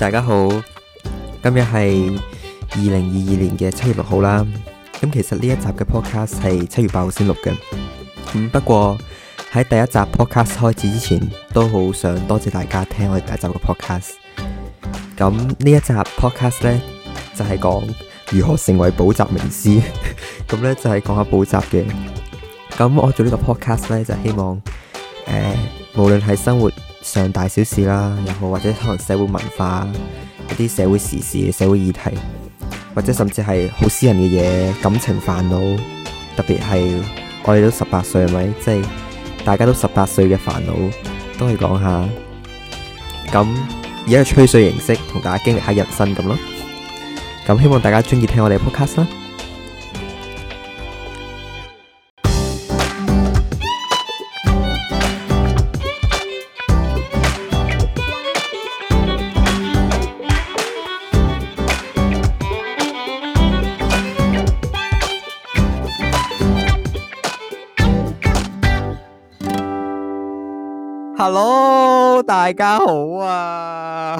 大家好，今日係二零二二年嘅七月六號啦。咁其實呢一集嘅 podcast 係七月八號先錄嘅。咁不過喺第一集 podcast 開始之前，都好想多謝大家聽我哋第一集嘅 podcast。咁呢一集 podcast 呢，就係、是、講如何成為補習名師。咁 呢就係講下補習嘅。咁我做呢個 podcast 呢，就是、希望，誒、呃，無論係生活。上大小事啦，又好或者可能社會文化一啲社會時事、社會議題，或者甚至係好私人嘅嘢、感情煩惱，特別係我哋都十八歲，係咪？即係大家都十八歲嘅煩惱都可以講下。咁而家個吹水形式同大家經歷下人生咁咯。咁希望大家鍾意聽我哋嘅 podcast 啦。大家好啊！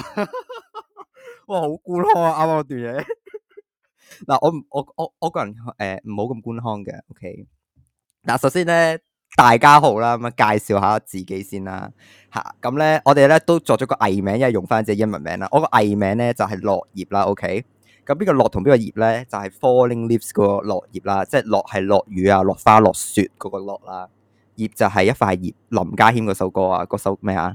哇，好官腔啊！啱啱段嘢嗱，我我我我個人誒，唔好咁官腔嘅。O K，嗱，首先咧，大家好啦，咁啊，介紹下自己先啦吓。咁、嗯、咧、嗯嗯，我哋咧都作咗個藝名，因為用翻隻英文名啦。我個藝名咧就係、是、落葉啦。O K，咁邊個落同邊個葉咧？就係、是、falling leaves 嗰個落葉啦，即係落係落雨啊，落花落雪嗰個落啦。葉就係一塊葉，林家謙嗰首歌啊，嗰首咩啊？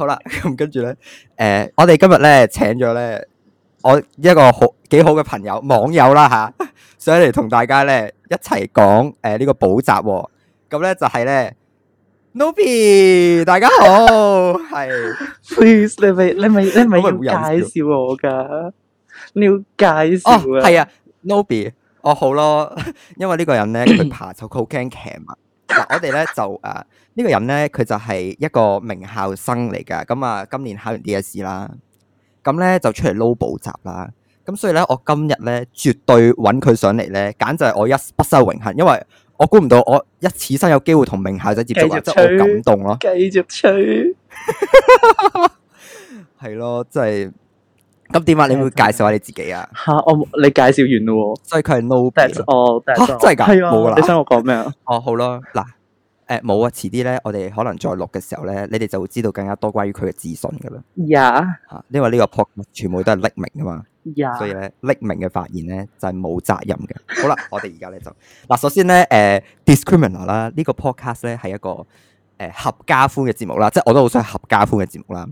好啦，咁跟住咧，誒、呃，我哋今日咧請咗咧我一個好幾好嘅朋友，網友啦吓，上嚟同大家咧一齊講誒呢、呃呢個補習，咁、嗯、咧就係、是、咧 Nob 大家好，係，please，你咪 你咪你咪要介紹我噶，你要介紹啊，係、哦、啊，Nob，哦好咯，因為呢個人咧佢怕醜，佢好驚 cam。 嗱，我哋咧就誒呢、啊這個人咧佢就係一個名校生嚟㗎，咁啊今年考完 DSE 啦，咁、啊、咧就出嚟撈補習啦，咁、啊、所以咧我今日咧絕對揾佢上嚟咧，簡直係我一不收榮幸，因為我估唔到我一此生有機會同名校仔接觸啊，即係好感動咯，繼續吹，係咯，真係。咁點啊？你會介紹下你自己啊？吓我你介紹完咯喎，所以佢係 Nob，bad 哦吓真係噶，冇啦了。你想我講咩啊？哦好啦，嗱誒冇啊，遲啲咧我哋可能再錄嘅時候咧，你哋就會知道更加多關於佢嘅資訊噶啦。吓，Yeah. 因為呢個 podcast 全部都係匿名噶嘛，Yeah. 所以咧匿名嘅發言咧就係冇責任嘅。Yeah. 好 喇、呃 er、啦，我哋而家咧就嗱首先咧誒 discriminal 啦，呢個 podcast 咧係一個誒、呃、合家歡嘅節目啦，即係我都好想係合家歡嘅節目啦。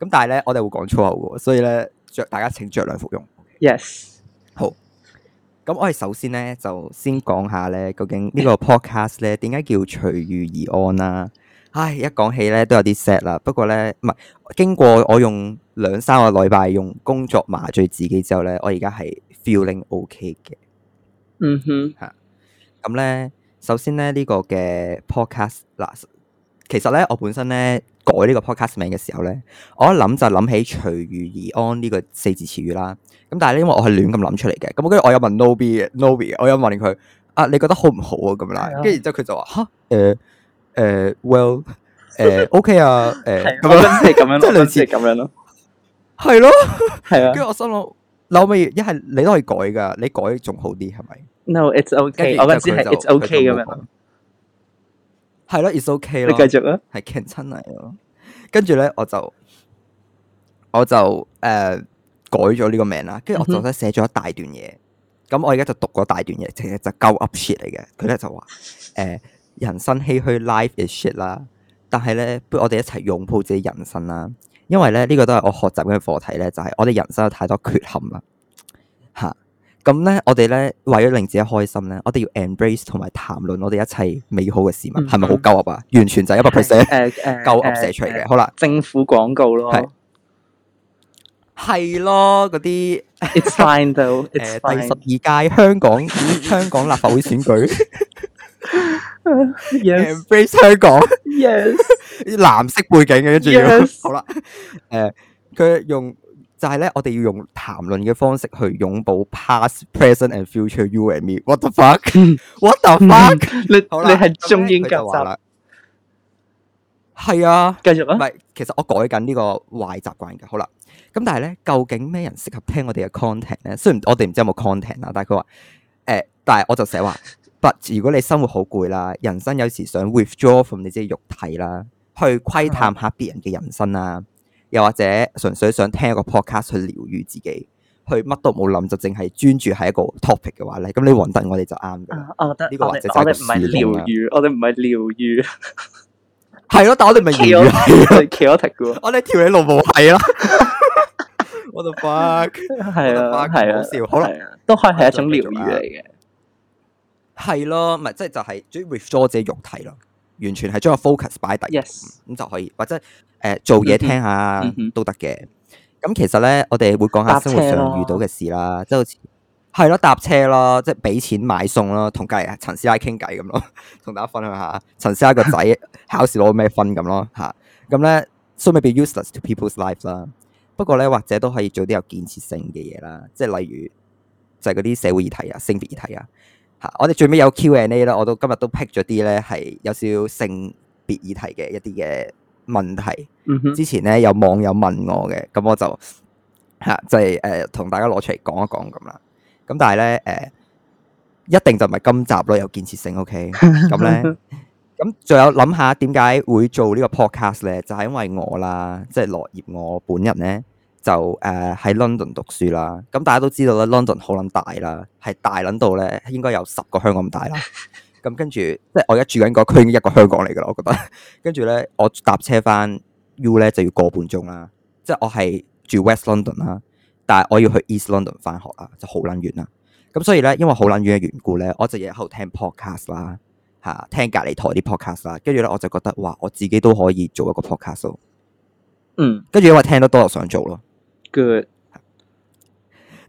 咁但係咧我哋會講粗口嘅，所以咧。著大家請酌量服用。Yes，好。咁我哋首先咧，就先講下咧，究竟個呢個 podcast 咧點解叫隨遇而安啦，啊？唉，一講起咧都有啲 sad 啦。不過咧，唔係經過我用兩三個禮拜用工作麻醉自己之後咧，我而家係 feeling O、okay、K 嘅。嗯哼、mm。嚇、hmm. 啊！咁咧，首先咧，呢、這個嘅 podcast 啦、呃。其實咧，我本身咧改呢個 podcast 名嘅時候咧，我一諗就諗起隨遇而安呢個四字詞語啦。咁但係咧，因為我係亂咁諗出嚟嘅，咁我跟住我有問 Nob Nob，我有問佢啊，你覺得好唔好啊？咁啦，跟住然之後佢就話吓誒誒，Well 誒，OK 啊誒，咁即係咁樣，即係類似咁樣咯，係咯係啊。跟住我心諗，Nob 一係你都可以改噶，你改仲好啲係咪？No，it's OK，我嗰次係 it's OK 咁樣。係咯，is okay 咯。Okay，你繼續啦。係 c a n c e 咯，跟住咧我就我就誒、呃、改咗呢個名啦。跟住我就先寫咗一大段嘢，咁我而家就讀嗰大段嘢，其實就鳩噏 shit 嚟嘅。佢咧就話誒、呃、人生唏噓，life is shit 啦。但係咧，不如我哋一齊擁抱自己人生啦。因為咧呢、呢個都係我學習嘅課題咧，就係、是、我哋人生有太多缺陷啦，嚇、啊。咁咧，我哋咧為咗令自己開心咧，我哋要 embrace 同埋談論我哋一切美好嘅事物，係咪好鳩噏啊？完全就係一百 percent，鳩噏寫出嚟嘅。好啦，政府廣告咯，係，係咯，嗰啲，it's fine 就誒第十二屆香港香港立法會選舉，embrace 香港，yes，啲藍色背景嘅，跟住好啦，誒佢用。就係咧，我哋要用談論嘅方式去擁抱 past、present and future you and me。What the fuck？What the fuck？嗯、你吧你係中英夾雜。係啊，繼續啊。唔係，其實我改緊呢個壞習慣嘅。好啦，咁但係咧，究竟咩人適合聽我哋嘅 content 咧？雖然我哋唔知有冇 content 啦，但係佢話誒，但係我就寫話 ，but 如果你生活好攰啦，人生有時想 withdraw from 你啲肉體啦，去窺探下別人嘅人，人生啦。 又或者純粹想聽一個 podcast 去療愈自己，去乜都冇諗就淨係專注喺一個 topic 嘅話咧，咁你揾得我哋就啱㗎。啊，我覺得呢個或者我哋我哋唔係療愈， 啊、我哋唔係療愈。係咯，但 我哋咪係療我哋跳起路冇係咯。我 h a t t 係啊，係好笑，啊啊、都可能都係一種療愈嚟嘅。係咯，咪即係就係要 recharge 隻肉體咯。完全係將個 focus 擺第 Yes，咁就可以，或者誒、呃、做嘢聽下 都得嘅。咁其實咧，我哋會講下生活上遇到嘅事啦，即係好似係咯搭車咯，即係俾錢買餸咯，同隔離陳師奶傾偈咁咯，同大家分享下陳師奶個仔考試攞咩分咁 咯嚇。咁咧，so maybe useless to people's life 啦。不過咧，或者都可以做啲有建設性嘅嘢啦，即係例如就係嗰啲社會議題啊、性別議題啊。我哋最尾有 Q and A 啦，我都今日都 pick 咗啲咧，係有少少性別議題嘅一啲嘅問題。之前咧，有網友問我嘅，咁我就嚇即係誒同大家攞出嚟講一講咁啦。咁但係咧誒，一定就唔係今集咯，有建設性。OK，咁咧，咁仲有諗下點解會做個呢個 podcast 咧？就係、是、因為我啦，即係落葉我本人咧。就誒喺 London 讀書啦，咁大家都知道啦，London 好撚大啦，係大撚到咧應該有十個香港咁大啦。咁 跟住即係我而家住緊個區已經一個香港嚟噶啦，我覺得。跟住咧我搭車翻 U 咧就要個半鐘啦，即係我係住 West London 啦，但係我要去 East London 翻學啊，就好撚遠啦。咁所以咧，因為好撚遠嘅緣故咧，我就日喺度聽 podcast 啦，嚇聽隔離台啲 podcast 啦，跟住咧我就覺得哇，我自己都可以做一個 podcast 咯。嗯，跟住因為聽得多就想做咯。good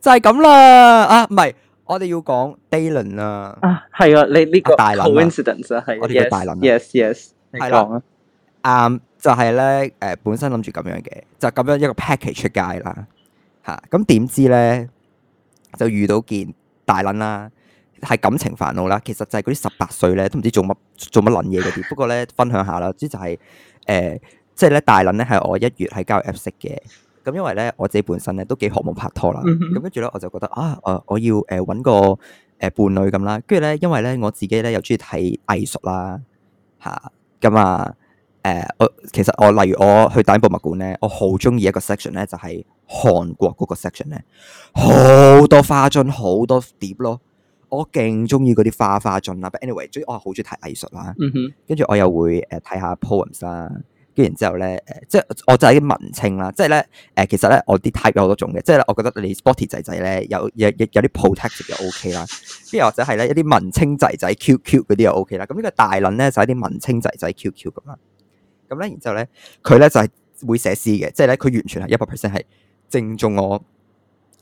就係咁啦啊唔係我哋要講 daily 啦啊係啊你呢、這個、啊、大卵係 coincidence 我哋個大卵 yes yes 係啦啱就係咧誒本身諗住咁樣嘅就咁、是、樣一個 package 出街啦吓咁點知咧就遇到件大卵啦係感情煩惱啦其實就係嗰啲十八歲咧都唔知做乜做乜卵嘢嗰啲不過咧分享下啦即就係誒即係咧大卵咧係我一月喺交友 app 識嘅。咁因為咧，我自己本身咧都幾渴望拍拖啦。咁跟住咧，hmm. 我就覺得啊，誒，我要誒揾個誒伴侶咁啦。跟住咧，因為咧我自己咧又中意睇藝術啦，嚇咁啊誒、嗯啊，我其實我例如我去大一博物館咧大英博物館，我好中意一個 section 咧，就係韓國嗰個 section 咧，好多花樽好多碟咯，我勁中意嗰啲花花樽啦。But anyway，所以我好中意睇藝術啦。跟住我又會誒睇下 poems 啦。跟然之後咧，誒、呃，即係我就係啲文青啦，即係咧，誒、呃，其實咧，我啲 type 有好多種嘅，即係咧，我覺得你 sporty 仔仔咧有有有啲 protective 就 O K 啦，跟住或者係咧一啲文青仔仔 QQ 嗰啲又 O K 啦，咁呢個大輪咧就係、是、啲文青仔仔 QQ 咁啦，咁咧，然之後咧，佢咧就係、是、會寫詩嘅，即係咧，佢完全係一百 percent 係正中我。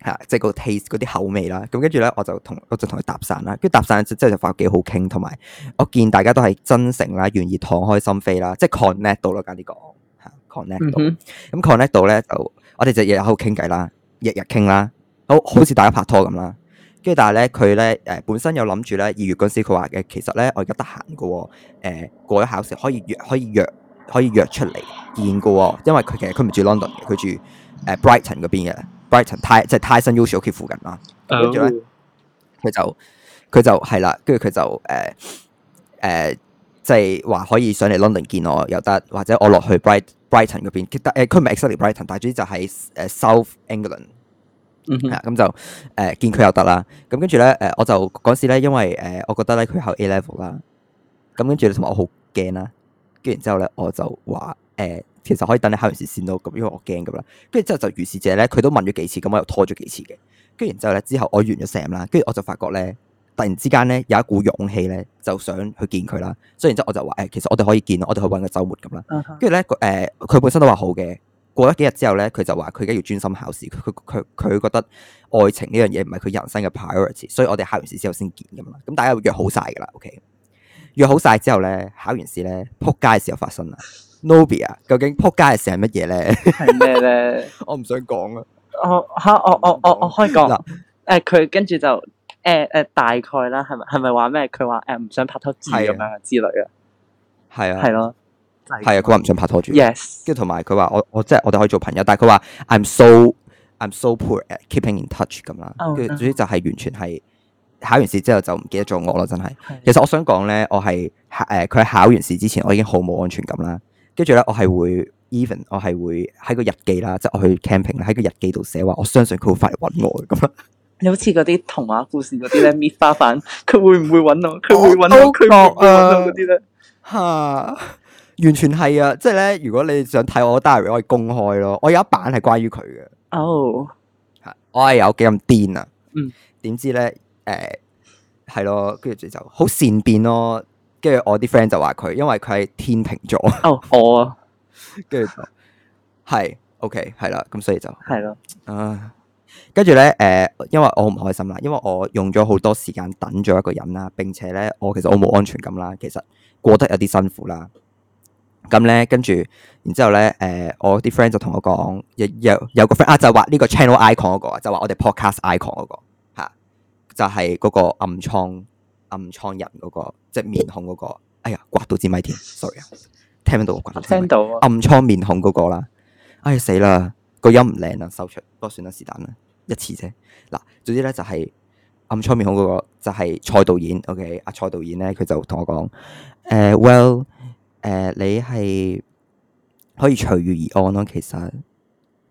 係即係個 taste 嗰啲口味啦。咁跟住咧，我就同我就同佢搭訕啦。跟住搭訕之後即係就發覺幾好傾，同埋我見大家都係真誠啦，願意敞開心扉啦，即係 connect 到咯，簡單啲講，connect 到。咁、這、connect、個、到咧，嗯、哼到呢我就我哋就日日喺度傾偈啦，日日傾啦，好好似大家拍拖咁啦。跟住但係咧，佢咧誒本身有諗住咧二月嗰時，佢話嘅其實咧，我而家得閒㗎喎。誒、呃、過咗考試可以約，可以約，可以約出嚟見㗎喎。因為佢其實佢唔住 London 嘅、right，佢住誒 Brighton 嗰邊嘅。Brighton 泰即係泰森 Usher 屋企附近啦，跟住咧，佢就佢就係啦，跟住佢就誒誒即係話可以上嚟 London 見我又得，或者我落去 right, Bright Brighton 嗰邊，誒、呃、佢唔係 exactly Brighton，但係主要就係誒 South England、mm。咁、hmm. 就誒、呃、見佢又得啦，咁跟住咧誒我就嗰時咧，因為誒、呃、我覺得咧佢考 A Level 啦，咁跟住你同埋我好驚啦，跟住之後咧我就話誒。呃其實可以等你考完試先咯，咁因為我驚咁啦。跟住之後就如是者咧，佢都問咗幾次，咁我又拖咗幾次嘅。跟住然之後咧，之後我完咗 exam 啦，跟住我就發覺咧，突然之間咧有一股勇氣咧，就想去見佢啦。所以然之後我就話誒、欸，其實我哋可以見，我哋去揾個週末咁啦。跟住咧，誒、huh. 佢、呃、本身都話好嘅。過咗幾日之後咧，佢就話佢而家要專心考試，佢佢佢覺得愛情呢樣嘢唔係佢人生嘅 priority，所以我哋考完試之後先見咁啦。咁大家約好晒噶啦，OK？約好晒之後咧，考完試咧，撲街嘅時候發生啦。Noby 啊，no 究竟仆街嘅事係乜嘢咧？係咩咧？我唔想講啊！我吓我我我我開講嗱，誒佢、 呃、跟住就誒誒、呃呃、大概啦，係咪係咪話咩？佢話誒唔想拍拖住咁樣之類嘅，係啊，係咯，係啊，佢話唔想拍拖住。Yes，跟住同埋佢話我我，我，我即係我哋可以做朋友，但係佢話 I'm so I'm so poor at keeping in touch 咁啦。哦，跟住主要就係完全係考完試之後就唔記得咗我咯，真係。 其實我想講咧，我係誒佢考完試之前我已經好冇安全感啦。跟住咧，我係會 even，我係會喺個日記啦，就是、我去 camping 喺個日記度寫話，我相信佢會快嚟揾我咁樣！你好似嗰啲童話故事嗰啲咧，搣花瓣，佢會唔會揾我？佢會揾我，佢啊，揾我嗰啲咧吓，完全係啊！即係咧，如果你想睇我 diary，我可以公開咯。我有一版係關於佢嘅。哦、oh.，我係有幾咁癲啊！嗯，點知咧？誒、呃，係咯，跟住就好善變咯。跟住我啲 friend 就話佢，因為佢係天秤座。哦，我，跟住係，OK，係啦，咁所以就係咯。了啊，跟住咧，誒、呃，因為我唔開心啦，因為我用咗好多時間等咗一個人啦，並且咧，我其實我冇安全感啦，其實過得有啲辛苦啦。咁咧，跟住，然之後咧，誒、呃，我啲 friend 就同我講，有有有個 friend 啊，就話、是、呢個 channel icon 嗰、那個，就話、是、我哋 podcast icon 嗰、那個，吓、啊，就係、是、嗰個暗瘡。暗瘡人嗰個，即係面紅嗰個，哎呀，刮到支麥添，sorry 啊，聽唔到，聽到，到暗瘡面紅嗰個啦，哎死啦，個音唔靚啊，收出來，不過算啦，是但啦，一次啫。嗱，總之咧就係暗瘡面紅嗰個，就係蔡導演，OK，阿蔡導演咧佢就同我講，誒，Well，誒，你係可以隨遇而安咯，其實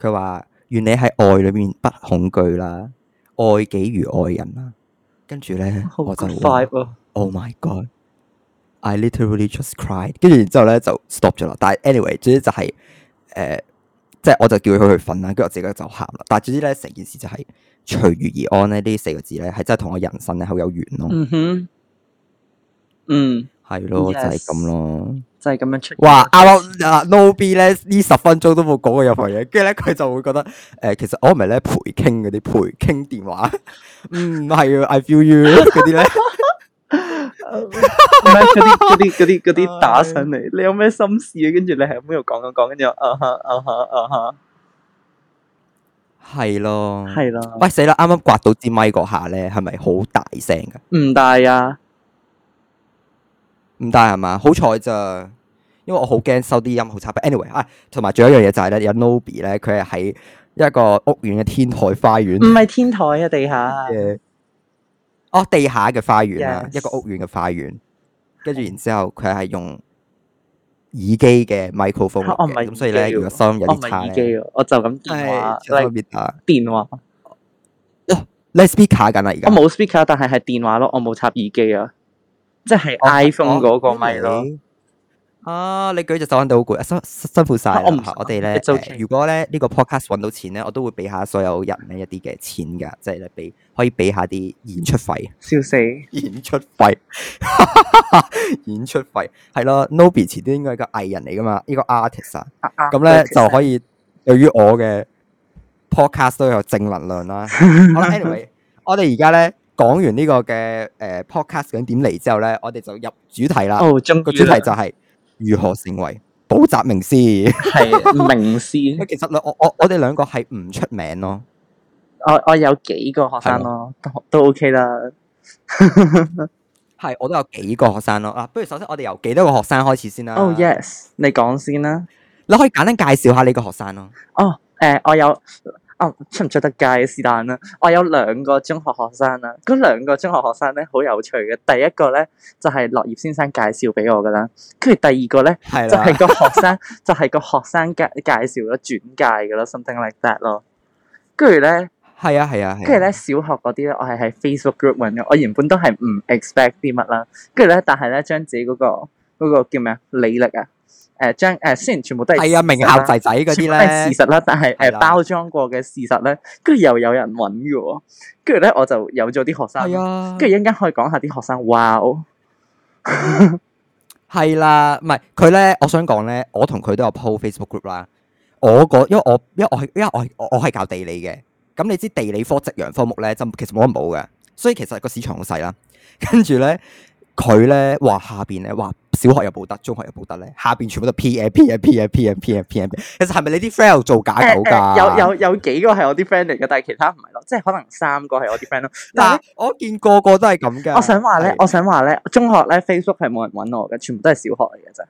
佢話願你喺愛裏面不恐懼啦，愛己如愛人啊。跟住咧，呢啊、我就會，Oh my God，I literally just cried。跟住然之後咧就 stop 咗啦。但係 anyway，總之就係、是、誒、呃，即係我就叫佢去瞓啦。跟住我自己就喊啦。但係總之咧，成件事就係隨遇而安咧。呢四個字咧係真係同我人生咧好有緣咯、啊嗯。嗯嗯嗯。係咯，yes，就係咁咯，就係咁樣出。哇，啊、阿阿 Nob 咧，呢十分鐘都冇講過任何嘢，跟住咧佢就會覺得誒、呃，其實我係咪咧陪傾嗰啲陪傾電話？唔係啊，I feel you 嗰啲咧，咩嗰啲嗰啲嗰啲嗰啲打上嚟？你有咩心事啊？跟住你喺度講講講，跟住話啊哈啊啊哈，係咯係咯。喂，死啦！啱啱刮到支咪嗰下咧，係咪好大聲噶？唔大啊。唔大係嘛？好彩咋，因為我好驚收啲音好差。But anyway，啊，同埋仲有一樣嘢就係咧，有 Nob 咧，佢係喺一個屋苑嘅天台花園。唔係天台啊，地下。哦，地下嘅花園啊，一個屋苑嘅花園。跟住然之後，佢係用耳機嘅麥克風嘅。咁所以咧，個音有啲差咧。我就咁電話。Speaker，電話。Let's be 卡緊啦！而家我冇 speaker，但係係電話咯。我冇插耳機啊。即係 iPhone 嗰個咪咯，啊！你舉隻手搵到好攰，辛辛苦晒啦吓！我哋咧，啊、如果咧呢個 podcast 搵到錢咧，我都會俾下所有人咧一啲嘅錢噶，即係你俾可以俾下啲演出費，笑死！演出費， 演出費係咯，Nobby 遲啲應該係個藝人嚟噶嘛，個 uh huh. 呢個 artist 啊，咁咧 Okay. 就可以對於我嘅 podcast 都有正能量啦。好啦 ，anyway，我哋而家咧。講完呢個嘅誒 podcast 兩點嚟之後咧，我哋就入主題啦。哦，個主題就係、是、如何成為補習名師，係 名師。 其實咧，我我我哋兩個係唔出名咯。我我有幾個學生咯，咯都，都 OK 啦。係， 我都有幾個學生咯。嗱，不如首先我哋由幾多個學生開始先啦。哦，oh，Yes，你講先啦。你可以簡單介紹下你個學生咯。哦，誒，我有。出唔出得街啊？是但啦。我有兩個中學學生啦，嗰兩個中學學生咧，好有趣嘅。第一個咧就係落葉先生介紹俾我噶啦，跟住第二個咧是的 就係個學生 就係個學生介介紹咗轉介噶咯，something like that 咯。跟住咧係啊係啊係。跟住咧小學嗰啲咧，我係喺 Facebook group 揾嘅。我原本都係唔 expect 啲乜啦，跟住咧但係咧將自己嗰個嗰個叫咩啊履歷啊。誒，將誒，雖然全部都係係啊名校仔仔嗰啲咧，事實啦，但係誒包裝過嘅事實咧，跟住又有人搵嘅喎，跟住咧我就有咗啲學生，跟住一陣間可以講下啲學生，哇哦，係啦，唔係佢咧，我想講咧，我同佢都有 po Facebook group 啦，我個因為我因為我係因為我我係教地理嘅，咁你知地理科夕陽科目咧，就其實冇人補嘅，所以其實個市場好細啦，跟住咧佢咧話下邊咧話。小學有報得，中學有報得咧，下邊全部都 P P M P M P M P 其實係咪你啲 friend 做假狗噶、欸欸？有有有幾個係我啲 friend 嚟嘅，但係其他唔係咯，即係可能三個係我啲 friend 咯。嗱，我見個個都係咁嘅。我想話咧，的我想話咧，中學咧 Facebook 係冇人揾我嘅，全部都係小學嚟嘅啫。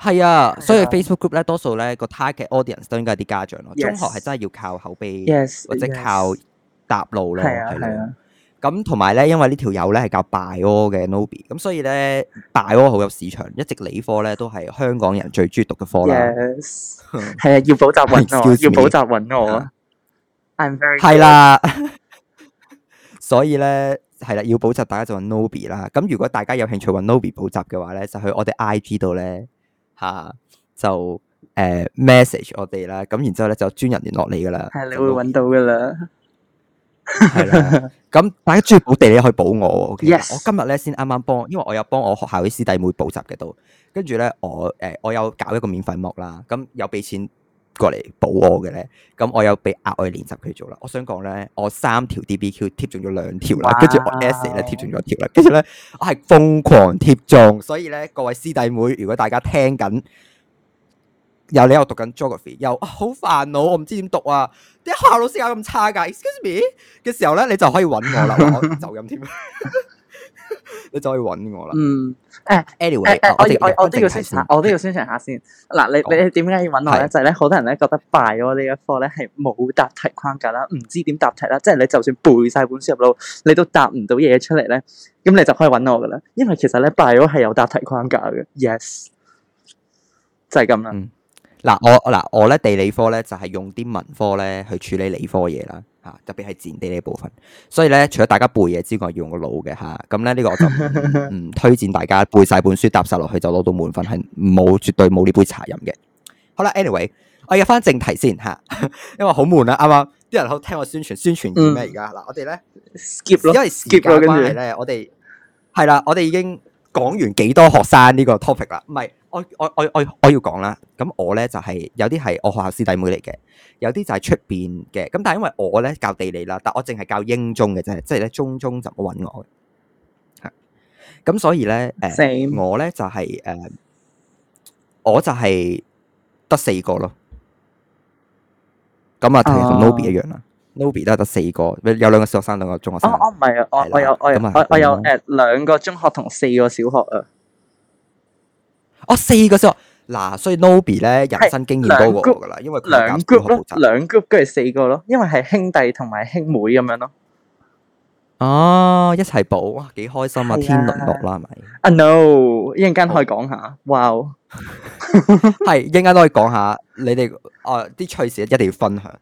係啊，所以 Facebook group 咧，多數咧個 target audience 都應該係啲家長咯。Yes，中學係真係要靠口碑 yes，或者靠搭路咯，係啊 yes, 的。咁同埋咧，因為呢條友咧係教大 i 嘅 n o b y 咁所以咧大 i 好入市場，一直理科咧都係香港人最中意讀嘅科啦。係啊，要補習揾我，Excuse 要補習揾我。啊、I'm 係是啦。 所以咧係啦，要補習大家就揾 n o b y 啦。咁如果大家有興趣揾 n o b y 補習嘅話咧，就去我哋 IG 度咧吓，就誒、呃、message 我哋啦。咁然之後咧就專人聯絡你噶啦。係、啊，你會揾到噶啦。係啦，咁大家中意補地理可以補我，okay? Yes.。我今日咧先啱啱幫，因為我有幫我學校啲師弟妹補習嘅都跟住咧，我誒、呃、我有搞一個免費目啦，咁有俾錢過嚟補我嘅咧，咁我有俾額外練習佢做啦。我想講咧，我三條 D B Q 貼中咗兩條啦，跟住我 essay 咧貼中咗一條啦，跟住咧我係瘋狂貼中，所以咧各位師弟妹，如果大家聽緊有你又讀緊 Geography，又好煩惱，我唔知點讀啊！啲學校老師有咁差㗎，excuse me 嘅時候咧，你就可以揾我啦，走音添，你就可以揾我啦。嗯，a n y w a y 我我都我我要宣傳，我都要宣傳下先。嗱， 你你點解要揾我咧？是就係咧，好多人咧覺得 buy 咗呢一課咧係冇答題框架啦，唔知點答題啦。即、就、係、是、你就算背晒本書入腦，你都答唔到嘢出嚟咧。咁你就可以揾我噶啦。因為其實咧，y 咗係有答題框架嘅。Yes，就係咁啦。嗯嗱我嗱我咧地理科咧就係用啲文科咧去處理理科嘢啦吓，特別係自然地理呢部分。所以咧除咗大家背嘢之外，要用個腦嘅吓。咁咧呢個我就唔推薦大家背晒本書，搭晒落去就攞到滿分，係冇絕對冇呢杯茶飲嘅。好啦，anyway，我入翻正題先吓，因為好悶啦啱啱？啲人好聽我宣傳宣傳咩而家嗱，嗯、我哋咧因為時間關係咧、嗯，我哋係啦，我哋已經講完幾多學生呢個 topic 啦，唔係我我我我我要講啦。咁我咧就係有啲係我學校師弟妹嚟嘅，有啲就係出邊嘅。咁但係因為我咧教地理啦，但我淨係教英中嘅啫，即係咧中中就冇揾我。係，咁所以咧，誒，我咧就係誒，我就係得四個咯。咁啊，同 Nob 一樣啦，Nob 都係得四個，有兩個小學生，兩個中學生。我唔係，我我有我有我有誒，兩個中學同四個小學啊。我四個小學。嗱，所以 Nob 咧人生經驗多過我噶啦，因為佢哋家族好複雜，兩 group 咯，兩 group 跟住四個咯，因為係兄弟同埋兄妹咁樣咯。哦，一齊補幾開心啊！天倫樂啦，係咪？啊 no，一陣間可以講下，哇！係一陣間都可以講下，你哋啊啲趣事一定要分享。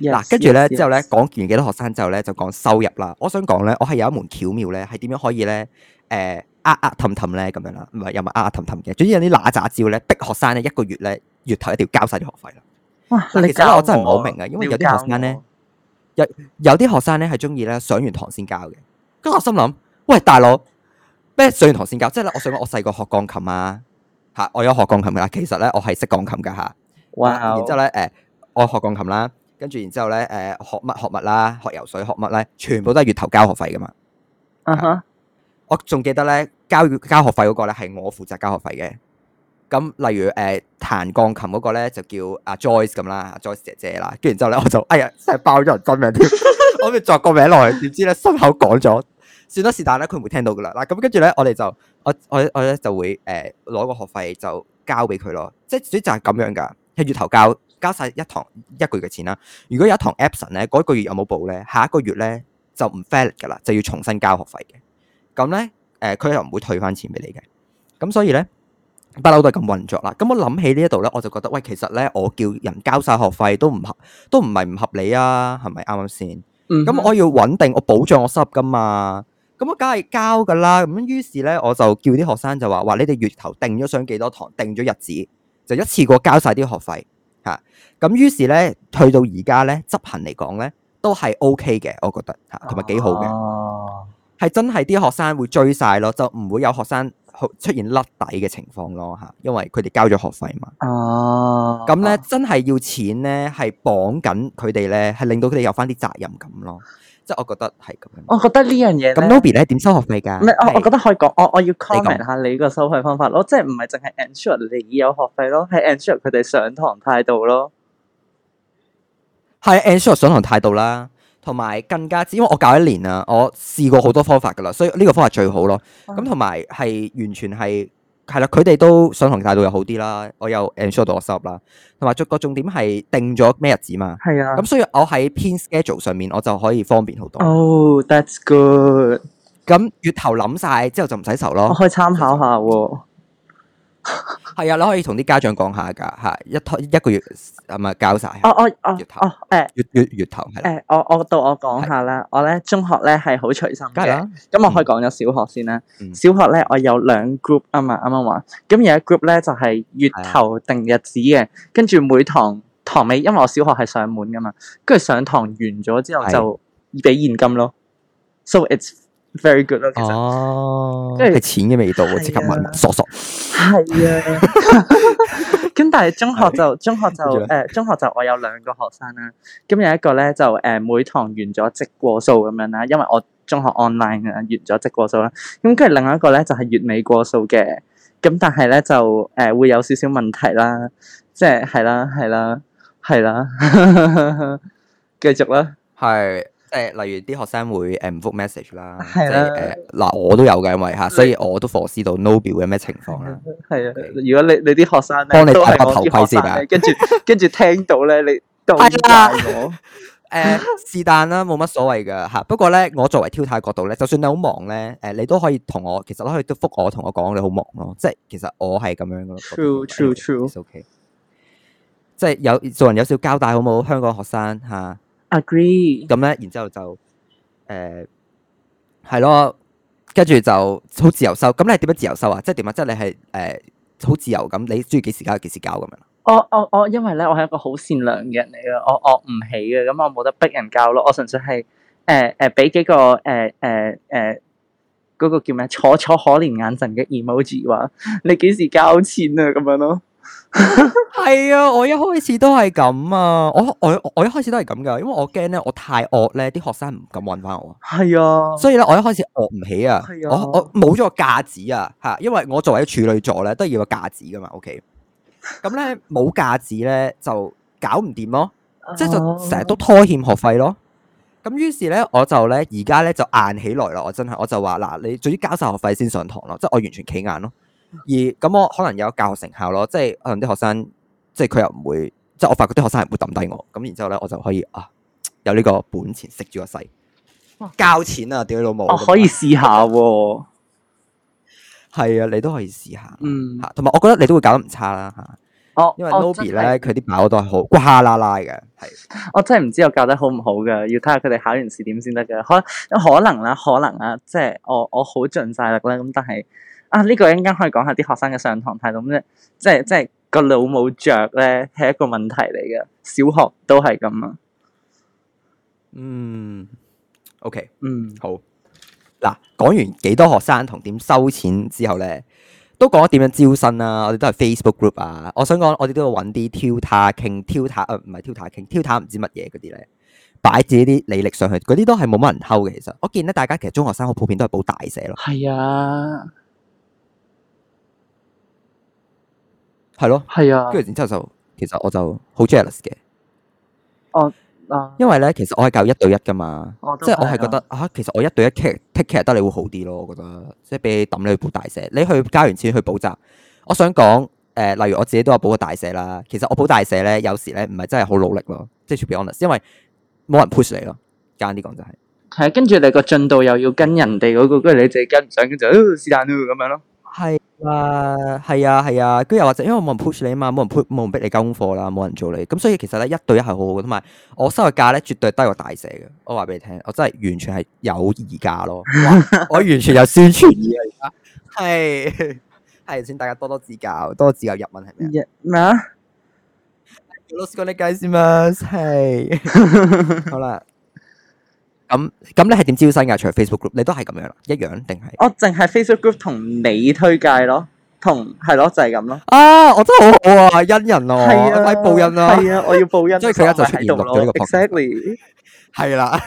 嗱，跟住咧之後咧講完幾多學生之後咧就講收入啦。我想講咧，我係有一門巧妙咧，係點樣可以咧誒？壓壓氹氹咧咁樣啦，唔係又咪壓壓氹氹嘅，總之有啲嗱喳招咧，逼學生咧一個月咧月，月頭一定要交晒啲學費啦。哇其呢！其實我真係唔好明啊，因為有啲學生咧，有有啲學生咧係中意咧上完堂先交嘅。咁我心諗，喂，大佬，咩上完堂先交？即係我上我細個學鋼琴啊，吓我有學鋼琴噶，其實咧我係識鋼琴噶吓。哇！然之後咧，誒，我學鋼琴啦，跟住然之後咧，誒，學物學物啦，學游水學物啦，全部都係月頭交學費噶嘛。嗯哼、uh。Huh. 我仲記得咧，交交學費嗰個咧係我負責交學費嘅。咁例如誒、呃、彈鋼琴嗰個咧就叫阿、啊、Joyce 咁啦、啊、Joyce 姐姐啦。跟住然之後咧，我就哎呀真係爆咗人真名添， 我咪作個名落去。點知咧心口講咗，算啦，是但咧佢唔會聽到噶啦。嗱咁跟住咧，我哋就我我我咧就會誒攞、呃、個學費就交俾佢咯。即係主要就係咁樣噶，一月頭交交晒一堂一個月嘅錢啦。如果有一堂 Absent 咧，嗰個月有冇報咧，下一個月咧就唔 valid 噶啦，就要重新交學費嘅。咁咧，誒佢、呃、又唔會退翻錢俾你嘅。咁所以咧，不嬲都係咁運作啦。咁我諗起呢一度咧，我就覺得，喂，其實咧，我叫人交晒學費都唔合，都唔係唔合理啊，係咪啱啱先？咁我要穩定，我保障我收入噶嘛。咁我梗係交噶啦。咁於是咧，我就叫啲學生就話，話你哋月頭定咗上幾多堂，定咗日子，就一次過交晒啲學費。嚇、啊！咁於是咧，去到而家咧執行嚟講咧，都係 O K 嘅，我覺得嚇，同埋幾好嘅。啊係真係啲學生會追晒咯，就唔會有學生出現甩底嘅情況咯吓，因為佢哋交咗學費嘛。哦，咁咧、哦、真係要錢咧，係綁緊佢哋咧，係令到佢哋有翻啲責任感咯。即係我覺得係咁樣。我覺得呢樣嘢咁 Nobby 咧點收學費噶？唔係、嗯，我我覺得可以講，我我要 comment 下你個收費方法咯，說即係唔係淨係 ensure 你有學費咯，係 ensure 佢哋上堂態度咯，係 ensure 上堂態度啦。同埋更加知，因為我教一年啦，我試過好多方法㗎啦，所以呢個方法最好咯。咁同埋係完全係係啦，佢哋都上堂態度又好啲啦，我又 ensure 到我收入啦。同埋逐個重點係定咗咩日子嘛。係啊，啊，咁所以我喺編 schedule 上面，我就可以方便好多。哦、oh, that's good！咁、嗯、月頭諗晒之後就唔使愁咯。我可以參考下喎、啊。係啊，你可以同啲家長講下噶吓，一一一個月係咪交晒？哦哦哦哦，誒，月月月頭係。誒，我我到我講下啦，我咧中學咧係好隨心嘅。咁我可以講咗小學先啦。小學咧我有兩 group 啊嘛，啱啱話。咁有一 group 咧就係月頭定日子嘅，跟住每堂堂尾，因為我小學係上門噶嘛，跟住上堂完咗之後就俾現金咯。So it's Very good 咯，其實哦，即係錢嘅味道，即刻問傻傻。係啊，咁但係中學就中學就誒，中學就我有兩個學生啦，咁有一個咧就誒每堂完咗即過數咁樣啦，因為我中學 online 啊，完咗即過數啦，咁跟住另外一個咧就係月尾過數嘅，咁但係咧就誒會有少少問題啦，即係係啦係啦係啦，繼續啦，係。即例如啲學生會誒唔覆 message 啦，啊、即係誒嗱我都有嘅，因為吓，所以我都 foresee 到 Nob 表嘅咩情況啦。係啊，啊啊如果你你啲學生咧，幫你睇下頭盔先啦， 跟住跟住聽到咧你都唔怪我。誒是但、啊、啦，冇乜、 呃、所謂噶吓。不過咧，我作為挑太角度咧，就算你好忙咧，誒你都可以同我，其實都可以覆我，同我講你好忙咯。即係其實我係咁樣咯。True，true，true。OK，即係有做人有少少交代好冇？香港學生吓。agree 咁咧，然之後就誒係、呃、咯，跟住就好自由收。咁你點樣自由收啊？即係點啊？即係你係誒好自由咁，你中意幾時交幾時交。咁樣、oh, oh, oh。我我我因為咧，我係一個好善良嘅人嚟嘅，我惡唔起嘅，咁我冇得逼人教咯。我純粹係誒誒俾幾個誒誒誒嗰個叫咩，楚楚可憐眼神嘅 emoji 話，你幾時交錢啊咁樣咯。係 啊，我一開始都係咁啊，我我我，我一開始都係咁噶，因為我驚咧，我太惡咧，啲學生唔敢搵翻我。係是啊，所以咧，我一開始惡唔起啊，是啊我我冇咗個架子啊，吓，因為我作為處女座咧，都係要個架子噶嘛，O K。咁咧冇架子咧就搞唔掂咯，即係就成日都拖欠學費咯。咁於是咧，我就咧而家咧就硬起來啦，我真係我就話嗱，你早啲交晒學費先上堂咯，即係我完全企硬咯。而咁我可能有教學成效咯，即係可能啲學生，即係佢又唔會，即係我發覺啲學生係唔會抌低我，咁然之後咧，我就可以啊有呢個本錢食住個世教錢啊，屌老母！我可以試下，係、 嗯、啊，你都可以試下，嚇，同埋我覺得你都會搞得唔差啦，嚇、啊。我因為 Nob 咧、哦，佢啲飽都係好呱啦啦嘅，係。我真係唔知我教得好唔好嘅，要睇下佢哋考完試點先得嘅。可可能啦，可能啦、啊啊啊，即係我我好盡晒力啦，咁但係。但啊！呢個一陣間可以講下啲學生嘅上堂態度，咁即係即係即係個老母着咧係一個問題嚟嘅，小學都係咁啊。嗯，OK，嗯，okay，嗯好。嗱，講完幾多學生同點收錢之後咧，都講咗點樣招生啊。我哋都係 Facebook group 啊。我想講，我哋都要揾啲 Tutor 傾 Tutor 啊，唔係 Tutor 傾 Tutor 唔知乜嘢嗰啲咧，擺自己啲履歷，歷上去，嗰啲都係冇乜人偷嘅。其實我見咧，大家其實中學生好普遍都係補大社咯。係啊。係咯，係啊。跟住然之後就其實我就好 jealous 嘅。哦，啊、因為咧，其實我係教一對一噶嘛，即係我係也覺得嚇，啊、其實我一對一 take care 得你會好啲咯，我覺得。即係俾你揼你去補大寫，你去交完錢去補習。我想講誒、呃，例如我自己都有補過大寫啦。其實我補大寫咧，有時咧唔係真係好努力咯，即係 super honest，因為冇人 push 你咯，簡單啲講就係、是。係，跟住你個進度又要跟人哋嗰個，跟住你自己跟，唔上，跟、呃、就，是但啦咁樣咯。係啊，係啊，係啊，跟住又或者，因為我冇人 push 你啊嘛，冇人冇人逼你交功課啦，冇人做你。咁所以其實咧一對一係好好嘅，同埋我收嘅價咧絕對低過大社嘅，我話俾你聽，我真係完全係友誼價咯，我完全有宣傳意義啊，係係，請大家多多指教，多多指教日文係咩啊？咩啊？老師講啲計先嘛，係好啦。咁咁，你係點招生噶？除咗 Facebook group，你都係咁樣啦，一樣定係？哦，淨係 Facebook group 同你推介咯，同係、就係、咯，就係咁咯。啊，我真係好啊，恩 人咯、啊，啊、快報恩啦、啊！係啊，我要報恩。即係佢一就出現錄咗呢個博。Exactly，係啦，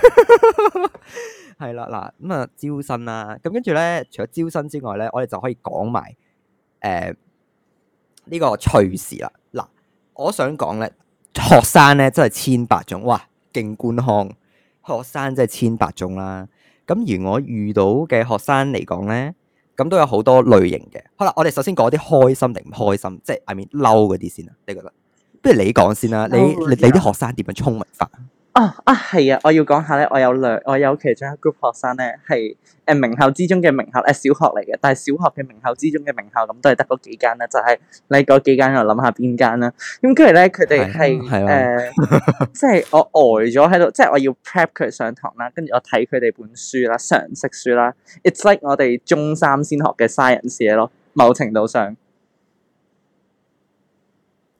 係啦，嗱，咁啊，招生啦，咁跟住咧，除咗招生之外咧，我哋就可以講埋誒呢個趣事啦。嗱，我想講咧，學生咧真係千百種，哇，勁官腔。學生即係千百種啦，咁而我遇到嘅學生嚟講咧，咁都有好多類型嘅。好啦，我哋首先講啲開心定唔開心，即係 I mean 嬲嗰啲先啦。你覺得？不如你講先啦。你你啲學生點樣聰明法？啊、oh, 啊，係啊！我要講下咧，我有兩，我有其中一個 group 學生咧，係誒名校之中嘅名校，誒小學嚟嘅，但係小學嘅名校之中嘅名校咁都係得嗰幾間啦，就係、是、你嗰幾間又諗下邊間啦。咁跟住咧，佢哋係誒，即係我呆咗喺度，即、就、係、是、我要 prep 佢上堂啦，跟住我睇佢哋本書啦，常識書啦，it's like 我哋中三先學嘅 science 嘢咯，某程度上。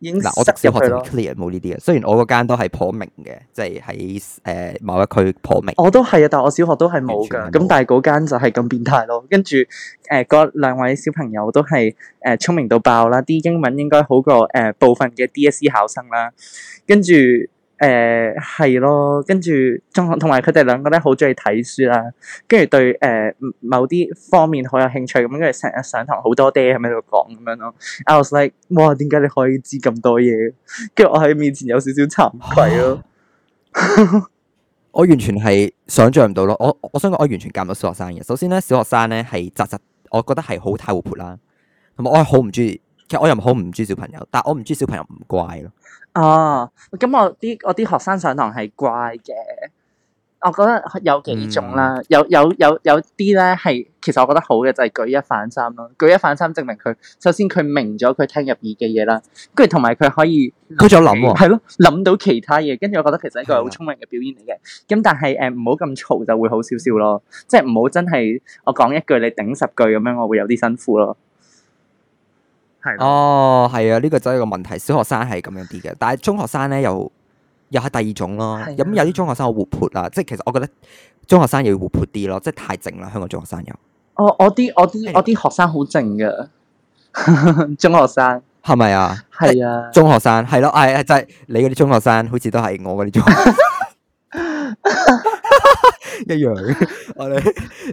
嗱，我讀小學就 clear 冇呢啲嘅，雖然我嗰間都係頗名嘅，即係喺誒某一區頗名。我都係啊，但係我小學都係冇嘅。咁但係嗰間就係咁變態咯。跟住誒，嗰、呃、兩位小朋友都係誒、呃、聰明到爆啦，啲英文應該好過誒、呃、部分嘅 DSE 考生啦。跟住。誒，係、呃、咯，跟住中學同埋佢哋兩個咧，好中意睇書啦，跟住對誒、呃、某啲方面好有興趣，咁跟住成日上堂好多爹喺度講咁樣咯。I was like，哇，點解你可以知咁多嘢？跟住我喺面前有少少慚愧咯、啊。 我完全係想象唔到咯。我我想講，我完全夾唔到小學生嘅。首先咧，小學生咧係雜雜，我覺得係好太活潑啦。同埋我係好唔鍾意，其實我又唔好唔鍾意小朋友，但我唔鍾意小朋友唔乖咯。哦，咁我啲我啲學生上堂係乖嘅，我覺得有幾種啦、嗯，有有有有啲咧係其實我覺得好嘅就係、是、舉一反三咯，舉一反三證明佢首先佢明咗佢聽入耳嘅嘢啦，跟住同埋佢可以佢仲諗喎，係咯諗到其他嘢，跟住我覺得其實一個係好聰明嘅表演嚟嘅，咁的但係誒唔好咁嘈就會好少少咯，即係唔好真係我講一句你頂十句咁樣，我會有啲辛苦咯。哦，係啊，呢個就係個問題。小學生係咁樣啲嘅，但係中學生咧又又係第二種咯。咁有啲中學生好活潑啊，即係其實我覺得中學生要活潑啲咯，即係太靜啦。香港中學生又，我我啲我啲我啲學生好靜噶，中學生係咪啊？係啊，中學生係咯，係係就係你嗰啲中學生好似都係我嗰啲中，一樣。我哋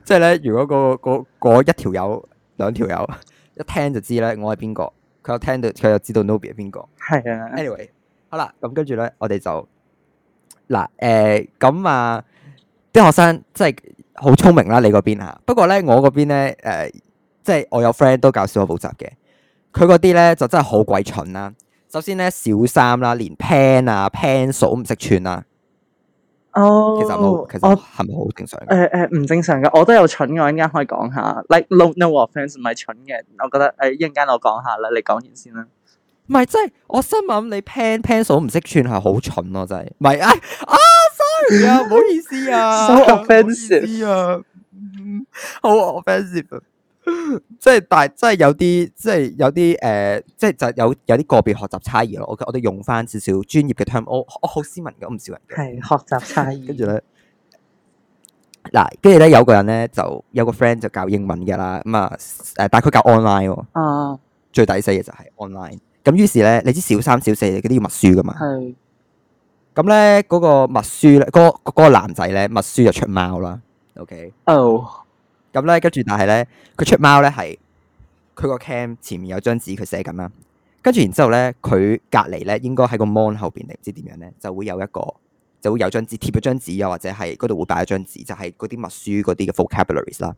即係咧，如果個一條友兩條友。一聽就知咧，啊 anyway，我係邊個，佢又聽到佢又知道 Nob 係邊個，係啊，anyway，好啦，咁跟住咧，我哋就嗱，誒，咁啊，啲學生即係好聰明啦，啊，你嗰邊啊，不過咧我嗰邊咧，誒、呃，即係我有 friend 都教小學補習嘅，佢嗰啲咧就真係好鬼蠢啦，啊，首先咧小三啦，啊，連 pen 啊，pencil 唔識串啦，啊。哦，oh, 其實冇，其實係咪好正常嘅？誒唔、呃呃、正常嘅，我都有蠢我一陣間可以講下。Like l o no, no offense，唔係蠢嘅，我覺得誒、欸、一陣間我講下啦，你講完先啦。唔係，即係我心諗你 pen pencil 唔識串係好蠢咯，真係。唔、哎、係啊啊，sorry 啊，唔好意思啊，offensive 啊， 好 offen、啊、sive 即係但係，即係 有啲，即係有啲，誒、呃，即係就有有啲個別學習差異咯。我我哋用翻少少專業嘅 term，我，我好斯文嘅，我唔少人。係學習差異 呢。跟住咧，嗱，跟住咧有個人咧，就有個 friend 就教英文嘅啦。咁啊，誒，但係佢教 online。哦。啊、最抵死嘅就係 online。咁於是咧，你知小三小四嗰啲要默書噶嘛？係是的。咁咧嗰個默書咧，嗰、嗰、嗰、個嗰個男仔咧默書就出貓啦。O K。哦。咁咧，跟住但係咧，佢出貓咧係佢個 cam 前面有張紙，佢寫緊啦。跟住然之後咧，佢隔離咧應該喺個 mon 後邊你唔知點樣咧，就會有一個就會有張紙貼咗張紙，又或者係嗰度會擺咗張紙，就係嗰啲默書嗰啲嘅 vocabulary 啦。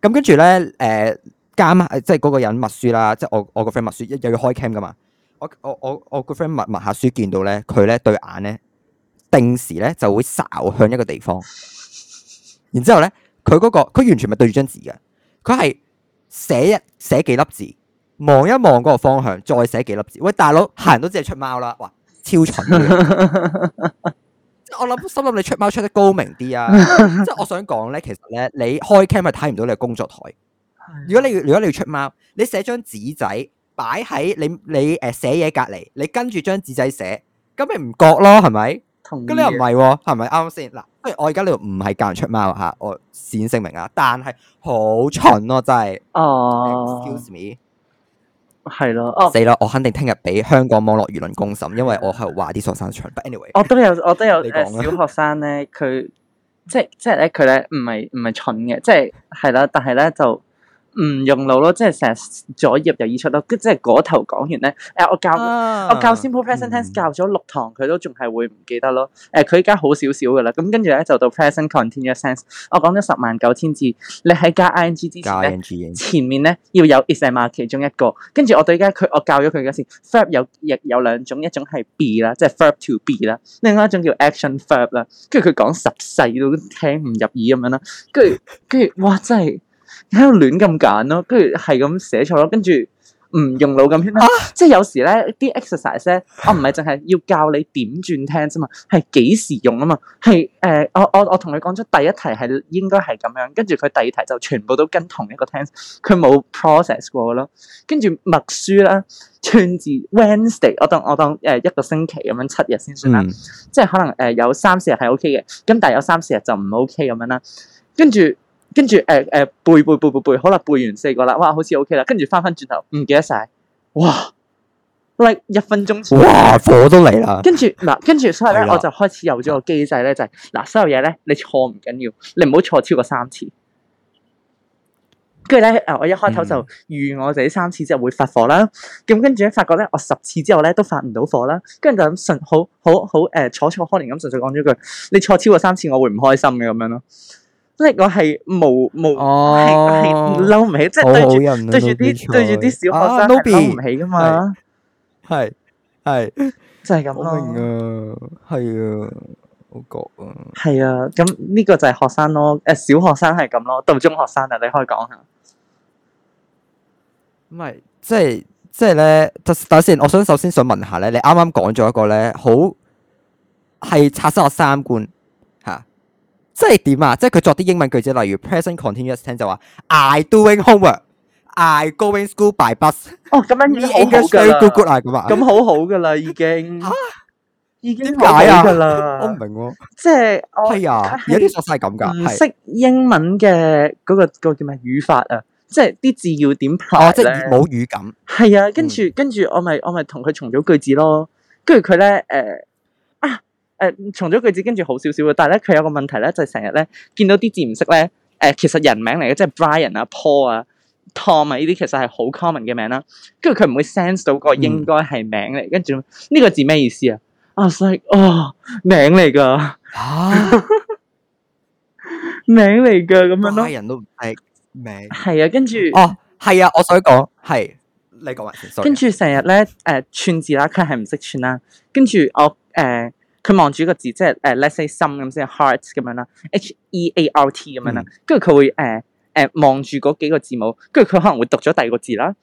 咁跟住咧，誒監即係嗰個人默書啦，即係我我個 friend 默書，一日要開 cam 噶嘛。我我我我個 friend 默默下書，見到咧佢咧對眼咧，定時咧就會睄向一個地方，然之後咧。佢嗰、嗰個佢完全唔係對住張紙嘅，佢係寫一寫幾粒字，望一望嗰個方向，再寫幾粒字。喂，大佬行都只係出貓啦，哇，超蠢！ 我諗，心諗你出貓出得高明啲啊！ 即係我想講咧，其實咧，你開 cam 係睇唔到你嘅工作台。如果你要如果你要出貓，你寫張紙仔擺喺你你誒寫嘢隔離，你跟住張紙仔寫，咁咪唔覺咯，係咪？咁你又唔係喎？係咪啱先？嗱，雖然我而家呢度唔係教人出貓嚇、啊，我先聲明啊，但係好、oh, 蠢咯，真係。哦。Excuse me。係咯了。死啦！我肯定聽日俾香港網絡輿論公審，因為我係話啲學生蠢。But anyway，我都有，我都有。 你講說吧 小學生咧，佢即係即係咧，佢咧唔係唔係蠢嘅，即係係啦，但係咧就。唔用腦咯，即係成左入右耳出咯。即係嗰頭講完咧，誒我教、啊、我教 simple present tense、嗯、教咗六堂，佢都仲係會唔記得咯。誒佢依家好少少㗎喇，咁跟住咧就到 present continuous tense，我講咗十萬九千字，你喺加 ing 之前咧，前面咧要有 is/am 其中一個。跟住我到而家佢我教咗佢嗰時，verb 有亦有，有兩種，一種係 be 啦，即係 verb to be 啦，另外一種叫 action verb 啦。跟住佢講十世都聽唔入耳咁樣啦，跟住跟住哇真係～ 喺度亂咁揀咯，跟住係咁寫錯咯，跟住唔用腦咁樣，啊、即係有時咧啲 exercise，我唔係淨係要教你點轉聽啫嘛，係幾時用啊嘛，係誒、呃，我我我同你講咗第一題係應該係咁樣，跟住佢第二題就全部都跟同一個聽，佢冇 process 過咯，跟住默書啦，串字 Wednesday，我當我當誒一個星期咁樣七日先算啦，嗯、即係可能誒有三四日係 OK 嘅，咁但係有三四日就唔 OK 咁樣啦，跟住。跟住誒誒背背背背背，好啦，背完四個啦，哇，好似 OK 啦。跟住翻翻轉頭，唔記得晒，哇，叻一分鐘。哇，火都嚟啦。跟住嗱，跟住所以咧，的我就開始有咗個機制咧，就係、是、嗱，所有嘢咧，你錯唔緊要，你唔好錯超過三次。跟住咧，誒，我一開頭就預、嗯、我哋三次之後會發火啦。咁跟住咧，發覺咧，我十次之後咧都發唔到火啦。跟住就諗順，好，好，好，誒，楚楚可憐咁，純粹講咗一句，你錯超過三次，我會唔開心嘅咁樣咯。即係我係冇冇係係嬲唔起，即係對住對住啲對住啲小學生嬲唔起噶嘛，係係就係咁咯，係啊，我覺啊，係啊，咁呢個就係學生咯，誒，小學生係咁咯，到中學生啦，你可以講下。唔係，即係即係咧，首先，我想首先想問下咧，你啱啱講咗一個咧，好係刷新我三觀。即係點啊？即係佢作啲英文句子，例如 present continuous，聽就話 I doing homework，I going school by bus。哦，咁樣已經好，咁 好好噶啦，咁好好噶啦，已經。啊、已經點解啊？我唔明喎。即係，係啊，有啲學生係咁噶，唔識、哎、呀英文嘅嗰、嗰個、嗰個嗰個叫咩語法啊？即係啲字要點排、哦、即係冇語感。係啊，跟住、嗯、跟住我咪我咪同佢重組句子咯，跟住佢咧誒。呃誒，從咗、呃、句子跟住好少少嘅，但係咧佢有個問題咧，就係成日咧見到啲字唔識咧。誒、呃，其實人名嚟嘅，即係 Brian 啊、Paul 啊、Tom 啊呢啲，其實係好 common 嘅名啦。跟住佢唔會 sense 到個應該係名嚟。跟住呢個字咩意思啊？I was like，哦，名嚟㗎。名嚟㗎咁樣咯。人都唔係名。係啊，跟住。 Brian 啊、哦，係啊，我想講係你講。跟住成日咧，誒串、呃、字啦，佢係唔識串啦。跟住我誒。呃呃佢望住一個字，即係、uh, let's say 心咁先，heart 咁樣啦，H E A R T 咁樣啦，跟住佢會誒誒望住嗰幾個字母，跟住佢可能會讀咗第二個字啦，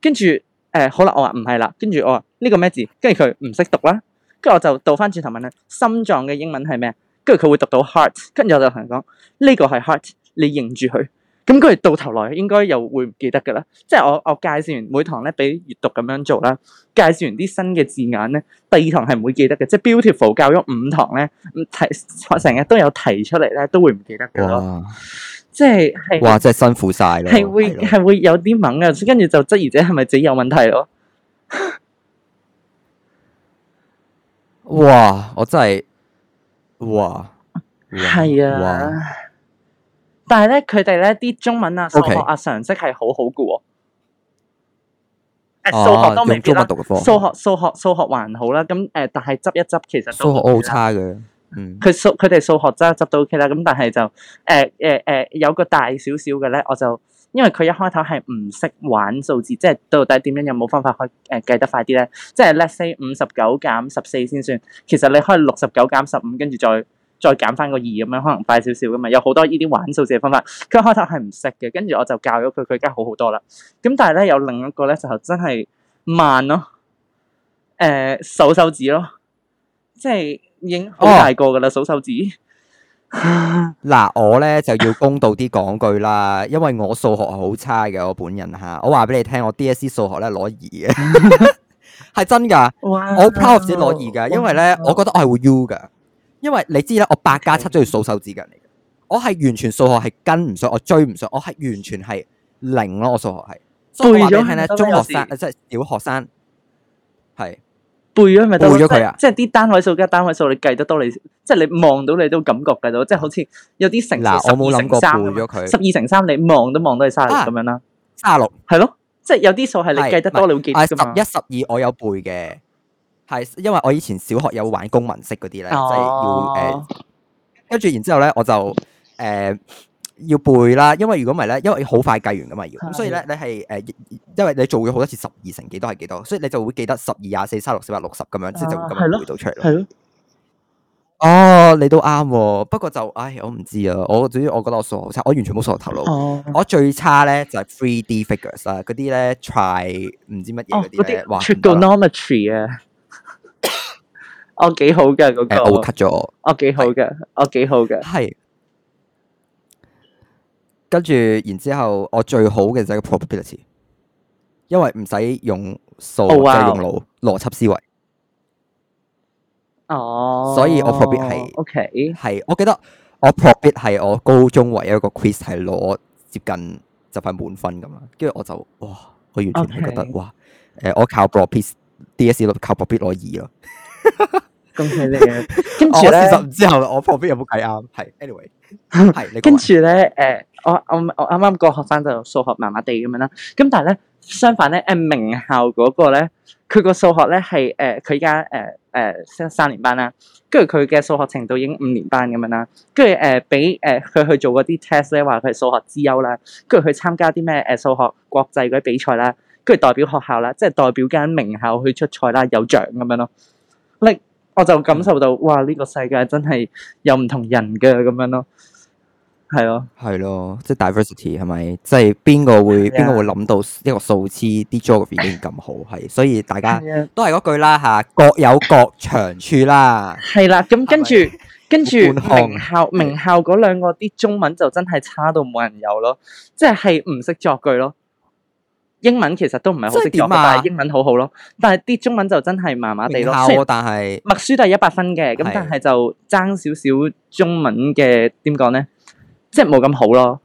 跟住誒好啦，我話唔係啦，跟住我話呢個咩字，跟住佢唔識讀啦，跟住我就倒翻轉頭問佢，心臟嘅英文係咩？跟住佢會讀到 heart，跟住我就同佢講呢個係 heart，你認住佢。咁佢到頭來應該又會唔記得噶啦，即係我我介紹完每堂咧，俾閱讀咁樣做啦，介紹完啲新嘅字眼咧，第二堂係唔會記得嘅，即係 beautiful 教咗五堂咧，提我成日都有提出嚟咧，都會唔記得嘅咯，即係係哇，真係辛苦晒咯，係會係了會有啲猛嘅，跟住就質疑者係咪自己有問題咯？哇，我真係哇，係啊。哇哇但係咧，佢哋咧啲中文啊、數學啊常識係好好嘅。誒 Okay.、啊，數學都未必啦。數學、數學、數學還好啦。咁誒，但係執一執，其實數學好差嘅。嗯。佢數佢哋數學真係執到 ok 啦。咁但係就誒誒誒有個大少少嘅咧，我就因為佢一開頭係唔識玩數字，即係到底點樣有冇方法可以誒計得快啲咧？即係 let's say 五十九減十四先算，其實你可以六十九減十五，跟住再。再減翻個二咁樣，可能快少少噶嘛。有好多呢啲玩數字嘅方法。佢開頭係唔識嘅，跟住我就教咗佢，佢而家好好多啦。咁但係咧，有另一個咧就真係慢咯。誒、呃，數手指咯，即係已經好大個噶啦，哦、數手指。嗱、啊，我咧就要公道啲講句啦，因為我數學好差嘅，我本人吓，我話俾你聽，我 DSE 數學咧攞二嘅，係 真㗎的。哇我好 proud 自己攞二㗎，因為咧，哇我覺得我係會 U 噶。因為你知啦，我八加七都要數手指噶，你嘅我係完全數學係跟唔上，我追唔上，我係完全係零咯。我數學係背咗係咧，中學生、啊、即係小學生係背咗咪？背咗佢啊！即係啲單位數加單位數，你計得多你，即係你望到你都感覺噶、啊、咯，即係好似有啲成嗱，我冇諗過背咗佢，十二乘三，你望都望到係卅咁樣啦，卅六係咯，即係有啲數係你計得多你會記噶，十一十二我有背嘅。係，因為我以前小學有玩公文式嗰啲咧，哦、即係要誒，跟、呃、住然之後咧，我就誒、呃、要背啦。因為如果唔係咧，因為你好快計完噶嘛，要咁，的所以咧你係誒、呃，因為你做咗好多次十二乘幾多係幾多，所以你就會記得十二、廿四、卅六、四百六十咁樣，即係就咁樣背到出嚟咯。係咯，哦，你都啱、啊，不過就唉，我唔知啊。我主要我覺得我數學好差，我完全冇數學頭腦。哦、我最差咧就係 three D figures 啦，嗰啲咧 try 唔知乜嘢嗰啲咧，trigonometry 啊。哦我幾、哦、好嘅嗰、那個，我 cut 咗。我幾、哦、好嘅，是我幾好嘅。係，跟住然之後，後，後，我最好嘅就係 probability，因為唔使用，用數，即係、oh, wow. 用腦、邏輯思維。哦。Oh, 所以我 probability 係，我記得我 probability 係我高中唯一一個 quiz 係攞接近就快滿分咁啦！跟住我就哇，我完全係覺得 Okay. 哇，誒、呃，我靠 probability，DSE 靠 probability 攞二咯。 恭喜你。跟住咧，之後我旁邊有冇計啱係？Anyway，係跟住咧，誒，我我我啱啱個學生就數學麻麻地咁樣啦。咁但係咧，相反咧，誒，名校嗰個咧，佢個數學咧係誒，佢而家誒誒升三年班啦，跟住佢嘅數學程度已經五年班咁樣啦。跟住誒，俾誒佢去做嗰啲 test 咧，話佢係數學之優啦。跟住去參加啲咩誒數學國際嗰啲比賽啦，跟住代表學校啦，即係代表間名校去出賽啦，有獎咁樣咯。Like, 我就感受到哇！呢、呢個世界真係有唔同人嘅咁樣咯，係咯，係咯、啊，即係 diversity 係咪？即係邊個會邊、啊、個會諗到一個數、那個、字啲 job 已經咁好？係，所以大家、啊、都係嗰句啦嚇，各有各長處啦。係啦、啊，咁跟住 跟住、 嗯、名校名校嗰兩個啲中文就真係差到冇人有咯，即係係唔識作句咯。英文其實都唔係好識點講，但係英文好好咯。但係啲中文就真係麻麻地咯。但係默書都係一百分嘅，咁但係就爭少少中文嘅點講咧，即係冇咁好咯，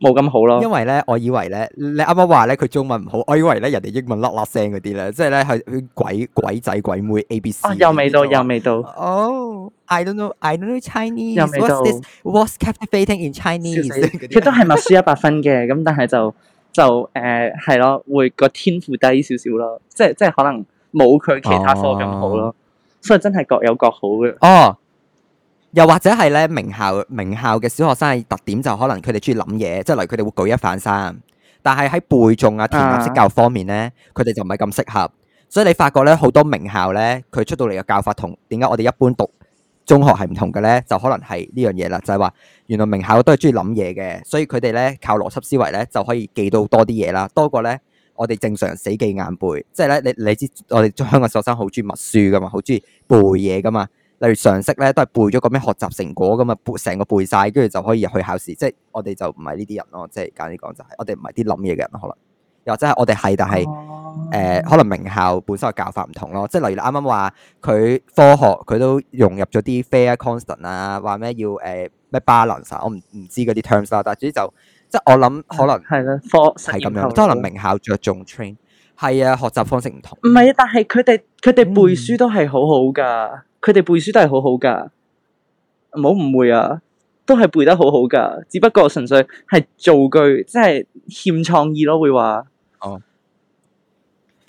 冇咁好咯。因為咧，我以為咧，你啱啱話咧佢中文唔好，我以為咧人哋英文啦啦聲嗰啲咧，即係咧係鬼鬼仔鬼妹 ABC。有味道，有味道。哦，I don't know, I don't know Chinese. What's this? What's captivating in Chinese？佢都係默書一百分嘅，咁但係就。就誒係咯，會個天賦低少少咯，即係即係可能冇佢其他科咁好咯，哦、所以真係各有各好嘅。哦，又或者係咧，名校名校嘅小學生嘅特點就可能佢哋中意諗嘢，即係例如佢哋會舉一反三，但係喺背誦啊、填鴨式教育方面咧，佢哋就唔係咁適合，所以你發覺咧好多名校咧，佢出到嚟嘅教法同點解我哋一般讀？中學係唔同嘅咧，就可能係呢樣嘢啦，就係話原來名校都係中意諗嘢嘅，所以佢哋咧靠邏輯思維咧就可以記到多啲嘢啦，多過咧我哋正常死記硬背。即係咧，你你知我哋香港學生好中意默書㗎嘛，好中意背嘢㗎嘛。例如常識咧都係背咗個咩學習成果咁啊，背成個背晒，跟住就可以入去考試。即係我哋就唔係呢啲人咯，即係簡單講就係我哋唔係啲諗嘢嘅人可能。又真係我哋係，但係誒、呃、可能名校本身嘅教法唔同咯。即係例如啱啱話佢科學佢都融入咗啲 fair constant 啊，話咩要誒咩 balance，我唔唔知嗰啲 terms 啦。但係主就即、是、係我諗可能係啦，科係咁樣，可能名校着重 train。係啊，學習方式唔同。唔係啊，但係佢哋佢哋背書都係好好噶，佢哋、嗯、背書都係好好噶。唔好誤會啊，都係背得好好噶，只不過純粹係造句，即係欠創意咯，會話。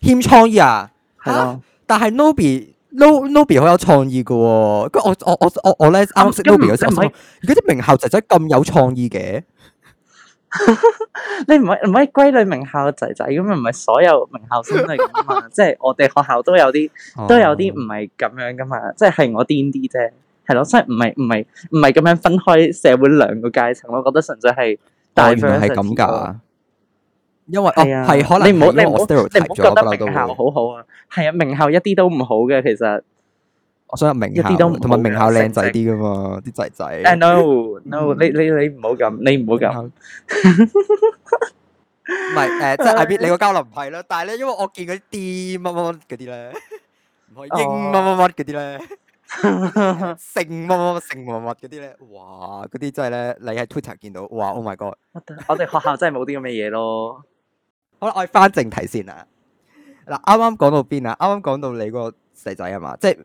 欠創意啊！嚇，但係 Nob、NO, Nob 好有創意嘅喎、哦，我我我我我咧啱識 Nob 嗰陣時，而家啲名校仔仔咁有創意嘅， 你唔係唔可以歸類名校仔仔，咁咪唔係所有名校生嚟嘅嘛？ 即係我哋學校都有啲都有啲唔係咁樣嘅嘛？即係、哦、我癲啲啫，係咯，所以唔係唔係唔係咁樣分開社會兩個階層我覺得純粹係、哦，但係原來係咁㗎。因為哦係可能你唔好你唔好你唔好覺得名校好好啊，係啊名校一啲都唔好嘅其實，我想入名校一啲都同埋名校靚仔啲噶嘛啲仔仔。I know no 你你你唔好咁你唔好咁，唔係誒即係喺邊你個交流唔係咯，但係咧因為我見嗰啲啲乜乜乜嗰啲咧，英乜乜乜嗰啲咧，姓乜乜姓黃乜嗰啲咧，哇嗰啲真係咧你喺 Twitter 見到哇 Oh my God，我哋學校真係冇啲咁嘅嘢咯。我我翻正題先啦。嗱，啱啱講到邊啊？啱啱講到你個細仔啊嘛，即係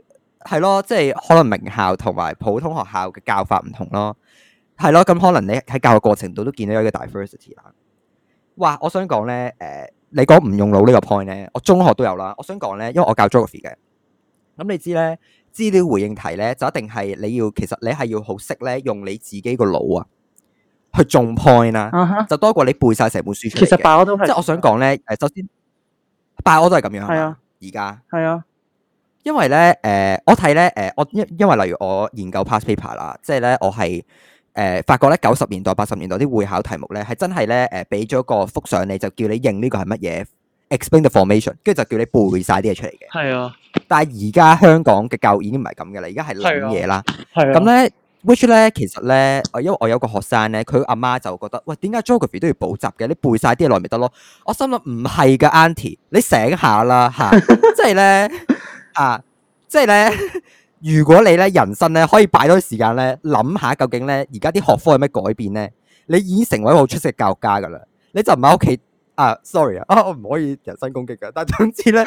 係咯，即係、就是、可能名校同埋普通學校嘅教法唔同咯，係咯。咁可能你喺教育過程度都見到一個 diversity 啦。哇，我想講咧，誒，你講唔用腦呢個 point 咧，我中學都有啦。我想講咧，因為我教 Geography 嘅，咁你知咧資料回應題咧就一定係你要，其實你係要好識咧用你自己個腦啊。佢中 point 啦，就多過你背晒成本書。其實百科都係，即係我想講咧，誒，首先百我都係咁樣，係啊，而家係啊，因為咧，誒、呃，我睇咧，誒、呃，我因因為例如我研究 past paper 啦，即係咧，我係誒發覺咧九十年代八十年代啲會考題目咧係真係咧，誒，俾咗個幅相你就叫你認呢個係乜嘢，explain the formation，跟住就叫你背晒啲嘢出嚟嘅。係啊，但係而家香港嘅教育已經唔係咁嘅啦，而家係諗嘢啦，係咁咧。which 咧其實咧，因為我有個學生咧，佢阿媽就覺得，喂點解 Geography 都要補習嘅？你背晒啲嘢來咪得咯？我心諗唔係噶 Auntie 你醒下啦嚇，即係咧啊，即係咧，如果你咧人生咧可以擺多啲時間咧，諗下究竟咧而家啲學科有咩改變咧，你已經成為一個出色嘅教育家噶啦，你就唔喺屋企。啊，sorry 啊，啊，我唔可以人身攻擊㗎，但總之咧，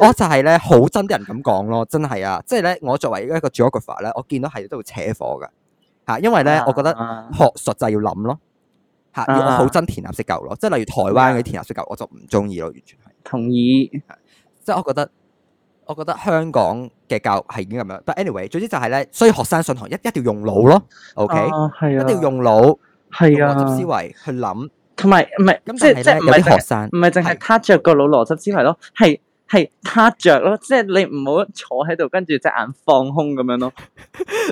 我就係咧好憎啲人咁講咯，真係啊，即係咧，我作為一個 geography 佬咧，我見到係都會扯火㗎，嚇，因為咧，我覺得學術就係要諗咯，嚇，要好憎填鴨式教咯，即係例如台灣嗰啲填鴨式教，我就唔中意咯，完全係同意，即係我覺得，我覺得香港嘅教係已經咁樣，但係 anyway，總之就係咧，所以學生上堂一一定要用腦咯，OK，一定要用腦，係啊，邏輯思維去諗。同埋唔係，即係即係唔係，學生唔係淨係他着個老邏輯思維咯，係係他着咯，即係你唔好坐喺度，跟住隻眼放空咁樣咯。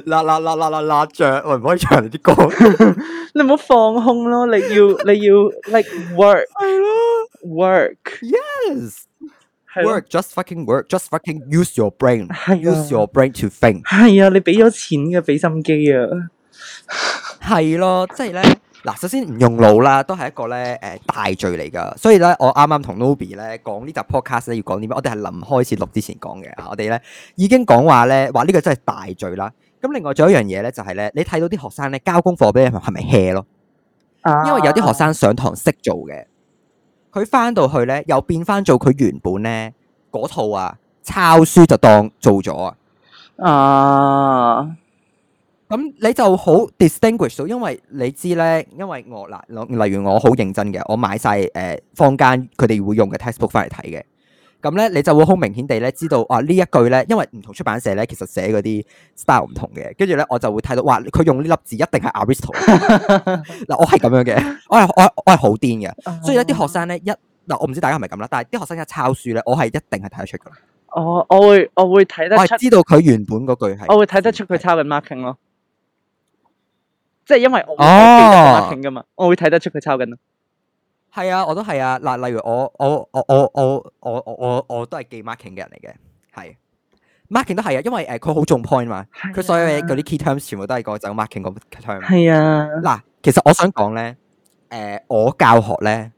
啦啦啦啦啦啦着，我唔可以唱你啲歌。你唔好放空咯，你要你要 like work 係咯，work yes work just fucking work just fucking use your brain use your brain to think。係啊，你俾咗錢嘅，俾心機啊。係咯，即係咧。嗱，首先唔用腦啦，都係一個咧誒、呃、大罪嚟㗎，所以咧我啱啱同 Nobby 咧講呢講集 podcast 咧要講啲咩，我哋係臨開始錄之前講嘅，我哋咧已經講話咧話呢個真係大罪啦。咁另外仲有一樣嘢咧，就係、是、咧你睇到啲學生咧交功課俾你係咪 hea 咯？因為有啲學生上堂識做嘅，佢翻到去咧又變翻做佢原本咧嗰套啊，抄書就當做咗啊。Uh 咁你就好 distinguish 到，因為你知咧，因為我嗱，例如我好認真嘅，我買晒誒坊間佢哋會用嘅 textbook 翻嚟睇嘅。咁咧，你就會好明顯地咧知道啊呢一句咧，因為唔同出版社咧其實寫嗰啲 style 唔同嘅，跟住咧我就會睇到，哇！佢用呢粒字一定係 Aristotle。嗱， 我係咁樣嘅，我係我我係好癲嘅。所以咧啲學生咧一嗱，我唔知大家係咪咁啦，但係啲學生一抄書咧，我係一定係睇得出嘅。哦，我會我會睇得出。我係知道佢原本嗰句係。我會睇得出佢抄緊 marking 咯。即係因為我會睇得 marking 噶嘛，啊、我會睇得出佢抄緊。係啊，我都係啊。嗱，例如我我我我我我我我都係記 marking 嘅人嚟嘅，係 marking 都係啊。因為誒佢好重 point 嘛，佢、啊、所有嘢嗰啲 key terms 全部都係講、那個、就 marking 嗰個 term。係啊，嗱，其實我想講咧，誒、呃、我教學咧，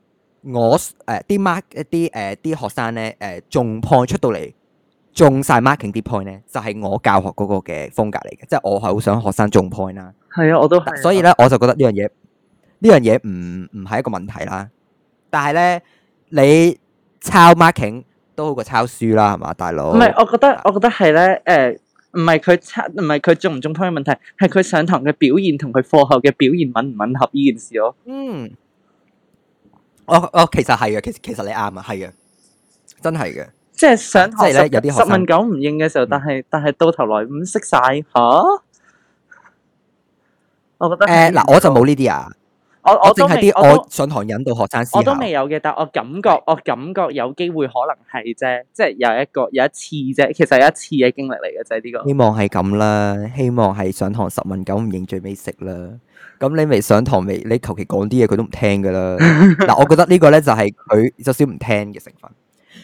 我誒啲、呃、mark 一啲誒啲學生咧，誒、呃、重 point 出到嚟，重曬 marking 啲 point 咧，就係、是、我教學嗰個嘅風格嚟嘅，即、就、係、是、我係好想、就是、想學生重 point 啦。係啊，我都係。所以咧，我就覺得呢樣嘢，呢樣嘢唔唔係一個問題啦。但係咧，你抄 marking 都好過抄書啦，係嘛，大佬。唔係，我覺得，我覺得係咧，誒，唔係佢抄，唔係佢中唔中通嘅問題，係佢上堂嘅表現同佢課後嘅表現吻唔吻合呢件事咯。嗯，哦哦其實係啊，其實其實你啱啊，係啊，真係嘅。即係上堂，即係咧，有啲十問九唔應嘅時候，但係但係到頭來唔識晒吓。我覺得誒嗱、這個呃，我就冇呢啲啊！我我淨係啲我上堂引導學生思考，我都未有嘅。但我感覺，我感覺有機會可能係啫，即係有一個有一次啫。其實一次嘅經歷嚟嘅啫，呢、就係呢個。希望係咁啦。希望係上堂十問九唔認最尾食啦。咁你未上堂未？你求其講啲嘢佢都唔聽噶啦。嗱， 我覺得呢個咧就係佢有少唔聽嘅成分。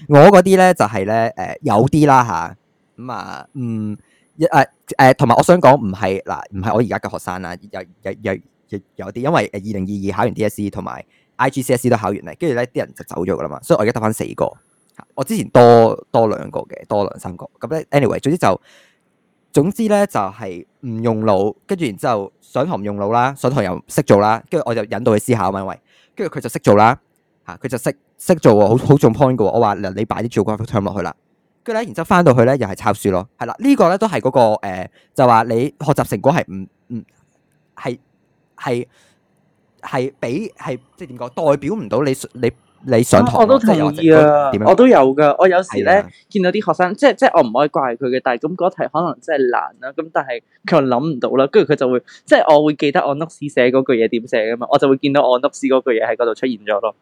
我嗰啲咧就係咧誒有啲啦吓。咁啊嗯。誒誒，同埋、啊、我想講唔係嗱，唔係我而家嘅學生啦，有有有有啲，因為誒二零二二考完 DSE 同埋 IGCSE 都考完嚟，跟住咧啲人就走咗噶啦嘛，所以我而家得翻四個，我之前多多兩個嘅，多兩三個，咁咧 anyway，總之就總之咧就係、是、唔用腦，跟住然之後上堂唔用腦啦，上堂又識做啦，跟住我就引導佢思考咪喂，跟住佢就識做啦，嚇佢就識識做好好重 point 嘅，我話嗱你擺啲最乖嘅 student 落去啦。跟住咧，然之後翻到去咧，又係抄書咯。係啦，呢、這個咧都係嗰個、呃、就話你學習成果係唔唔係係係比係即係點講？代表唔到你你你上堂、啊、我都同意啊。點樣？我都有噶。我有時咧是的 見到啲學生，即係即係我唔可以怪佢嘅，但係咁嗰題可能真係難啦。咁但係佢又諗唔到啦。跟住佢就會即係我會記得我 Notes 寫嗰句嘢點寫噶嘛，我就會見到我 Notes 嗰句嘢喺嗰度出現咗咯。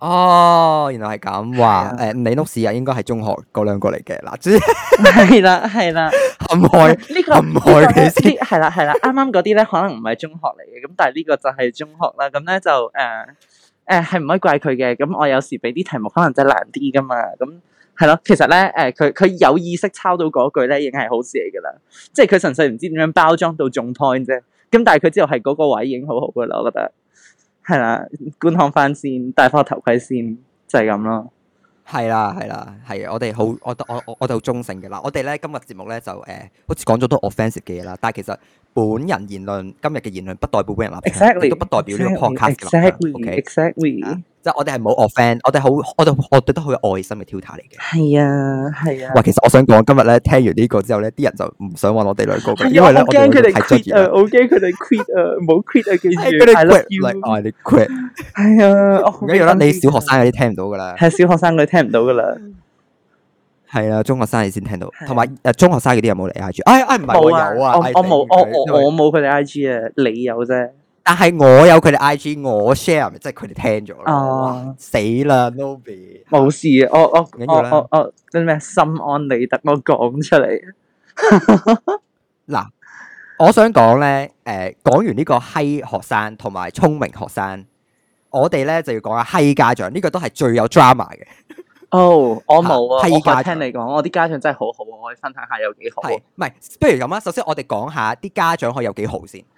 哦，原來係咁話，誒、啊呃，你碌師啊，應該係中學嗰兩個嚟嘅，嗱、啊，係啦係啦，唔開、啊，啊啊、剛剛呢個唔開，啲係啦係啦，啱啱嗰啲咧可能唔係中學嚟嘅，咁但係呢個就係中學啦，咁咧就誒誒係唔可以怪佢嘅，咁我有時俾啲題目可能真係難啲噶嘛，咁係咯，其實咧誒佢佢有意識抄到嗰句咧，已經係好事嚟噶啦，即係佢純粹唔知點樣包裝到重點啫，咁但係佢之後係嗰個位已經好好噶啦，我覺得。係啦，觀看翻先，戴翻個頭盔先，就係咁咯。係啦，係啦，係。我哋好，我我我我哋好忠誠嘅啦。我哋咧今日嘅節目咧就誒、呃，好似講咗都 offensive 嘅嘢啦。但係其實本人言論，今日嘅言論不代表本人立場，亦都 Exactly, 不代表呢個 podcast 立場。OK，exactly。即係我哋係冇 offend，我哋好，我哋我哋都好有愛心嘅 tutor 嚟嘅。係啊，係啊。喂，其實我想講今日咧，聽完呢個之後咧，啲人就唔想話我哋兩個，因為咧我驚佢哋 quit 我驚佢哋 quit，誒，唔好 quit 啊，佢哋 quit，你 quit。係啊，我唔記得你小學生嗰啲聽唔到噶啦，係小學生嗰啲聽唔到噶啦，係啊，中學生你先聽到，同埋誒中學生嗰啲有冇嚟 IG？哎哎，唔係我有啊，我冇，我我冇佢哋 IG 啊，你有啫。但係我有佢哋 IG，我 share 即係佢哋聽咗咯。啊，死啦！Nob，冇事哦，obi, 事我我呢我我哦，嗰啲咩心安理得，我講出嚟。嗱， 我想講咧，誒、呃，講完呢個閪學生同埋聰明學生，我哋咧就要講下閪家長，呢、呢個都係最有 drama 嘅。哦，我冇啊！我，啊家我聽你講，我啲家長真係好好，我哋欣賞下有幾好。係，唔係？不如咁啦，首先我哋講下啲家長可以有幾好先。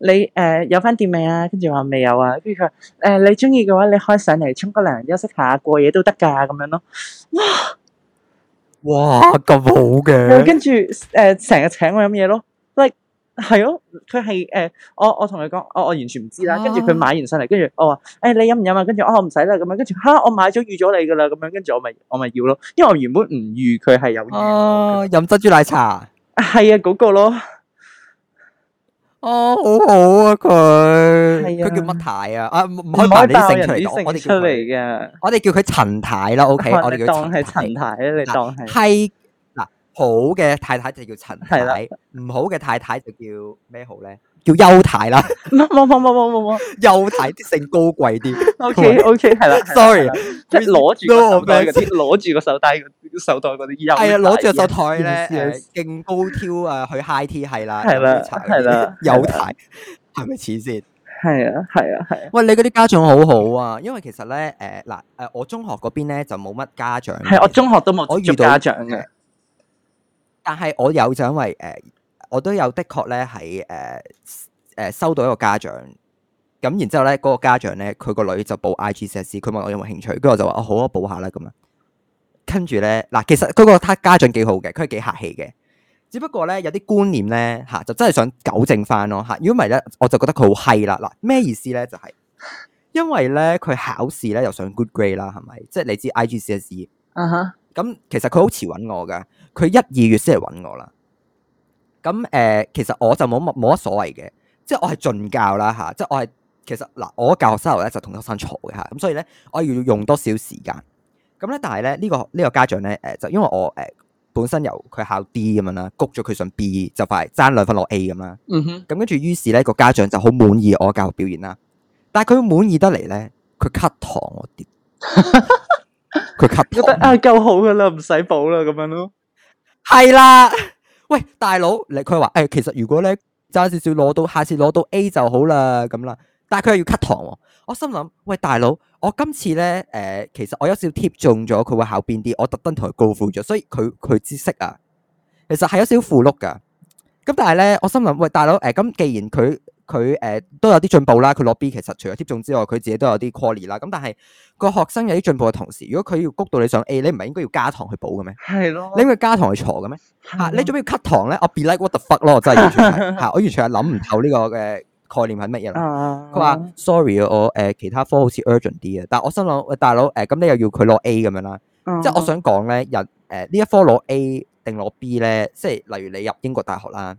你誒有翻店未啊？跟住話未有啊？跟住佢話誒你中意嘅話，你開上嚟沖個涼，休息下過夜都得噶咁樣咯。哇哇咁好嘅！跟住誒成日請我飲嘢咯，即係係咯，佢係誒我我同佢講，我我完全唔知啦。跟住佢買完上嚟，跟住我話誒你飲唔飲啊？跟住哦唔使啦咁樣，跟住嚇我買咗預咗你噶啦咁樣，跟住我咪我咪要咯，因為我原本唔預佢係有預。哦，飲珍珠奶茶，係啊嗰個咯。哦，好好啊佢，佢叫乜太啊？啊唔可以扮啲姓出嚟，我哋叫嚟嘅，我哋叫佢陳太啦，OK，我哋叫陳太，你當係，係嗱好嘅太太就叫陳太，唔好嘅太太就叫咩好咧？叫邱太啦，冇冇冇冇冇冇，邱太啲姓高貴啲，OK OK，係啦，sorry，即係攞住個手帶，攞住個手帶。手袋啲，係啊，攞住手台咧，勁高挑啊，去 high tea 係啦，係啦，係啦，有睇，係咪似先？係啊，係啊，係。喂，你嗰啲家長好好啊，因為其實咧，誒，嗱，誒，我中學嗰邊咧就冇乜家長，係我中學都冇遇到家長嘅。但係我有就因為誒，我都有的確咧係誒誒收到一個家長，咁然之後咧嗰個家長咧，佢個女就報 IGCSE，佢問我有冇興趣，跟住我就話我好啊，補下啦咁啊。跟住咧，嗱，其實佢個他家長幾好嘅，佢係幾客氣嘅。只不過咧，有啲觀念咧，嚇、啊、就真係想糾正翻咯嚇。如果唔係咧，我就覺得佢好閪啦。嗱、啊，咩意思咧？就係、是、因為咧，佢考試咧又上 good grade 啦，係咪？即係你知 IGCSE、uh huh. 嗯。嗯咁其實佢好遲揾我噶，佢一二月先嚟揾我啦。咁誒，其實我就冇乜冇乜所謂嘅，即係我係盡教啦嚇、啊，即係我係其實嗱、啊，我喺教學生時候咧就同學生嘈嘅嚇，咁、啊、所以咧我要用多少時間？咁咧，但係咧呢、這個呢、這個家長咧，誒、呃，就因為我誒、呃，本身由佢考 D 咁樣啦，谷咗佢上 B 就快爭兩分落 A 咁啦。嗯哼。咁跟住於是咧個家長就好滿意我嘅教育表現啦。但係佢滿意得嚟咧，佢 cut 堂我啲。佢 cut 覺得啊，夠好噶啦，唔使補啦，咁樣咯。係啦，喂，大佬，你佢話誒，其實如果咧爭少少攞到，下次攞到 A 就好啦，咁啦。但佢又要 cut 堂喎，我心諗，喂，大佬，我今次咧誒，其實我有少少貼中咗，佢會考邊啲？我特登同佢 go through 咗，所以佢佢知識啊，其實係有少少符碌噶。咁但係咧，我心諗，喂，大佬誒，咁既然佢佢誒都有啲進步啦，佢落 B 其實除咗貼中之外，佢自己都有啲 core 啦。咁但係個學生有啲進步嘅同時，如果佢要谷到你上 A，你唔係應該要加堂去補嘅咩？係咯，你唔係加堂去鋤嘅咩？你做咩要 cut 堂咧？我 be like what the fuck 咯，真係，我完全係諗唔透呢個嘅。概念係乜嘢啦？佢話 sorry 啊，sorry, 我誒、呃、其他科好似 urgent 啲啊，但係我心諗，大佬誒咁你又要佢攞 A 咁樣啦、啊呃，即係我想講咧，入誒呢一科攞 A 定攞 B 咧，即係例如你入英國大學啦，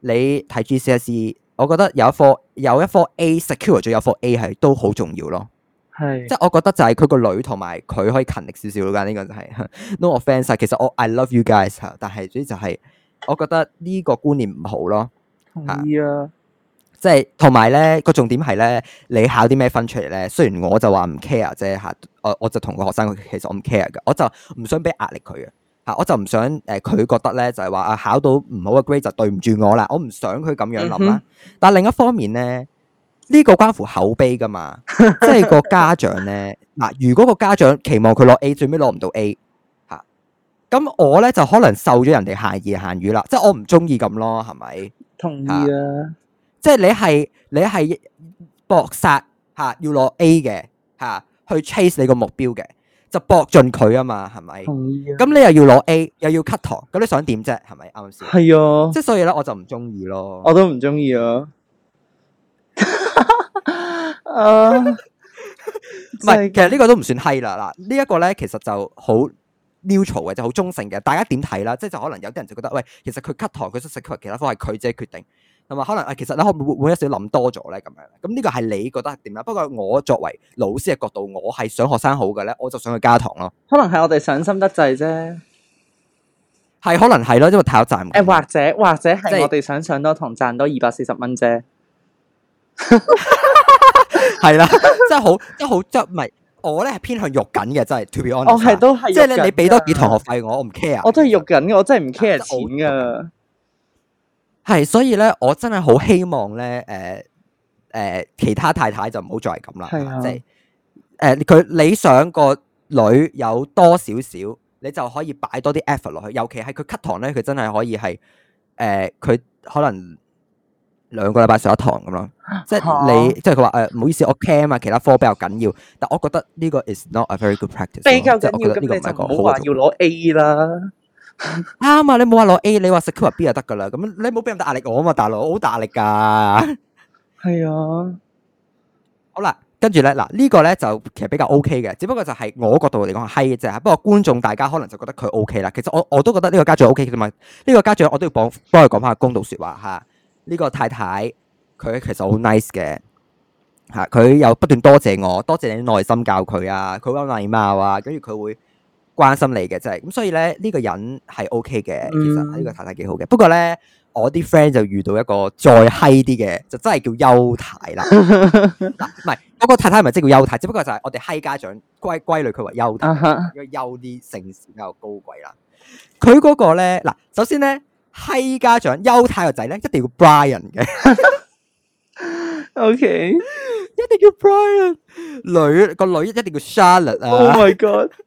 你睇 GCSE，我覺得有一科有一科 A，secure 咗，有科 A 係都好重要咯，係是，即係我覺得就係佢個女同埋佢可以勤力少少噶，呢個就係 no offence 其實我 I love you guys，但係主要就係、是、我覺得呢個觀念唔好咯，同意啊。 即係同埋咧，個重點係咧，你考啲咩分出嚟咧？雖然我就話唔 care 啫嚇，我我就同個學生，其實我唔 care 噶，我就唔想俾壓力佢啊嚇，我就唔想誒佢覺得咧就係話啊考到唔好嘅 grade、er、就對唔住我啦，我唔想佢咁樣諗啦。嗯、哼但另一方面咧，呢、呢個關乎口碑噶嘛， 即係個家長咧嗱、啊，如果個家長期望佢攞 A，最尾攞唔到 A 嚇、啊，咁我咧就可能受咗人哋閒言閒語啦，即係我唔中意咁咯，係咪？同意啊！啊即係你係你係搏殺吓，要攞 A 嘅吓去 chase 你個目標嘅，就搏盡佢啊嘛，係咪？同意啊！咁你又要攞 A，又要 cut 堂，咁你想點啫？係咪啱先？係啊！即係所以咧，我就唔中意咯。我都唔中意啊！唔係，其實呢個都唔算閪啦。嗱，呢一個咧，其實就好 neutral 嘅，就好中性嘅。大家點睇啦？即係就可能有啲人就覺得，喂，其實佢 cut 堂，佢出食，佢其他科係佢自己決定。同埋可能啊、就是，其實咧會會有少少諗多咗咧，咁樣，咁呢個係你覺得點啊？不過我作為老師嘅角度，我係想學生好嘅咧，我就想去加堂咯。可能係我哋上心得滯啫，係可能係咯，因為太有賺。誒，或者或者係我哋想上多堂賺多二百四十蚊啫。係 啦，真係好真係好執迷，就是、gus，我咧係偏向緊是是肉緊嘅，真係 to be honest 我係都係即係你俾多，多幾同學費我，我唔 care。我真係肉緊嘅，我真係唔 care 錢噶。 係，所以咧，我真係好希望咧，誒、呃、誒、呃，其他太太就唔好再係咁啦，係。即係誒佢你想個女有多少少，你就可以擺多啲 effort 落去。尤其係佢 cut 堂咧，佢真係可以係誒，佢、呃、可能兩個禮拜上一堂咁咯。即係你，啊、即係佢話誒，唔、呃、好意思，我 care 啊嘛，其他科比較緊要，但我覺得呢個 is not a very good practice。比較緊要，咁你就唔好話要攞 A 啦。啱 啊！你冇話攞 A，你話食 Q 或 B 就得噶啦。咁你冇俾咁大壓力我啊嘛，大佬，好大力噶。係啊，好啦，跟住咧，嗱、這個、呢個咧就其實比較 OK 嘅，只不過就係我角度嚟講係閪嘅啫。不過觀眾大家可能就覺得佢 OK 啦。其實我我都覺得呢個家長 OK 嘅嘛。呢、這個家長我都要幫，幫佢講翻個公道說話吓。呢、這個太太佢其實好 nice 嘅吓，佢又不斷多謝我，多謝你啲耐心教佢啊，佢好有禮貌啊，跟住佢會。關心你嘅，真係咁，所以咧呢個人係 O K 嘅，其實呢個太太幾好嘅。不過咧我啲 friend 就遇到一個再嗨啲嘅，就真係叫優太 啦。嗱，唔係，嗰個太太係咪即叫優太？只不過就係我哋嗨家長歸歸類佢、uh huh. 為優，優啲姓氏比較高貴啦。佢嗰個咧，嗱，首先咧，嗨家長優太個仔咧一定要 Brian 嘅。 o Okay . K，一定要 Brian。女個女一定要 Charlotte 啊！Oh my God！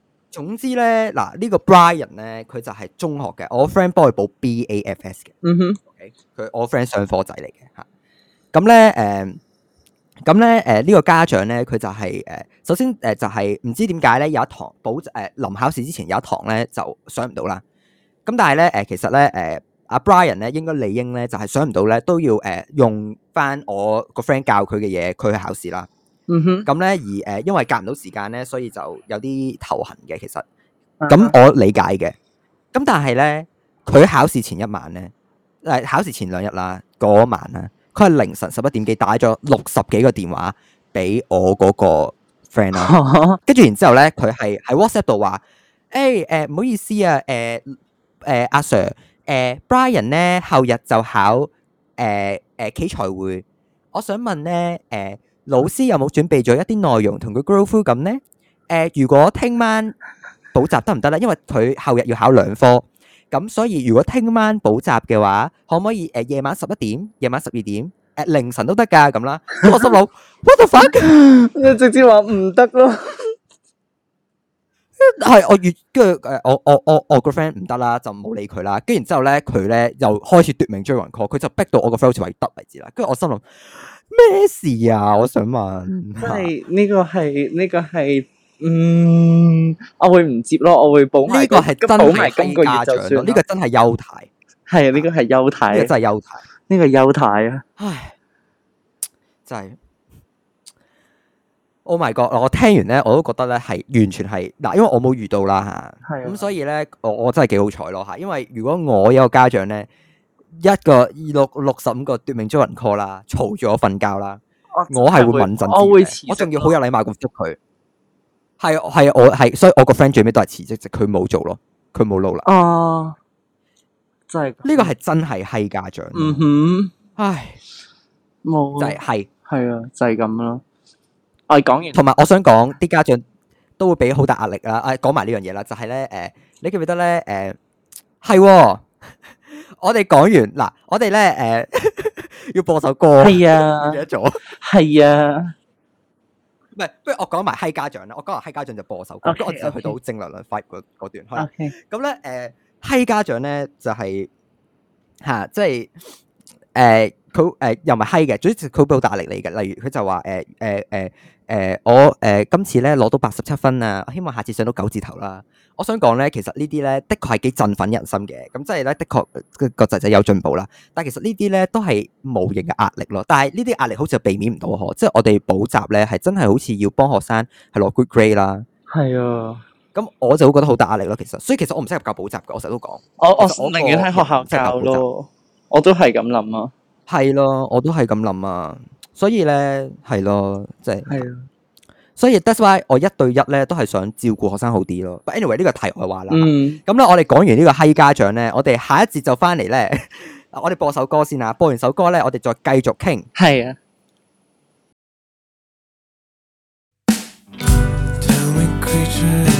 總之咧，嗱、這、呢個 Brian 咧，佢就係中學嘅，我 friend 幫佢補 B A F S 嘅。嗯哼，佢我 friend 上課仔嚟嘅吓。咁咧，誒、呃，咁咧，誒、呃、呢、這個家長咧，佢就係、是、誒、呃，首先誒就係唔知點解咧，有一堂補誒，臨、呃、考試之前有一堂咧就想唔到啦。咁但係咧，誒、呃、其實咧，誒、啊、阿 Brian 咧應該理應咧就係、是、想唔到咧，都要誒用翻我個 friend 教佢嘅嘢，佢去考試啦。嗯哼，咁咧而誒、呃，因為隔唔到時間咧，所以就有啲頭痕嘅其實。咁我理解嘅。咁但係咧，佢考試前一晚咧，誒考試前兩日啦，嗰晚啊，佢係凌晨十一點幾打咗六十幾個電話俾我嗰個 friend 啊。跟住 然之後咧，佢係喺 WhatsApp 度話：「誒誒唔好意思啊，誒誒阿 Sir，誒、呃、Brian 咧後日就考誒誒、呃呃、企財會，我想問咧誒，呃老師有冇準備咗一啲內容同佢 grow through 咁咧？誒，如果聽晚補習得唔得咧？因為佢後日要考兩科，咁所以如果聽晚補習嘅話，可唔可以誒夜晚十一點、夜晚十二點、誒凌晨都得噶咁啦？我心諗，what the fuck，你直接話唔得咯？係我越跟住誒，我我我我個 friend 唔得啦，就唔好理佢啦。跟住然之後咧，佢咧又開始奪命追魂 call，佢就逼到我個 friend 位突位置啦。跟住我心諗。咩事啊？我想問，即係呢個係呢個係，嗯，我會唔接咯？我會補埋呢個係真係，補埋今個月呢個真係邱太，係呢個係邱太真係邱太，呢個邱太啊，太唉，真係，Oh my God！我聽完咧，我都覺得咧係完全係嗱，因為我冇遇到啦吓，咁的所以咧，我我真係幾好彩咯吓，因為如果我有個家長咧。一個二六六十五個奪命追魂 call 啦，嘈住我瞓覺啦，我係會穩陣啲，我仲要好有禮貌咁捉佢，係係我係，所以我個 friend 最尾都係辭職，就佢冇做咯，佢冇路啦。啊，真係呢個係真係欺家長。嗯哼，唉，冇就係係係啊，就係咁咯。我講完，同埋我想講啲家長都會俾好大壓力啦。誒，講埋呢樣嘢啦，就係咧，誒，你記唔記得咧？誒，係。我哋講完嗱，我哋咧誒要播首歌，係啊，唔記得咗，係啊，唔係， 不如我講埋閪家長啦。我講完閪家長就播首歌，咁 Okay, 我直接去到正 okay. 能量發育嗰段咁咧誒，閪 Okay.、嗯呃、家長咧就係、是、吓，即、啊、係。就是誒，佢誒、呃呃、又唔係閪嘅，總之佢好大壓力嚟嘅。例如佢就話誒誒誒誒，我誒、呃、今次咧攞到八十七分啊，希望下次上到九字頭啦。我想講咧，其實呢啲咧的確係幾振奮人心嘅。咁即係咧的確個仔仔有進步啦。但係其實呢啲咧都係無形嘅壓力咯。但係呢啲壓力好似又避免唔到嗬。即係我哋補習咧係真係好似要幫學生係攞 good grade 啦。係啊。咁我就覺得好大壓力咯。其實，所以其實我唔適合教補習嘅。我成日都講，我我我寧願喺學校教咯。我都係咁諗啊，係咯，我都係咁諗啊，所以咧係咯，即係，係、就、啊、是，是的 所以 that's why 我一對一咧都係想照顧學生好啲咯。But anyway 呢個題外話啦，咁咧、嗯嗯、我哋講完呢、呢個嗨家長咧，我哋下一節就翻嚟咧， 我哋播首歌先啊，播完首歌咧，我哋再繼續傾是的，係 啊樂。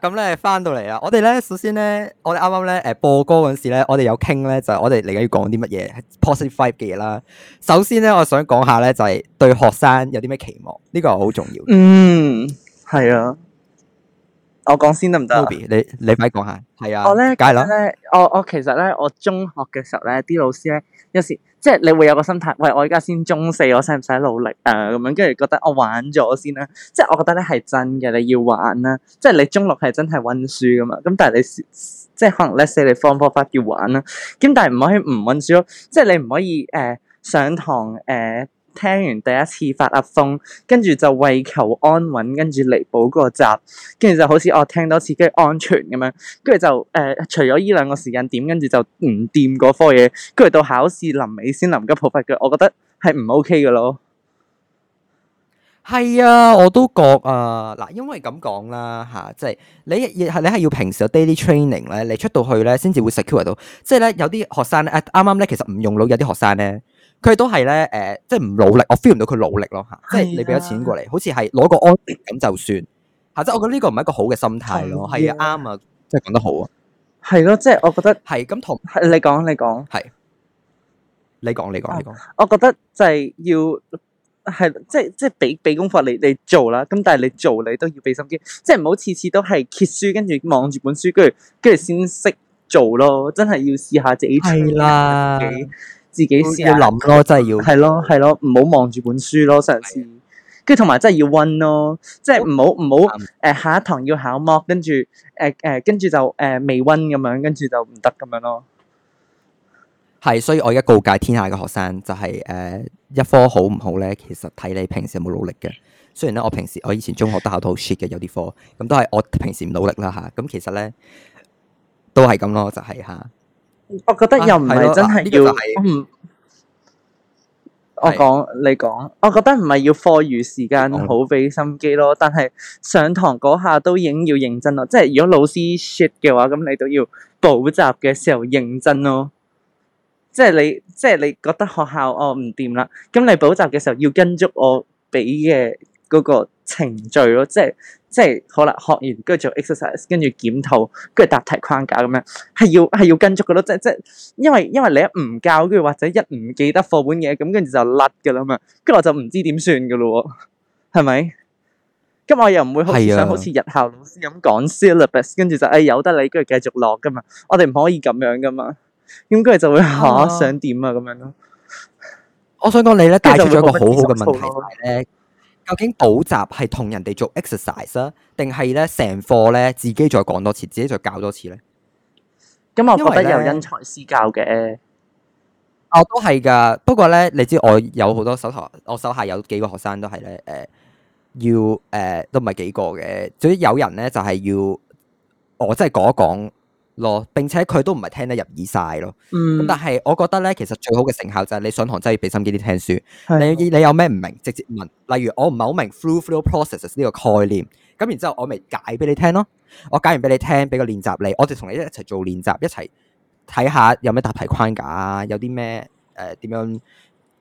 咁咧翻到嚟啦，我哋咧首先咧，我哋啱啱咧，誒、呃、播歌嗰陣時咧，我哋有傾咧，就是、我哋嚟緊要講啲乜嘢 positive vibe 嘅嘢啦。首先咧，我想講下咧，就係、是、對學生有啲咩期望，呢、這個好重要。嗯，係啊，我講先得唔得啊？Toby，你你快講下，係啊，我咧呢，我咧，我我其實咧，我中學嘅時候咧，啲老師咧，有時。即係你會有個心態，喂，我而家先中四，我使唔使努力啊？咁樣跟住覺得我玩咗先啦、啊。即係我覺得咧係真嘅，你要玩啦、啊。即係你中六係真係溫書㗎嘛？咁但係你即係可能咧、啊，即你放學要玩啦。咁但係唔可以唔溫書囉。即係你唔可以誒上堂誒。呃聽完第一次發阿瘋，跟住就為求安穩，跟住嚟補個習，跟住就好似我聽多次跟住安全咁樣，跟住就誒除咗依兩個時間點，跟住就唔掂嗰科嘢，跟住到考試臨尾先臨急抱佛腳，我覺得係唔 OK 嘅咯。係啊，我都覺啊，嗱，因為咁講啦嚇，即係你亦係你係要平時有 daily training 咧，你出到去咧先至會 secure 到。即係咧有啲學生咧，啱啱咧其實唔用腦，有啲學生咧。佢都係咧，誒，即係唔努力，我 feel 唔到佢努力咯嚇。即係你俾咗錢過嚟，好似係攞個安咁就算嚇。即我覺得呢個唔係一個好嘅心態咯，係啊，啱啊，即係講得好啊。係咯，即係我覺得係咁同，你講你講，係你講你講你講。我覺得就係要係即係即係俾俾功課你你做啦。咁但係你做你都要俾心機，即係唔好次次都係揭書跟住望住本書，跟住跟住先識做咯。真係要試下自己。啦。自己試下諗咯，真係要係咯係咯，唔好望住本書咯。上次跟住同埋真係要温咯，即係唔好唔好誒下一堂要考默、ok, 啊，跟住誒誒跟住就誒未温咁樣，跟住就唔得咁樣咯。係，所以我而家告誡天下嘅學生就係、係、誒、uh, 一科好唔好咧，其實睇你平時有冇努力嘅。雖然咧，我平時我以前中學都考到好 shit 嘅有啲科，咁都係我平時唔努力啦吓，咁、啊啊啊啊、其實咧都係咁咯，就係吓。啊我覺得又唔係真係要，我講你講，我覺得唔係要課餘時間好俾心機咯，但係上堂嗰下都已經要認真咯，即係如果老師說嘅話，咁你都要補習嘅時候認真咯，即係你即係你覺得學校哦唔掂啦，咁你補習嘅時候要跟足我俾嘅嗰個程序咯，即係。即係好啦，學完跟住做 exercise，跟住檢討，跟住答題框架咁樣，係要係要跟足噶咯，即即因為因為你一唔教，跟住或者一唔記得課本嘢，咁跟住就甩噶啦嘛，跟住我就唔知點算噶咯，係咪？咁我又唔會好想好似日校老師咁講 celebrate，跟住就誒由得你，跟住繼續落噶嘛，我哋唔可以咁樣噶嘛，咁跟住就會吓想點啊咁樣咯。我想講你咧帶出咗一個好好嘅問題咧。究竟補習係同人哋做 exercise 啊，定係咧成課咧自己再講多次，自己再教多次咧？咁我覺得咧有因材施教嘅，我都係噶。不過咧，你知我有好多手頭，我手下有幾個學生都係咧，誒、呃，要誒、呃、都唔係幾個嘅。總之有人咧就係要我，即係講一講咯，並且佢都唔係聽得入耳晒咯。嗯。但係我覺得呢，其實最好嘅成效就係你上堂真係要俾心機啲聽書。係。你，你有咩唔明，直接問。例如我唔係好明 through through processes 呢個概念，咁然之後我咪解俾你聽咯。我解完俾你聽，俾個練習你，我哋同你一齊做練習，一齊睇下有咩答題框架，有啲咩誒點樣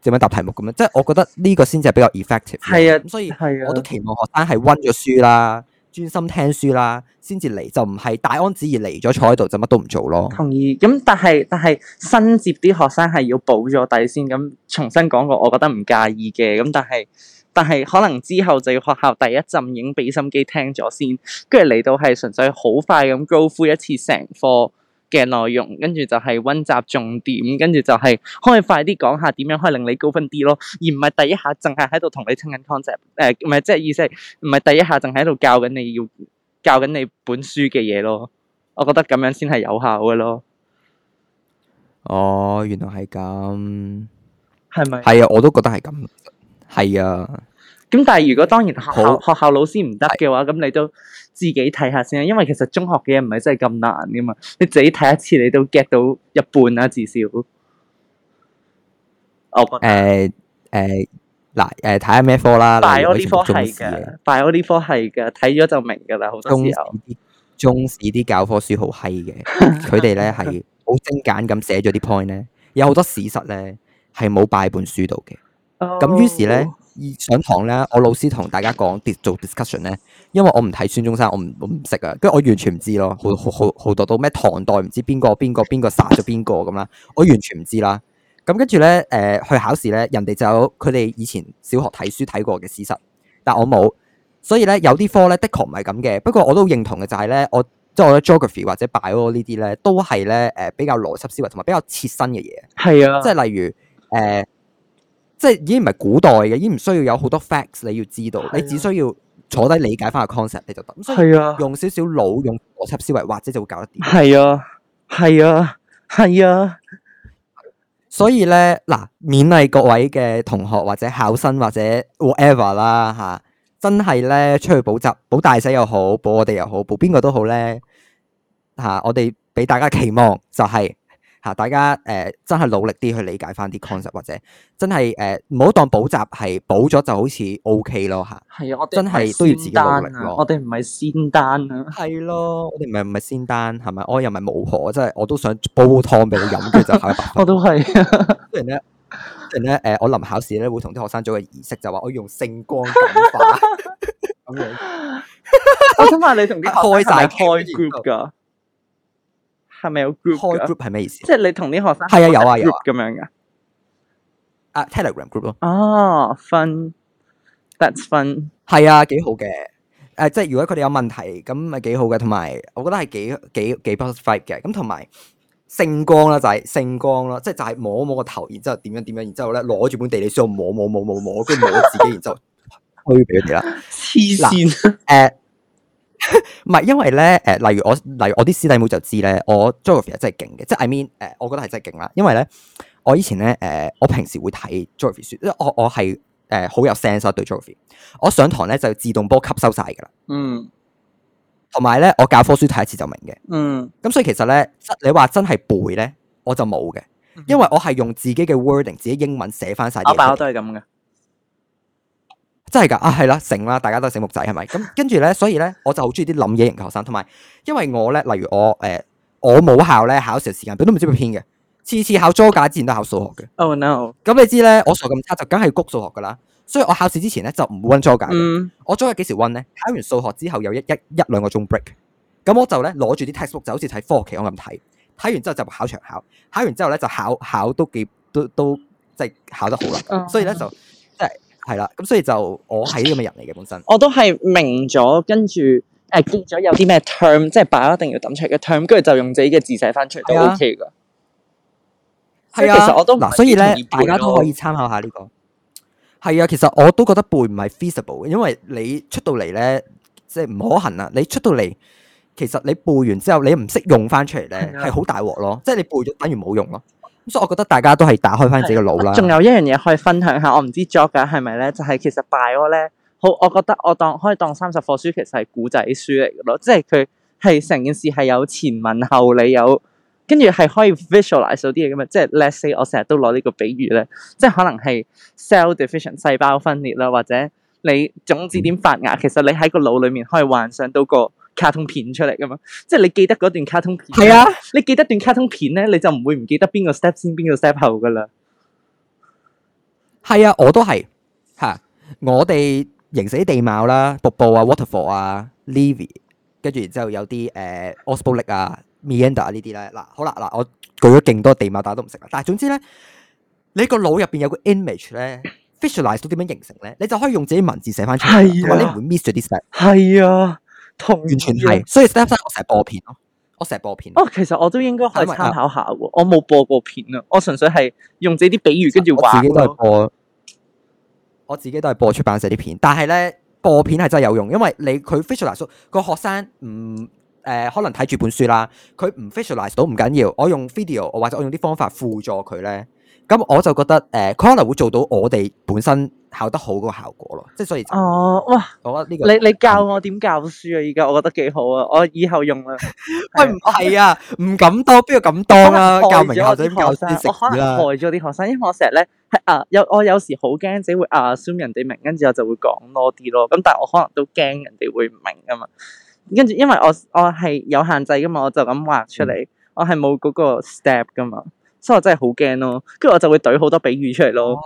點樣答題目咁樣。即係我覺得呢個先至係比較 effective。係啊係啊。所以我都期望學生係溫咗書啦。專心聽書啦，先至嚟就唔係大安旨意嚟咗坐喺度就乜都唔做咯。同意，咁但係但係新接啲學生係要補咗底先，咁重新講過，我覺得唔介意嘅，咁但係但係可能之後就要學校第一陣已經俾心機聽咗先，跟住嚟到係純粹好快咁高呼一次成課，嘅內容，跟住就係溫習重點，跟住就係可以快啲講下點樣可以令你高分啲咯，而唔係第一下淨係喺度同你聽緊 concept，誒、呃，唔係即係意思係唔係第一下淨係喺度教緊你要教緊你本書嘅嘢咯，我覺得咁樣先係有效嘅咯。哦，原來係咁，係咪？係啊，我都覺得係咁，係啊。咁、嗯、但係如果當然學校好學校老師唔得嘅話，咁是你都。自己睇下先啊，因為其實中學嘅嘢唔係真係咁難噶嘛，你自己睇一次你都 get 到一半啦，啊，至少。哦，誒誒，嗱誒、呃，睇下咩科啦，嗱、呃，看看我呢科係嘅，拜我呢科係嘅，睇咗就明噶啦，好多時候，中史啲教科書好閪嘅，佢哋咧係好精簡咁寫咗啲 point 咧，有好多史實咧係冇擺喺本書度嘅，咁、哦、於是咧。上堂咧，我老師同大家講做 discussion 咧，因為我唔睇孫中山，我唔我唔識啊，跟住我完全唔知咯，好好好好多到咩唐代唔知邊個邊個邊個殺咗邊個咁啦，我完全唔知啦。咁跟住咧，誒、呃、去考試咧，人哋就有佢哋以前小學睇書睇過嘅事實，但我冇，所以咧有啲科咧的確唔係咁嘅。不過我都認同嘅就係咧，我即係、就是、我覺得 geography 或者 bio 呢啲咧，都係咧誒比較邏輯思維同埋比較切身嘅嘢。係啊的，即係例如誒。呃即係已經唔係古代嘅，已經唔需要有好多 facts 你要知道，啊、你只需要坐低理解翻個 concept 你就得。咁所以用少少腦，用邏輯思維或者就會搞得掂。係啊，係以啊，係啊。啊所以咧嗱，勉勵各位嘅同學或者考生或者 whatever 啦、啊、嚇，真係咧出去補習補大仔又好，補我哋又好，補邊個都好咧嚇、啊，我哋俾大家期望就係、是。嚇！大家誒、呃、真係努力啲去理解翻啲 concept，或者真係誒唔好當補習係補咗就好似 O K 咯嚇。係啊，我啊真係都要自己努力咯。我哋唔係仙丹啊。係 咯，我哋唔係唔係仙丹，係咪？我又唔係巫婆，真係我都想煲煲湯俾你飲，跟住就考 是、啊呃。我都係。雖然咧，雖然咧，誒，我臨考試咧會同啲學生做個儀式，就話我要用聖光感化。我想問你同啲開曬開 group 噶.。 係咪有 group 係咩意思？ 即係你同啲學生係啊，有啊，有咁樣噶。啊，Telegram group 咯。哦，分，that's fun。係啊，幾好嘅。誒、uh,，即係如果佢哋有問題，咁咪幾好嘅。同埋，我覺得係幾幾幾 positive 嘅。咁同埋，聖光啦、啊，就係、是、聖光咯、啊。即係就係、是、摸摸個頭，然之後點樣點樣，然之後咧攞住本地理書，就摸摸摸摸摸，跟住摸，摸， 摸自己，然之後推俾佢哋啦。黐線。誒。唔係， 因為咧，誒，例如我，例如我啲師弟妹就知咧，我 Geography 真係勁嘅，即係 I mean，誒，我覺得係真係勁啦，因為咧，我以前咧，誒、呃，我平時會睇 Geography 書，即係我我係誒好有 sense 啊，對 Geography，我上堂咧就自動波吸收晒噶啦，嗯，同埋咧，我教科書睇一次就明嘅，嗯，咁所以其實咧，你話真係背咧，我就冇嘅，因為我係用自己嘅 wording，自己英文寫翻晒嘢，阿爸都係咁嘅。真係噶啊，係啦，醒啦，大家都係醒目仔，係咪？咁跟住咧，所以咧，我就好中意啲諗嘢型嘅學生，同埋因為我咧，例如我誒、呃，我冇考咧，考試嘅時，時間表都唔知佢編嘅，次次考租架之前都考數學嘅。o、oh, no！咁你知咧，我數咁差就梗係谷數學噶啦，所以我考試之前咧就唔溫租架。嗯，mm. 我租架幾時溫咧？考完數學之後有一一一兩個鐘 break，咁我就咧攞住啲 textbook 就好似睇科學期。我咁睇，睇完之後就考場考，考完之後咧就考考，考都幾都都，都，都，都，都，都即係考得好啦。所以咧就即係。係啦，咁所以就我係呢咁嘅人嚟嘅本身。我都係明咗，跟住誒、呃、見咗有啲咩 term，即係擺一定要抌出嘅 term，跟住就用自己嘅字寫翻出嚟。都 OK 噶係啊，其實我都嗱、啊，所以咧，大家都可以參考下呢、這個。係啊，其實我都覺得背唔係 feasible，因為你出到嚟咧，即係唔可行啊！你出到嚟，其實你背完之後，你唔識用翻出嚟咧，係好大鑊咯！即係你背咗等於冇用咯。所以，我覺得大家都係打開翻自己嘅腦啦。仲有一樣嘢可以分享下，我唔知 JoG 係咪咧？就係、是、其實 Bio 咧，好，我覺得我當可以當三十課書，其實係古仔書嚟嘅咯。即係佢係成件事係有前文後理，有跟住係可以 visualise 到啲嘢咁嘛。即係 let's say 我成日都攞呢個比喻咧，即係可能係 cell division 細胞分裂啦，或者你種子點發芽，其實你喺個腦裏面可以幻想到個卡通片出嚟噶嘛？即係你記得嗰段卡通片。係啊，你記得段卡通片咧，你就唔會唔記得邊個 step 先，邊個 step 後噶啦。係啊，我都係。吓，我哋形成啲地貌啦，瀑布啊，waterfall 啊 levee 跟住然之後有啲誒 oxbow lake 啊，meander 啊呢啲咧。嗱，好啦，嗱，我舉咗勁多地貌，大家都唔識啦。但係總之咧，你個腦入邊有個 image 咧，visualise 到點樣形成咧，你就可以用自己文字寫翻出嚟。咁你唔會 miss 咗啲 step。係啊。同完全係，所以 step 三我成日播片咯，我成日播片。哦，其實我都應該可以參考下喎，為我冇播過片啊，我純粹係用自己啲比喻，跟住話自己都係播。我自己都係播出版社啲片，但係咧，播片係真係有用，因為你佢 visualize 個學生唔誒、呃、可能睇住本書啦，佢唔 visualize 到唔緊要，我用 video 或者我用啲方法輔助佢咧。咁我就覺得，誒、呃，可能、呃、會做到我哋本身考得好嗰個效果咯，即係所以、就是、哦，哇、這個！我覺呢個你你教我點教書啊？而家我覺得幾好啊！我以後用 啊，喂， 唔係啊，唔敢當，邊個敢當啊？教名校長教生，教我嘅學生，我可能害咗啲學生，因為我成日咧，係啊，有我有時好驚自己會 assume 人哋明，跟住我就會講多啲咯。咁但係我可能都驚人哋會唔明噶嘛。跟住因為我我係有限制噶嘛，我就咁畫出嚟，嗯、我係冇嗰個 step 噶嘛。所以我真係好驚咯，跟住我就會懟好多比喻出嚟咯、哦。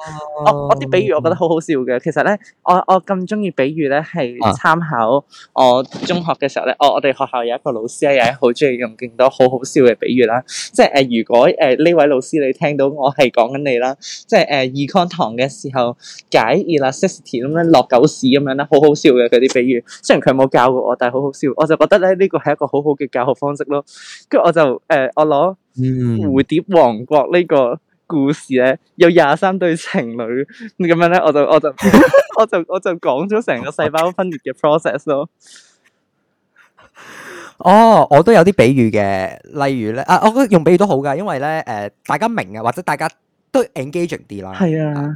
我我啲比喻我覺得好好笑嘅。其實咧，我我咁中意比喻咧，係參考我中學嘅時候咧。哦，我哋學校有一個老師咧，又係好中意用勁多好好笑嘅比喻啦。即係誒、呃，如果誒呢、呃、位老師你聽到我係講緊你、呃、啦，即係誒 Econ 堂嘅時候解 Elasticity 咁樣落狗屎咁樣咧，好好笑嘅嗰啲比喻。雖然佢冇教過我，但係好好笑。我就覺得咧，呢、這個係一個好好嘅教學方式咯。跟住我就誒、呃，我攞。嗯、蝴蝶王國呢個故事咧，有廿三對情侶咁樣咧，我就 我就我就我就講咗成個細胞分裂嘅 process 咯。 哦，我都有啲比喻嘅，例如咧，啊，我覺得用比喻都好㗎，因為咧，誒、呃，大家明啊，或者大家都 engaging 啲啦。係啊。啊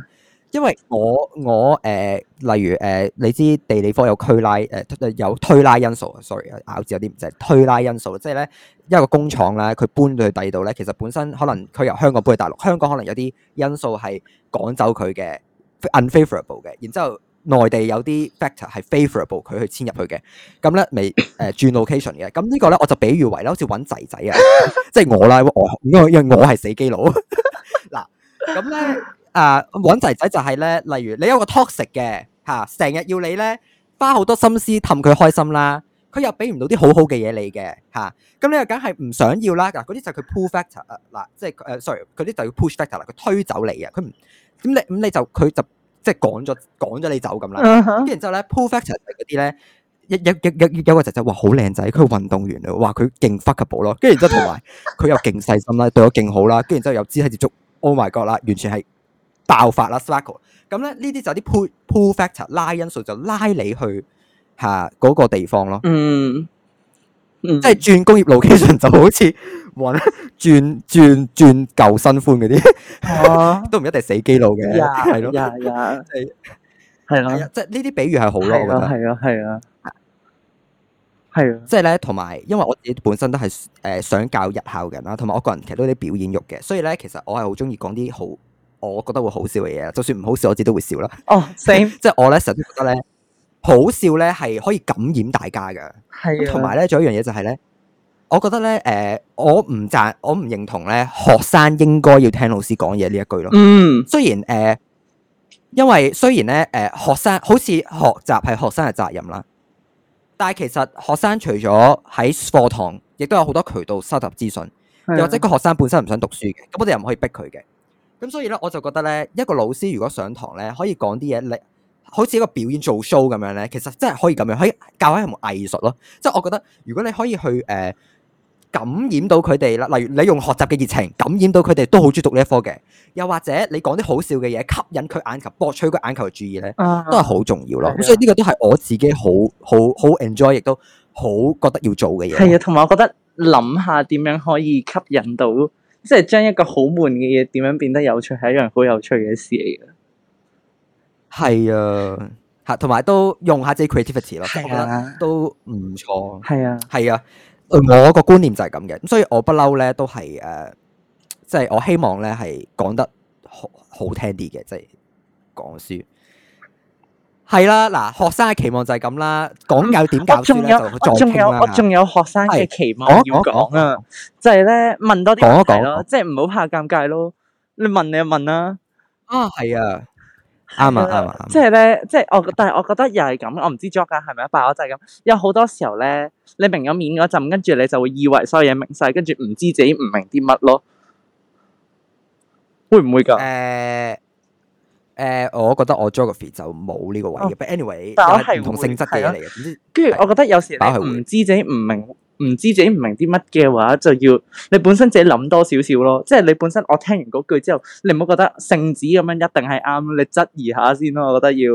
因為我我誒、呃，例如誒、呃，你知地理科有推拉誒、呃，有推拉因素啊。sorry，咬字有啲唔正，推拉因素即係咧一個工廠咧，佢搬到去第二度咧，其實本身可能佢由香港搬去大陸，香港可能有啲因素係趕走佢嘅 unfavorable 嘅，然之後內地有啲 factor 係 favorable 佢去遷入去嘅，咁咧未誒轉 location 嘅，咁、呃、呢個咧我就比喻為咧，好似揾仔仔啊，即係我啦，我因為我係死基佬嗱，咁 咧。 啊，揾仔仔就係咧，例如你有個 toxic 嘅嚇，成、啊、日要你咧花好多心思氹佢開心啦，佢又俾唔到啲好好嘅嘢你嘅嚇，咁、啊啊、你又梗係唔想要啦嗱。嗰啲就係佢 pull factor 啊，嗱，即係誒 sorry，佢啲就要 push factor 啦，佢推走你，你，你，你走啊。佢唔咁你咁你就佢、uh、huh. 就即係趕咗趕咗你走咁啦。跟住之後咧，pull factor 嗰啲咧，一一一一有個仔仔話好靚仔，佢運動員嚟，話佢勁 fuckable 咯，跟住之後同埋佢又勁細心啦，對我勁好啦，跟住之後又肢體接觸，oh my god 啦，完全係～爆發啦，cycle s 咁咧，呢啲就啲 pull pull factor 拉因素，就拉你去嚇嗰個地方咯。嗯，即、嗯、係轉工業 location 就好似揾轉轉轉舊新歡嗰啲，啊、都唔一定死機佬嘅，係咯，係啊，係、啊、咯，即係呢啲比喻係好咯，係啊，係啊，係啊，即係咧，同埋因為我自己本身都係誒想教日校嘅人啦，同埋我個人其實都有啲表演欲嘅，所以咧，其實我係好中意講啲好。我覺得會好笑嘅嘢，就算唔好笑，我自己都會笑啦。哦，same，即係我咧成日都覺得咧，好笑咧係可以感染大家嘅。係，同埋咧，仲有一樣嘢就係咧，我覺得咧，誒、呃，我唔贊，我唔認同咧，學生應該要聽老師講嘢呢一句咯。嗯，mm. 雖然誒、呃，因為雖然咧，誒、呃，學生好似學習係學生嘅責任啦，但係其實學生除咗喺課堂，亦都有好多渠道收集資訊，又 Yeah. 或者個學生本身唔想讀書嘅，咁我哋又唔可以逼佢嘅。咁、 嗯、所以咧，我就覺得咧，一個老師如果上堂咧，可以講啲嘢，你好似一個表演做 show 咁樣咧，其實真係可以咁樣，可以教係一種藝術咯。即係我覺得，如果你可以去誒、呃、感染到佢哋啦，例如你用學習嘅熱情感染到佢哋，都好中意讀呢一科嘅。又或者你講啲好笑嘅嘢，吸引佢眼球，博取佢眼球嘅注意咧，都係好重要咯。咁、啊、所以呢個都係我自己好好好 enjoy，亦都好覺得要做嘅嘢。係啊，同埋我覺得諗下點樣可以吸引到。即係將一個好悶嘅嘢，點樣變得有趣，係一樣好有趣嘅事嚟嘅。係啊，吓，同埋都用下自己 creativity 咯，我覺得都唔錯。係啊，係啊，啊我個觀念就係咁嘅，所以我不嬲咧都係誒，即、呃、係、即係、我希望咧係講得好好聽啲嘅，即係講書。係啦，嗱，學生嘅期望就係咁啦，講有點教書就再傾啦吓。我仲有學生嘅期望要講啊，就係咧問多啲。我講咯，即係唔好怕尷尬咯，你問你就問啦。啊，係啊，啱啊，啱啊。即係咧，即係我，但係我覺得又係咁，我唔知作家係咪啊，爸，我就係咁。有好多時候咧，你明咗面嗰陣，跟住你就會以為所有嘢明晒，跟住唔知自己唔明啲乜咯。會唔會噶？誒。誒、呃，我覺得我 Geography 就冇呢個位嘅，哦，but anyway，唔同性質嘅嘢嚟嘅。跟住，啊，之我覺得有時你唔知自己唔明，唔知自己唔明啲乜嘅話，就要你本身自己諗多少少咯。即係你本身我聽完嗰句之後，你唔好覺得聖旨咁樣一定係啱，你質疑下先咯。我覺得要，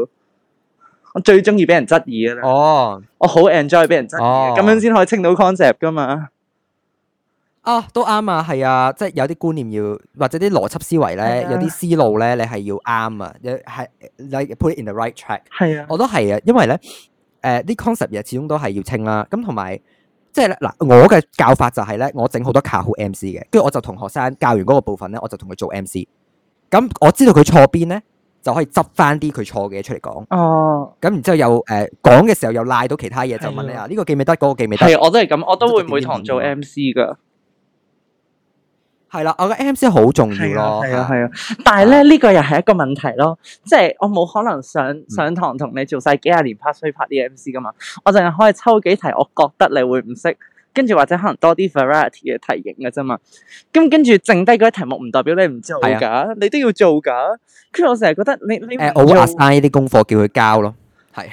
我最中意俾人質疑嘅。哦，我好 enjoy 俾人質疑，咁樣先可以清到 concept 噶嘛。哦、啊，都啱啊，係啊，即係有啲觀念要，或者啲邏輯思維咧，是啊、有啲思路咧，你係要啱啊，有、like、put it in the right track。係是啊，我都係啊，因為咧，誒啲 concept 嘢始終都係要清啦。咁同埋，即係咧嗱，我嘅教法就係、是、咧，我整好多卡好 MC 嘅，跟住我就同學生教完嗰個部分咧，我就同佢做 MC。咁我知道佢錯邊咧，就可以執翻啲佢錯嘅嘢出嚟講。哦。咁然之後又誒講嘅時候又賴到其他嘢，是啊、就問你啊，呢、這個記未得，嗰、這個記未得。我都係咁，我都會每堂做 MC 噶、啊。係啦，我個 M C 好重要咯，係啊係啊， 但係咧呢、這個又係一個問題咯，即係我冇可能、嗯、上上堂同你做晒幾廿年 past paper 啲 M C 噶嘛，我淨係可以抽幾題，我覺得你會唔識，跟住或者可能多啲 variety 嘅題型噶啫嘛，咁跟住剩低嗰啲題目唔代表你唔做噶，的你都要做噶，跟住我成日覺得你你誒、呃，我會 assign 啲功課叫佢交咯。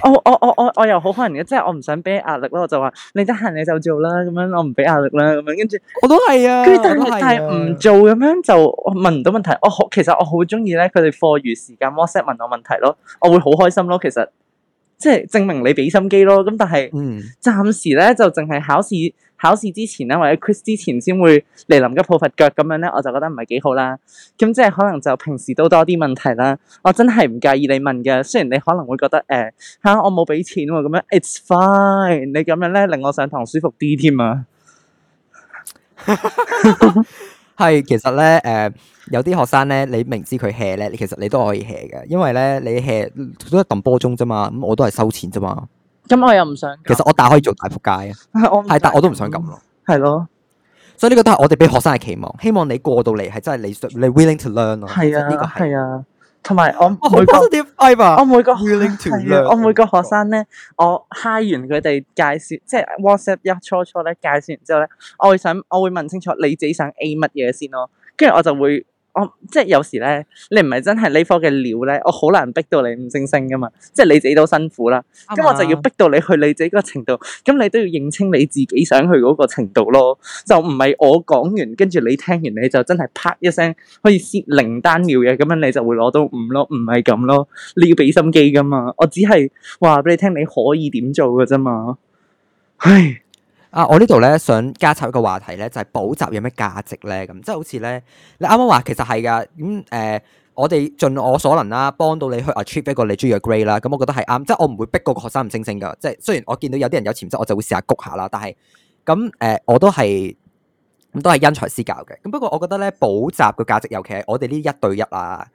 我我我我我又好可能嘅，即係我唔想俾壓力咯，我就話你得閒你就做啦，咁樣我唔俾壓力啦，咁樣跟住我都係啊，但係唔做咁樣就我問唔到問題，我好其實我好中意咧，佢哋課餘時間 WhatsApp 問我問題咯，我會好開心咯，其實即係證明你俾心機咯，咁但係暫時咧就淨係考試。嗯考試之前咧，或者 quiz 之前先會嚟臨急抱佛腳咁樣咧，我就覺得唔係幾好啦。咁即係可能就平時都多啲問題啦。我真係唔介意你問嘅，雖然你可能會覺得誒嚇、呃啊、我冇俾錢喎咁樣。It's fine，你咁樣咧令我上堂舒服啲添啊。係，其實咧誒、呃，有啲學生咧，你明知佢 hea 咧，其實你都可以 hea 嘅，因為咧你 hea 都係揼波鐘啫嘛，咁我都係收錢啫嘛。咁我又唔想。其實我大可以做大仆街啊。係，但我都唔想咁咯。係咯，所以呢個都係我哋俾學生嘅期望，希望你過到嚟係真係你你 willing to learn 咯。係啊，呢個係啊，同埋我每個，我每個，我每個學生咧，我 high 完佢哋介紹，即係 WhatsApp 一初初咧介紹完之後咧，我會想，我會問清楚你自己想 A 乜嘢先咯，跟住我就會。我即係有時咧，你唔係真係呢科嘅料咧，我好難逼到你五星星噶嘛。即係你自己都辛苦啦，咁、嗯啊、我就要逼到你去你自己個程度，咁你都要認清你自己想去嗰個程度咯。就唔係我講完跟住你聽完你就真係啪一聲可以攝零單料嘅，咁樣你就會攞到五咯，唔係咁咯。你要俾心機噶嘛，我只係話俾你聽你可以點做噶啫嘛。唉。啊！我呢度咧想加插一個話題咧，就係、是、補習有咩價值咧？咁即係好似咧，你啱啱話其實係㗎。咁、嗯、誒、呃，我哋盡我所能啦，幫到你去 achieve 一個你中意嘅 grade 啦、嗯。咁我覺得係啱。即係我唔會逼個個學生唔升升㗎。即係雖然我見到有啲人有潛質，我就會試下谷下啦。但係咁誒，我都係、嗯、都係因材施教嘅。咁不過我覺得咧，補習嘅價值尤其係我哋呢一對一啦。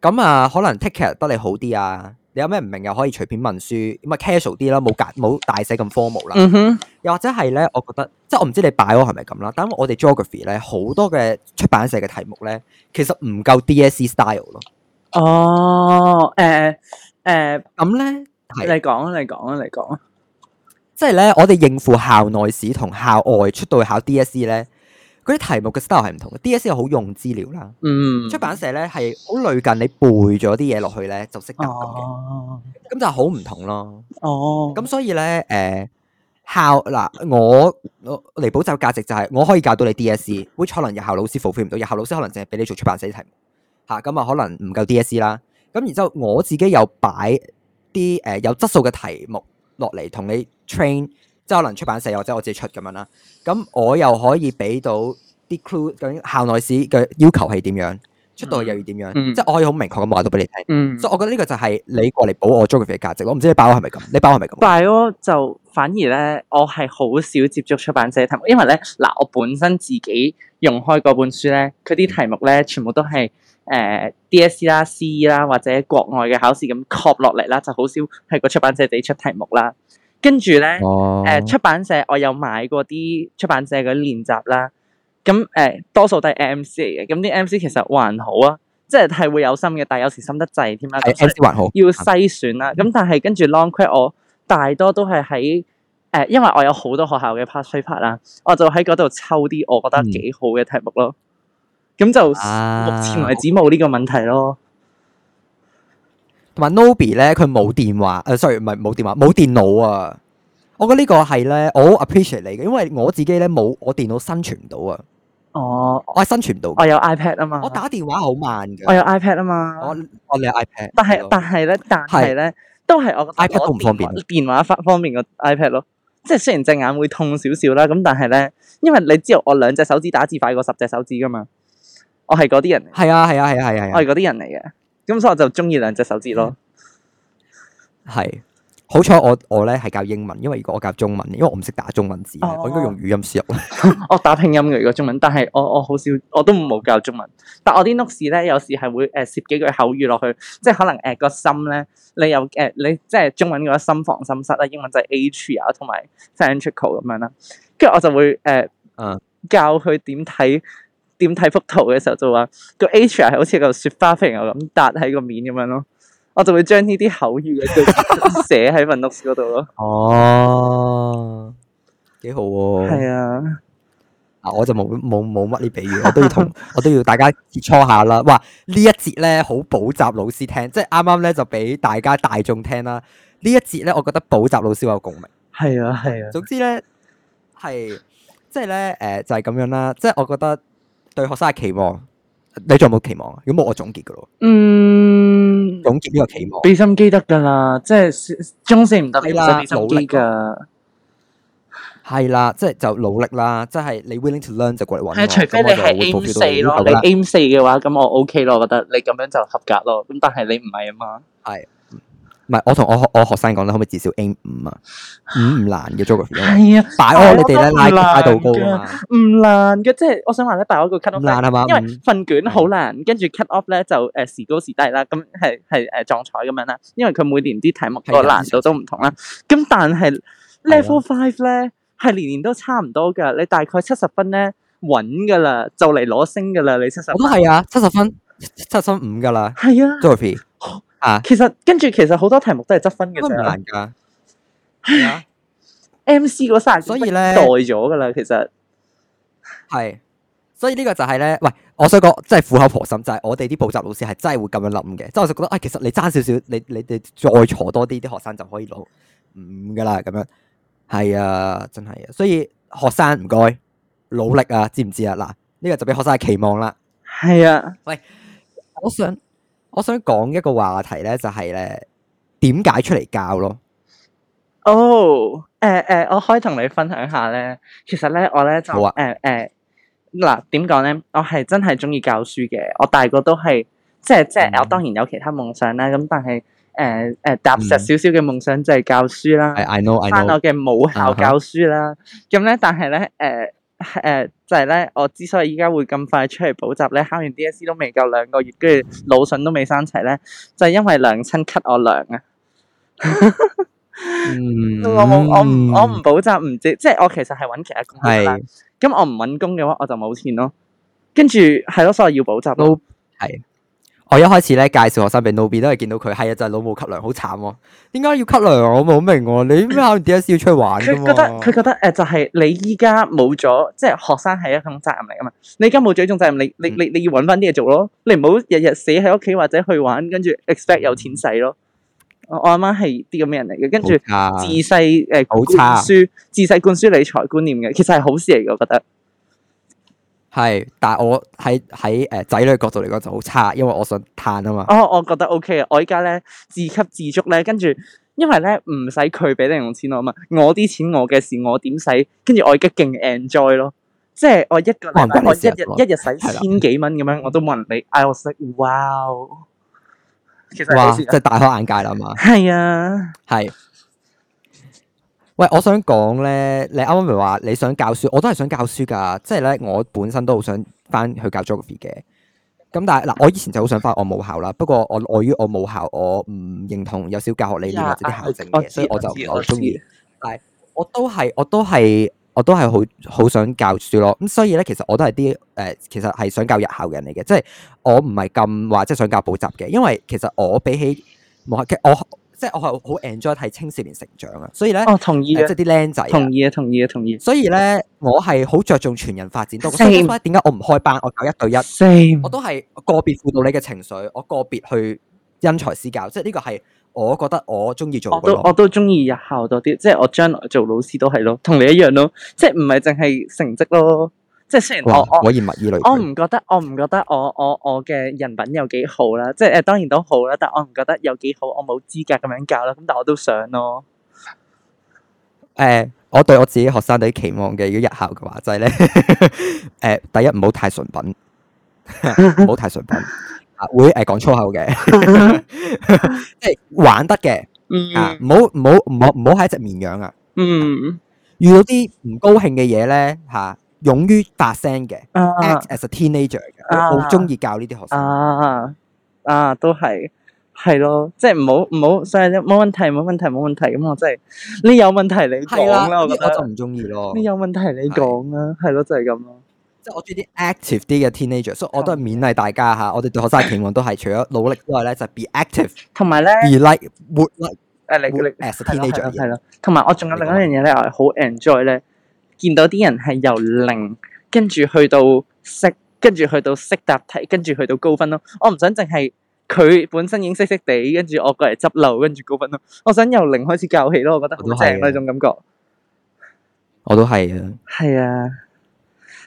咁、嗯、啊、嗯，可能 take care 得你好啲啊。你有咩唔明又可以隨便問書，咁啊 casual 啲啦，冇冇大寫咁 formal 啦。嗯、哼又或者係咧，我覺得即係我唔知你擺我係咪咁啦。但我哋 geography 咧好多嘅出版社嘅題目咧，其實唔夠 DSE style 咯。哦，誒、呃、誒，咁咧係你講啊，你講啊，你講啊。即係咧，我哋應付校內試同校外出到去考 DSE 咧。嗰啲題目嘅 style 係唔同嘅，D.S.C. 好用資料啦。嗯，出版社咧係好類近，你背咗啲嘢落去咧就識答咁嘅，咁、哦、就好唔同咯。哦，咁所以咧，誒、呃，校嗱、呃，我、呃、我嚟、呃、補習價值就係我可以教到你 D.S.C。會可能入校老師付費唔到，入校老師可能淨係俾你做出版社啲題目，嚇咁啊就可能唔夠 D.S.C 啦。咁然之後我自己又擺啲誒有質素嘅題目落嚟同你 train。即可能出版社或者我自己出咁樣啦，咁我又可以俾到啲 clue，究竟校內試嘅要求係點樣，出到去又要點樣，嗯、即係我可以好明確咁話到俾你聽。嗯、所以我覺得呢個就係你過嚟補我 Geography 嘅價值。我唔知你 Bio 係咪咁，你 Bio 係咪咁？Bio 我就反而咧，我係好少接觸出版社題目，因為咧嗱，我本身自己用開嗰本書咧，佢啲題目咧全部都係誒、呃、DSE 啦、CE 啦或者國外嘅考試咁 copy 落嚟啦，就好少係個出版社畀出題目啦。跟住咧，誒、oh. 呃、出版社我有買過啲出版社嘅練習啦，咁誒、呃、多數都係 MC 嚟嘅，咁啲 MC 其實還好啊，即係係會有心嘅，但係有時心得滯添啦，要篩選啦。咁、嗯、但係跟住 long Q 我大多都係喺誒，因為我有好多學校嘅 past paper 啦，我就喺嗰度抽啲我覺得幾好嘅題目咯，咁、嗯、就目前為止冇呢個問題咯。同埋 Nob 咧，佢冇、no、電話，誒，sorry，唔係冇電話，冇電腦啊！我覺得呢個係咧，我 appreciate 你嘅，因為我自己咧冇，我電腦生存唔到啊！哦，我係生存唔到，我有 iPad 啊嘛！我打電話好慢嘅，我有 iPad 啊嘛！我我你有 iPad？但係但係咧，但係咧，但呢啊、都係我 iPad 都唔方便電。電話方方便過 iPad 咯，即係雖然隻眼會痛少少啦，咁但係咧，因為你知道我兩隻手指打字快過十隻手指噶嘛，我係嗰啲人，係啊係啊係啊係啊，啊啊我係嗰啲人嚟嘅。咁所以我就中意兩隻手指咯、嗯，係好彩我我咧係教英文，因為如果我教中文，因為我唔識打中文字，哦、我應該用語音輸入。我打拼音嘅如果中文，但係我我好少，我都冇教中文，但我啲 notes 咧有時係會誒攝、呃、幾句口語落去，即係可能誒、呃那個心咧，你有誒、呃、你即係中文嗰個心房心室咧，英文就 atria 同埋 ventricle 咁樣啦，跟住我就會誒、呃嗯、教佢點睇。點睇幅圖嘅時候就話個 H r i 好似嚿雪花瓶油咁搭喺個面咁樣咯，我就會將呢啲口語嘅句寫喺份 note 嗰度咯。 哦，幾好喎、啊！係啊，啊，我就冇冇冇乜啲比喻，我都要同我都要大家切磋下啦。哇，呢一節咧好補習老師聽，即係啱啱咧就俾大家大眾聽啦。呢一節咧，我覺得補習老師有共鳴。係啊，係啊。總之咧係即係咧誒就係咁樣啦，即係、呃就係、我覺得。對學生嘅期望，你仲有冇期望啊？如果冇，我總結噶咯。嗯，總結呢個期望。畀心機得噶啦，即係中四唔得，畀心機噶。係啦，即係就努力啦，即係你 willing to learn 就過嚟搵我。除非你係 aim 四咯，你 aim 四嘅話，咁我 OK 咯，我覺得你咁樣就合格咯。咁但係你唔係啊嘛。係。唔係，我同我我學生講咧，可唔可以至少 A 五啊？五唔難嘅 geography，係啊，擺你哋咧，拉拉高唔難嘅，即係我想話咧，擺我個 cut off 難係嘛？因為份卷好難，跟住 cut off 咧就誒時高時低啦，咁係係誒撞彩咁樣啦。因為佢每年啲題目難度都唔同啦。咁但係 level five 咧係年年都差唔多噶，你大概七十分咧穩噶啦，就嚟攞星噶啦。你七十分係啊，七十分七十五噶啦，係啊，geography。啊，其實跟住其實好多題目都係積分嘅，真係難噶 M C 嗰卅，所以咧代咗噶啦，其實係，所以呢個就係、是、咧，喂，我想講，真係苦口婆心，就係、是、我哋啲補習老師係真係會咁樣諗嘅，即、就、係、是、我就覺得，哎，其實你爭少少，你你哋再坐多啲，啲學生就可以攞五噶啦，咁、嗯、樣係啊，真係，所以學生唔該努力啊，知唔知啊？嗱，呢個就俾學生嘅期望啦。係啊，喂，我想。我想講一個話題咧，就係咧點解出嚟教咯。哦、oh, 呃，誒、呃、誒，我可以同你分享下咧。其實咧，我咧就誒誒嗱，點講咧？我係真係中意教書嘅。我大個都係，即係即係，我當然有其他夢想啦。咁但係誒誒，踏實少少嘅夢想就係教書啦、嗯。I know I know。翻我嘅母校教書啦。咁咧 I know.、okay.，但係咧，誒。誒、啊，就係、是、咧，我之所以依家會咁快出嚟補習咧，考完 DSE 都未夠兩個月，跟住腦笋都未生齊咧，就係、是、因為娘親 cut 我糧啊 嗯！ 我冇，我唔，我唔補習唔知，即係我其實係搵其他工。係是。咁我唔搵工嘅話，我就冇錢咯。跟住係咯，所以要補習都係。我一開始咧介紹學生俾 Nob 都係見到佢係、就是、啊，就係老母吸糧，好慘喎！點解要吸糧我冇明喎、啊！你咩考完 DSE 要出去玩、啊？佢覺得佢覺得誒、呃，就係、是、你依家冇咗，即係學生係一種責任嚟㗎嘛！你而家冇咗呢種責任，你你你你要搵返啲嘢做咯！你唔好日日死喺屋企或者去玩，跟住 expect 有錢使咯。我我阿媽係啲咁嘅人嚟嘅，跟住自細誒灌輸自細灌輸理財觀念嘅，其實係好事嚟嘅，我覺得。係，但係我喺喺誒仔女角度嚟講就好差，因為我想嘆啊嘛。哦，我覺得 O K 啊，我依家咧自給自足咧，跟住因為咧唔使佢俾零用錢我嘛，我啲錢我嘅事，我點使？跟住我而家勁 enjoy 咯，即係我一個禮拜、嗯、一我一日、嗯、一日使千幾蚊咁樣，嗯、我都冇人理。I was like，哇！其實，哇，即係大開眼界啦嘛。係 啊，係。喂，我想講咧，你啱啱咪話你想教書，我都係想教書㗎，即係咧我本身都好想翻去教 Geography 嘅。咁但係嗱，我以前就好想翻我母校啦，不過我礙於我母校，我唔認同有少教學理念或者啲校正，所以我就我中意。但係我都係我都係我都係好好想教書咯。咁所以咧，其實我都係啲誒，其實係想教日校嘅人嚟嘅，即係我唔係咁話即係想教補習嘅，因為其實我比起我我。我即係我係好 enjoy 睇青少年成長啊，所以咧，同意即係啲靚仔，同意啊，同意啊，同意，所以咧，我係好着重全人發展。所以點解我唔開班，我搞一對一的我都係個別輔導你嘅情緒，我個別去因材施教。即係呢個係我覺得我中意做我，我都我都中意日校多啲。即係我將來做老師都係咯，同你一樣咯，即係唔係淨係成績咯。即係雖然我我以物以類我唔覺得，我唔覺得我我我嘅人品有幾好啦。即係誒、呃，當然都好啦，但係我唔覺得有幾好，我冇資格咁樣教啦。咁但係我都想咯。誒、呃，我對我自己學生啲期望嘅，如果日校嘅話，就係咧誒，第一唔好太純品，唔好太純品啊，會誒講粗口嘅，即係玩得嘅唔好唔好唔好唔好係一隻綿羊啊。嗯，遇到啲唔高興嘅嘢咧，吓、啊。啊勇於發聲嘅 as a teenager 嘅，我好中意教呢啲學生。啊啊，都係，係咯，即係唔好唔好，所以冇問題冇問題冇問題，咁我真係你有問題你講啦，我我就唔中意咯。你有問題你講啦，係咯，就係咁咯。即係我中意啲 active 啲嘅 teenager，所以我都係勉勵大家吓，我哋對學生期望都係除咗努力之外咧，就 be active，同埋咧 be like，活 like，as a teenager。係咯，同埋我仲有另一樣嘢咧，我係好 enjoy 咧。見到啲人係由零跟住去到識，跟住去到識答題，跟住去到高分咯。我唔想淨係佢本身已經識識地，跟住我過嚟執漏，跟住高分咯。我想由零開始教起咯，我覺得好正，呢種感覺。我都係啊。係啊，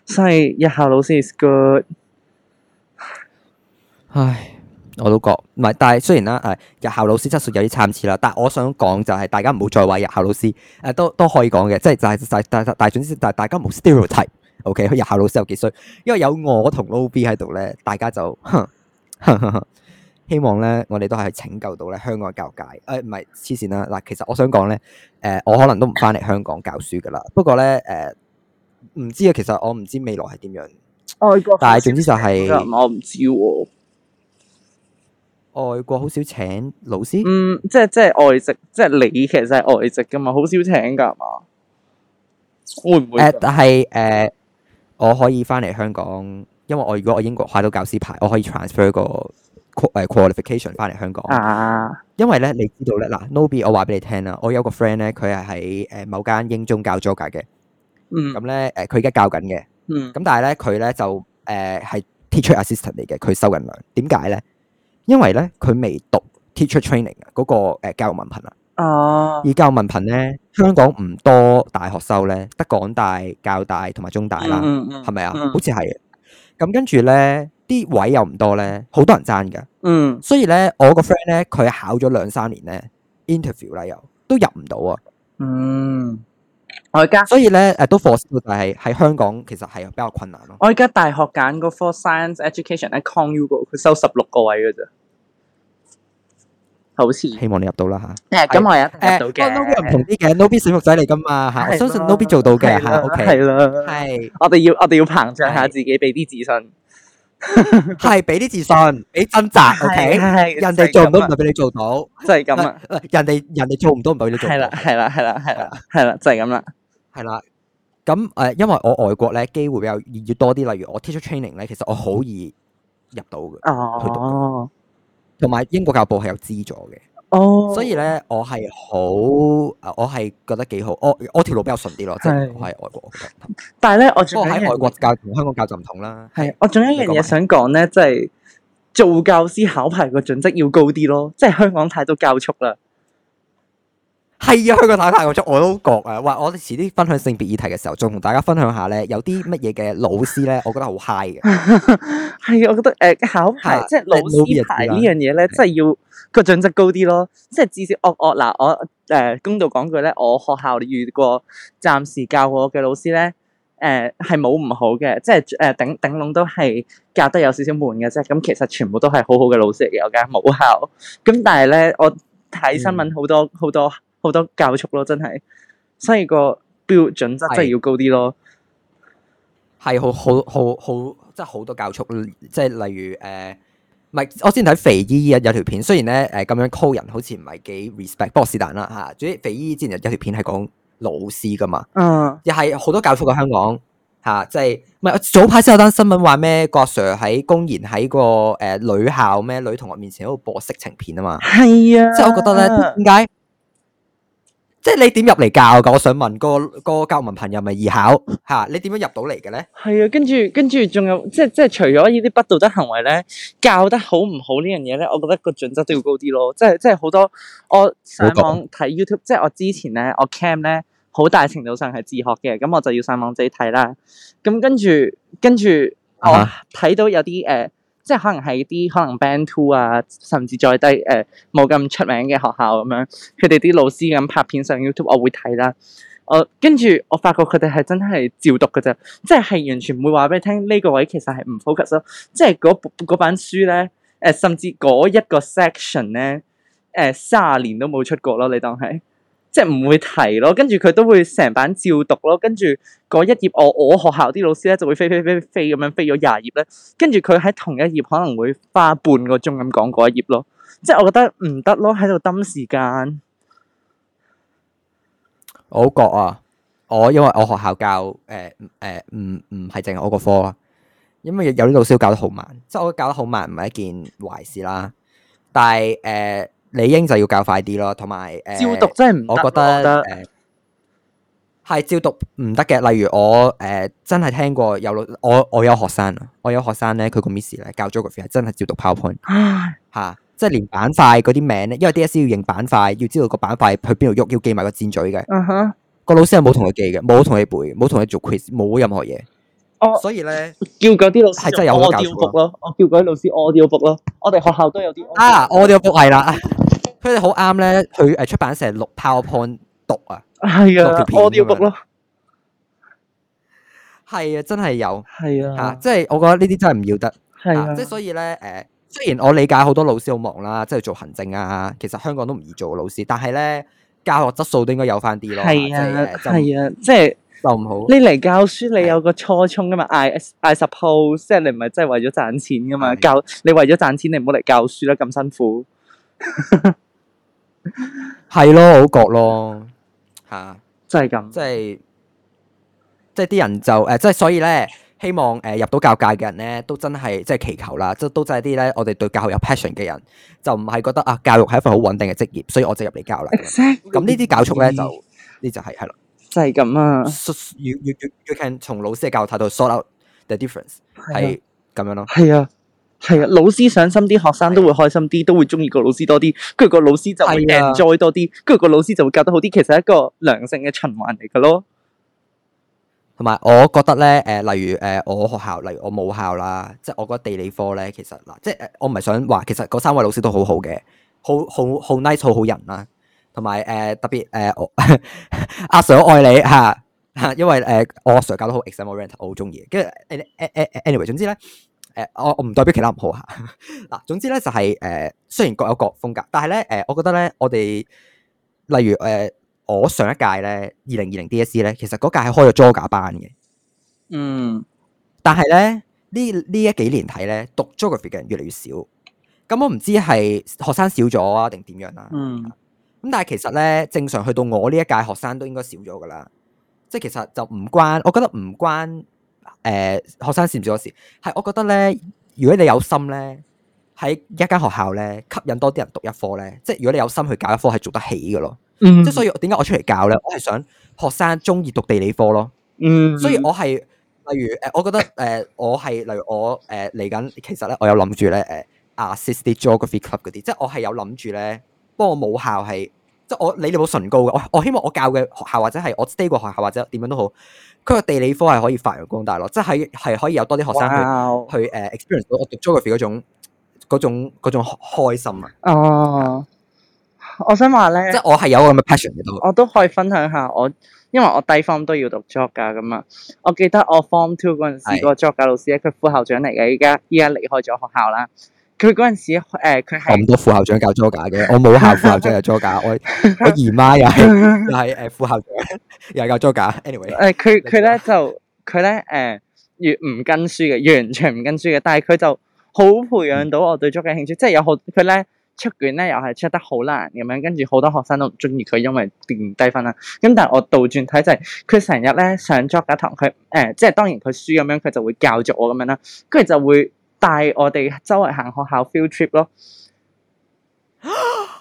所以日校老師 is good，唉。我都覺，唔係，但係雖然啦，係日校老師質素有啲參差啦，但係我想講就係大家唔好再話日校老師，誒、啊、都都可以講嘅，即係就係但但但總之，但係大，大，大，大，大，大，大，大家唔好 stereotype，OK？、Okay? 日校老師有幾衰，因為有我同 Nob 喺度咧，大家就，呵呵希望咧我哋都係拯救到咧香港教界，誒唔係黐線啦嗱，其實我想講咧，誒、呃、我可能都唔返嚟香港教書噶啦，不過咧誒唔知啊，其實我唔知未來係點樣，但係總之就係、是、我唔知我外國好少請老師，嗯，即係即係外籍，即係你其實係外籍噶嘛，好少請噶嘛，會唔會、呃？但係誒、呃，我可以翻嚟香港，因為我如果我英國派到教師牌，我可以 transfer 個誒 qu、uh, qualification 翻嚟香港。啊，因為咧，你知道咧，嗱 Nobby 我話俾你聽啦，我有個 friend 咧，佢係喺誒某間英中教中教嘅，咁咧誒，佢而家教緊嘅，咁、嗯、但係咧，佢咧就誒係、呃、teacher assistant 嚟嘅，佢收緊糧，點解咧？因為咧，佢未讀 teacher training 啊，嗰個教育文憑啊。哦。而教育文憑咧，香港唔多大學收咧，得港大、教大同埋中大啦。嗯，嗯嗯。係咪啊？嗯嗯，好似係。咁跟住咧，啲位又唔多咧，好多人爭㗎。嗯。所以咧，我個 friend 咧，佢考咗兩三年咧，interview 啦又都入唔到啊。嗯。我而家所以咧誒都 force，但係喺香港其實係比較困難咯。我而家大學揀嗰科 science education 咧，conu 佢收十六個位㗎咋。希望你入到啦吓，誒咁我入得到嘅，不過唔同啲嘅 Nob 小玉仔嚟噶嘛吓，相信 Nob 做到嘅吓，OK 係啦，係我哋要我哋要膨脹下自己，俾啲自信，係俾啲自信，俾分扎，OK 係係人哋做唔到唔代表你做到，即係咁啊，人哋人哋做唔到唔代表你係啦係啦係啦係啦，係啦就係咁啦，係啦，咁誒因為我外國咧機會比較要多啲，例如我 teach training 咧，其實我好易入到嘅哦。同埋英國教部係有資助嘅，oh. 所以咧我係好，我係覺得幾好，我我條路比較順啲咯，即係喺外國。但係咧，我不過喺外國教同香港教就唔同啦。係，我仲有一樣嘢想講咧，即係做教師考牌個準則要高啲咯，即係香港太多教速啦。係啊，香港太太我都我都覺啊，話我哋遲啲分享性別議題嘅時候，再同大家分享下咧，有啲乜嘢嘅老師咧，我覺得好 high 嘅。係啊， 我覺得誒、呃、考牌、啊、即係老師牌呢樣嘢咧，即係要個準則高啲咯。即係至少惡惡嗱我誒、呃、公道講句咧，我學校你遇過暫時教過我嘅老師咧，誒係冇唔好嘅，即係誒頂頂籠都係教得有少少悶嘅啫。咁其實全部都係好好嘅老師，有間母校咁，但係咧我睇新聞好多好多。好多教畜咯，真係，所以個標準真係要高啲咯，係好好好好，即係好多教畜，即係例如誒，唔、呃、係我先睇肥姨呀有條片，雖然咧誒咁樣 call 人好 respect，好似唔係幾 respect，不過是但啦吓。總之肥姨之前有條片係講老師噶嘛，嗯，又係好多教畜嘅香港吓，即係唔係早排先有單新聞話咩？郭 Sir 喺公然喺個誒、呃、女校咩女同學面前喺度播色情片啊嘛，係啊，即係我覺得咧點解？即係你點入嚟教噶？我想問個個教文朋友咪易考吓？你點樣入到嚟嘅咧？係啊，跟住跟住仲有，即係即係除咗呢啲不道德行為咧，教得好唔好呢樣嘢咧？我覺得個準則都要高啲咯。即係即係好多我上網睇 YouTube，多即係我之前咧，我 cam 咧好大程度上係自學嘅，咁我就要上網自己睇啦。咁跟住跟住、啊、哈我睇到有啲誒。呃即係可能係啲可能 Band Two 啊，甚至再低誒冇咁出名嘅學校咁樣，佢哋啲老師咁拍片上 YouTube，我會睇啦。我跟住我發覺佢哋係真係照讀嘅啫，即係係完全唔會話俾你聽呢、這個位其實係唔 focus 咯。即係嗰部本書咧，誒、呃、甚至嗰一個 section 咧，誒三十年都冇出過咯，你當係。即係唔會提咯，跟住佢都會成版照讀咯，跟住嗰一頁我我學校啲老師咧就會飛飛飛飛咁樣飛咗廿頁咧，跟住佢喺同一頁可能會花半個鐘咁講嗰一頁咯，即係我覺得唔得咯，喺度掹時間。我好覺啊，我因為我學校教誒誒唔唔係淨係我個科啦，因為有啲老師教得好慢，即係我教得好慢唔係一件壞事啦，但係誒。呃理英就要教快啲咯，同埋誒，照讀真係唔得，我覺得係照讀唔得嘅。例如我誒真係聽過有我我有學生，我有學生咧，佢個 miss 咧教咗個 fit 係真係照讀 powerpoint 嚇，即係連板塊嗰啲名咧，因為 D S C 要認板塊，要知道個板塊去邊度喐，要記埋個尖嘴嘅。嗯，個老師係冇同佢記嘅，冇同佢背，冇同佢做 quiz，冇任何嘢。哦，所以咧叫嗰啲老師係真係有惡咯，我叫嗰啲老師惡掉 b o 咯。我哋學校都有啲啊，惡掉 b o o 係啦。佢哋好啱咧，佢誒出版社六 PowerPoint 讀啊，攞條片咁啊，係啊，真係有，係啊，嚇，即係我覺得呢啲真係唔要得，係即係所以咧誒，雖然我理解好多老師好忙啦，即係做行政啊，其實香港都唔易做老師，但係咧教學質素都應該有翻啲咯，係的啊，係、就、啊、是，即係的就唔不好你嚟教書，你有個初衷噶嘛，I, I suppose，你唔係真係為咗賺錢噶嘛，教你為咗賺錢，你唔好嚟教書啦，咁辛苦。 係咯，好覺咯，吓， 即係咁，即 係，即係啲人就誒，即係所以咧，希望誒入到教界嘅人咧，都真係即係祈求啦，即係都真係啲咧，我哋對教育有 passion 嘅人，就唔係覺得啊，教育係一份好穩定嘅職業，所以我就入嚟教啦。咁呢啲教育咧就呢就係係咯，即係咁啊。要要要要 can 從老師嘅教育態度 sort out the difference 係咁樣咯。係啊。係啊，老師上心啲，學生都會開心啲，是啊、都會中意個老師多啲，跟住個老師就會 enjoy 多啲，跟住個老師就會教得好啲。其實係一個良性嘅循環嚟噶咯。同埋，我覺得咧，誒、呃，例如誒、呃，我學校，例如我母校啦，即係我個地理科咧，其實嗱、呃，即係、呃、我唔係想話，其實嗰三位老師都好好嘅，好好好 nice，好好人啦、啊。同埋誒，特別誒，阿、呃啊 啊、Sir 愛你吓吓、啊，因為誒、呃，我阿 Sir 教得好 excellent 我好中意。跟住 anyway 總之咧。誒、呃，我我唔代表其他唔好吓。嗱，總之咧就係、是、誒、呃，雖然各有各風格，但係咧誒，我覺得咧我哋，例如誒、呃，我上一屆咧二零二零 DSE 咧，其實嗰屆係開咗 Geog 班嘅。嗯。但係咧呢呢一幾年睇咧讀 Geog 嘅人越嚟越少，咁我唔知係學生少咗啊，定點樣啦？嗯。咁但係其實咧，正常去到我呢一屆學生都應該少咗噶啦，即係其實就唔關，我覺得唔關。誒、呃，學生試唔知嗰事，係，我覺得咧，如果你有心咧，喺一間學校咧，吸引多啲人讀一科咧，即係如果你有心去教一科，係做得起嘅咯。嗯、哼即係所以，點解我出嚟教咧？我係想學生中意讀地理科咯。嗯哼，所以我係例如誒，我覺得誒、呃，我係例如我誒嚟緊，其實咧，我有諗住咧誒，啊、呃、，sister geography club 嗰啲，即係我係有諗住咧，不過我母校係，即係我你哋抹唇膏嘅。我我希望我教嘅學校或者係我 stay 過學校或者點樣都好。佢個地理科係可以發揚光大咯，即係係可以有多啲學生哇去去誒 experience 到我讀 geography 嗰種，嗰種，嗰種開心啊！哦，是的 我想話咧，即係我係有咁嘅 passion 嘅，我都可以分享下我，因為我低 form 都要讀 job 噶咁啊！我記得我 form two 嗰陣時個 job 教老師咧，佢副校長嚟嘅，依家依家離開咗學校啦。佢嗰陣時，佢係咁多副校長教桌假嘅， 我冇校副校長教桌假， 我我姨媽又係又係誒副校長，又係教桌假。Anyway 誒佢佢咧就佢咧誒，越唔跟書嘅，完全唔跟書嘅，但係佢就好培養到我對桌架興趣，嗯、即係有好，佢咧出卷咧又係出得好難咁樣，跟住好多學生都唔中意佢，因為跌低分啦。咁但係我倒轉睇就係佢成日咧上桌架堂，佢誒、嗯嗯、即係當然佢輸咁樣，佢就，就，就會教著我咁樣啦，跟住就會。.帶我哋周圍行學校 field trip 咯，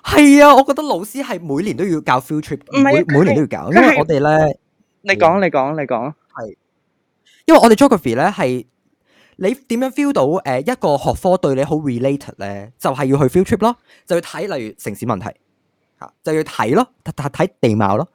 係啊，我覺得老師係每年都要教 field trip，是每是每年都要教，是因為我哋咧，你講你講你講，係，因為我哋 geography 咧係，你點樣 feel 到誒一個學科對你好 related 咧，就係、是、要去 field trip 咯，就要睇例如城市問題。就要睇咯，睇地貌咯，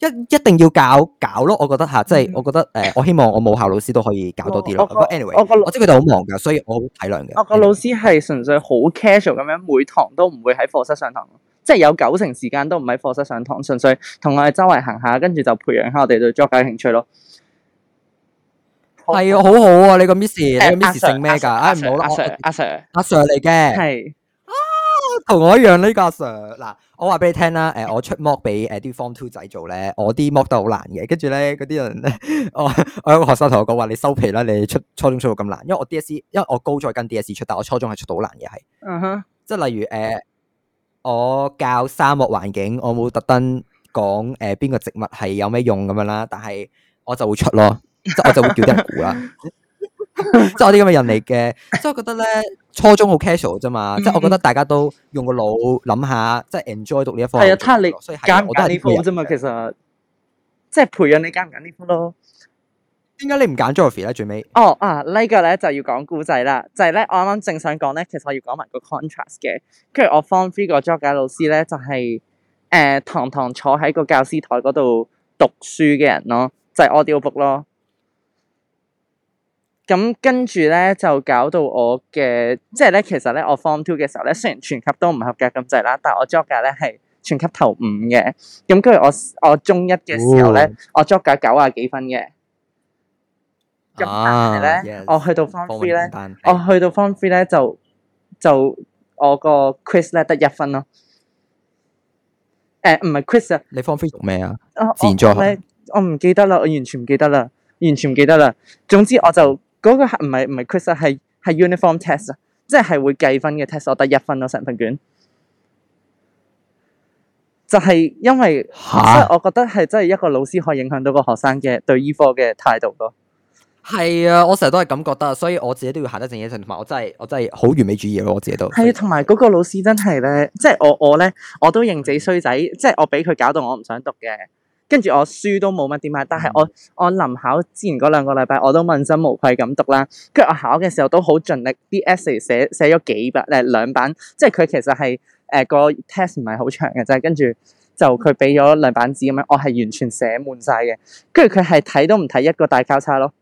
一一定要教搞咯，我覺得吓，即係我覺得誒，我希望我母校老師都可以搞多啲咯。anyway，我個我知佢哋好忙噶，所以我好體諒嘅。我個老師係純粹好 casual 咁樣，每堂都唔會喺課室上堂，即係有九成時間都唔喺課室上堂，純粹同我哋周圍行下，跟住就培養下我哋對作畫嘅興趣咯。係啊，好好啊，你個 miss，你個 miss 姓咩噶唉，唔好啦，阿 Sir，阿 Sir 嚟嘅，係同我一樣呢個阿 Sir 嗱。我話俾你聽啦，誒、呃，我出 mock 俾、er、誒啲、呃、Form Two 仔做咧，我啲 mock 都、er、好難嘅，跟住咧嗰啲人咧，我 我有個學生同我講話，你收皮啦，你出初中出到咁難，因為我 D S E，因為我高再跟 D S E 出，但我初中係出到好難嘅係，哼、uh，huh. 即係例如誒、呃，我教沙漠環境，我冇特登講誒邊個植物係有咩用咁樣啦，但係我就會出咯， 即我就會叫啲人估啦。 即係我啲咁嘅人嚟嘅，即係我覺得咧，初中好 casual 啫嘛。嗯、即係我覺得大家都用個腦諗下，即係 enjoy 讀呢一科，係啊，所、這、你、個，揀我都係呢科啫嘛，其實即係培養你揀唔揀呢科咯。點解你唔揀 Geography 咧？最尾哦啊，呢個咧就要講故仔啦，就係、是、咧我啱啱正想講咧，其實我要講埋個 contrast 嘅，跟住我 form three 個 Geography 嘅老師咧就係、是、誒、呃、堂堂坐喺個教師台嗰度讀書嘅人咯，就係、是、Audio Book 咯。咁跟住咧，就搞到我嘅，即係咧。其實咧，我 form two 嘅時候咧，雖然全級都唔合格咁滯啦，但係我 zug 格咧係全級頭五嘅。咁跟住我我中一嘅時候咧，我 zug 格九啊幾分嘅咁，但係咧，我去到 form three 咧，我去到 form three 咧就就我個 quiz 咧得一分咯。誒，唔係 quiz 啊！你 form three 讀咩啊？自然科學。我唔記得啦，我完全唔記得啦，完全唔記得啦。總之我就。嗰個係唔係唔係 Chris 啊？係係 Uniform Test 啊，即係係會計分嘅 test，我得一分咯，成份卷，就係因為吓，蛤我覺得係真係一個老師可以影響到個學生嘅對醫科嘅態度咯。係啊，我成日都係咁覺得，所以我自己都要行得正，一正，同埋，我真係我真係好完美主義咯，我自己都係，同埋嗰個老師真係咧，即係我我咧我都認自己衰仔，即係我俾佢搞到我唔想讀嘅。跟住我書都冇乜點啊，但係我我臨考之前嗰兩個禮拜我都問心無愧咁讀啦。跟住我考嘅時候都好盡力，啲 essay 寫寫咗幾百誒兩版，即係佢其實係誒個 test 唔係好長嘅啫。跟住就佢畀咗兩版紙咁樣，我係完全寫滿晒嘅。跟住佢係睇都唔睇一個大交叉咯。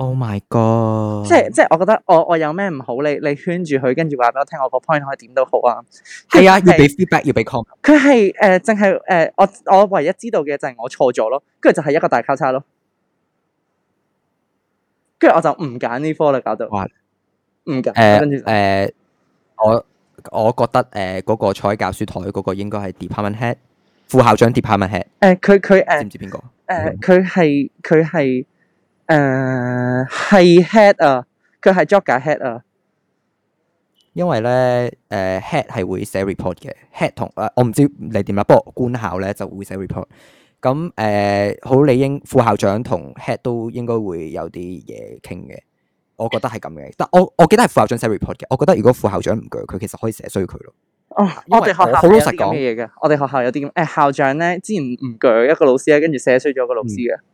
Oh my god！即係即係，我覺得我我有咩唔好，你你圈住佢，跟住話俾我聽我個 point 可以點都好啊。係啊，要俾 feedback，要俾 comment。佢係誒，淨係誒，我我唯一知道嘅就係我錯咗咯，跟住就係一個大交叉咯。跟住我就唔揀呢科啦，搞到唔揀。誒誒，我我覺得誒，嗰個坐喺教書台嗰個應該係 department head，副校長 department head。誒，佢佢誒，知唔知邊個？誒，佢係佢係。誒，係、uh, head 啊，佢係 jogger head 啊。因為咧，誒、呃、head 係會寫 report 嘅，head 同誒、呃、我唔知你點啦，不過官校咧就會寫 report。咁誒、呃，好理應副校長同 head 都應該會有啲嘢傾嘅。我覺得係咁嘅，但我我記得係副校長寫 report 嘅。我覺得如果副校長唔鋸佢，其實可以寫衰佢咯。哦、因為我哋學,學校有啲咁嘅嘢嘅，我哋學校有啲咁誒，校長咧之前唔鋸一個老師咧，跟住寫衰咗個老師嘅。嗯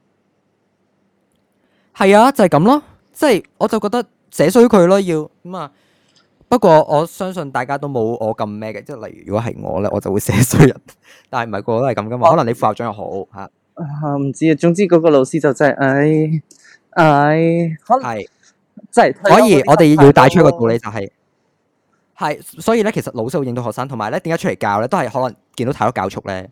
係啊，就係、是、咁咯，即係我就覺得寫衰佢咯，要咁啊。不過我相信大家都冇我咁咩嘅，即係例如如果係我咧，我就會寫衰人。但係唔係個個都係咁噶嘛？可能你副校長又好吓。唔、啊啊、知啊，總之嗰個老師就真係，唉唉，係即係。所以，我哋要帶出一個道理就係、是，係、啊、所以咧，其實老師會認到學生，同埋咧，點解出嚟教咧，都係可能見到太多教畜咧。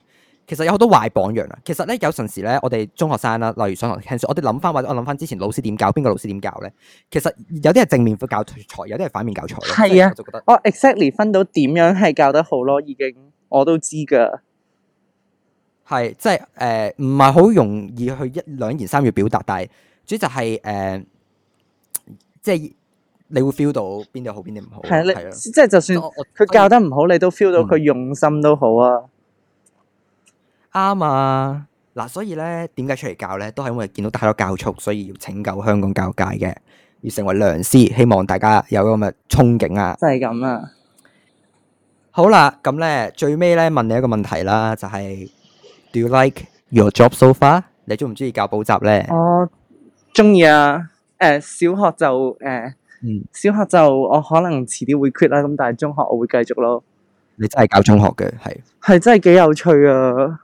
其實有好多壞榜樣啊！其實咧有陣時咧，我哋中學生啦，例如上堂聽書，我哋諗翻或者我諗翻之前老師點教，邊個老師點教咧？其實有啲係正面教材，有啲係反面教材咯。係啊，我就覺得哦，exactly 分到點樣係教得好咯，已經我都知噶。係，即係誒，唔係好容易去一兩言三語表達，但係主要係、就、誒、是，uh, 即係你會 feel 到邊度好，邊啲唔好。係即係就算佢教得唔好，你都 feel 到佢用心都好啊。啱、嗯、啊嗱，所以咧，點解出嚟教咧，都係因為見到太多教畜，所以要拯救香港教界嘅，要成為良師，希望大家有咁嘅憧憬啊。真係咁啊！好啦，咁咧最尾咧問你一個問題啦，就係、是、Do you like your job so far？你中唔中意教補習咧？我中意啊。誒、呃，小學就誒，呃嗯、小學就我可能遲啲會 quit 啦。咁但係中學我會繼續咯。你真係教中學嘅，係係真係幾有趣啊！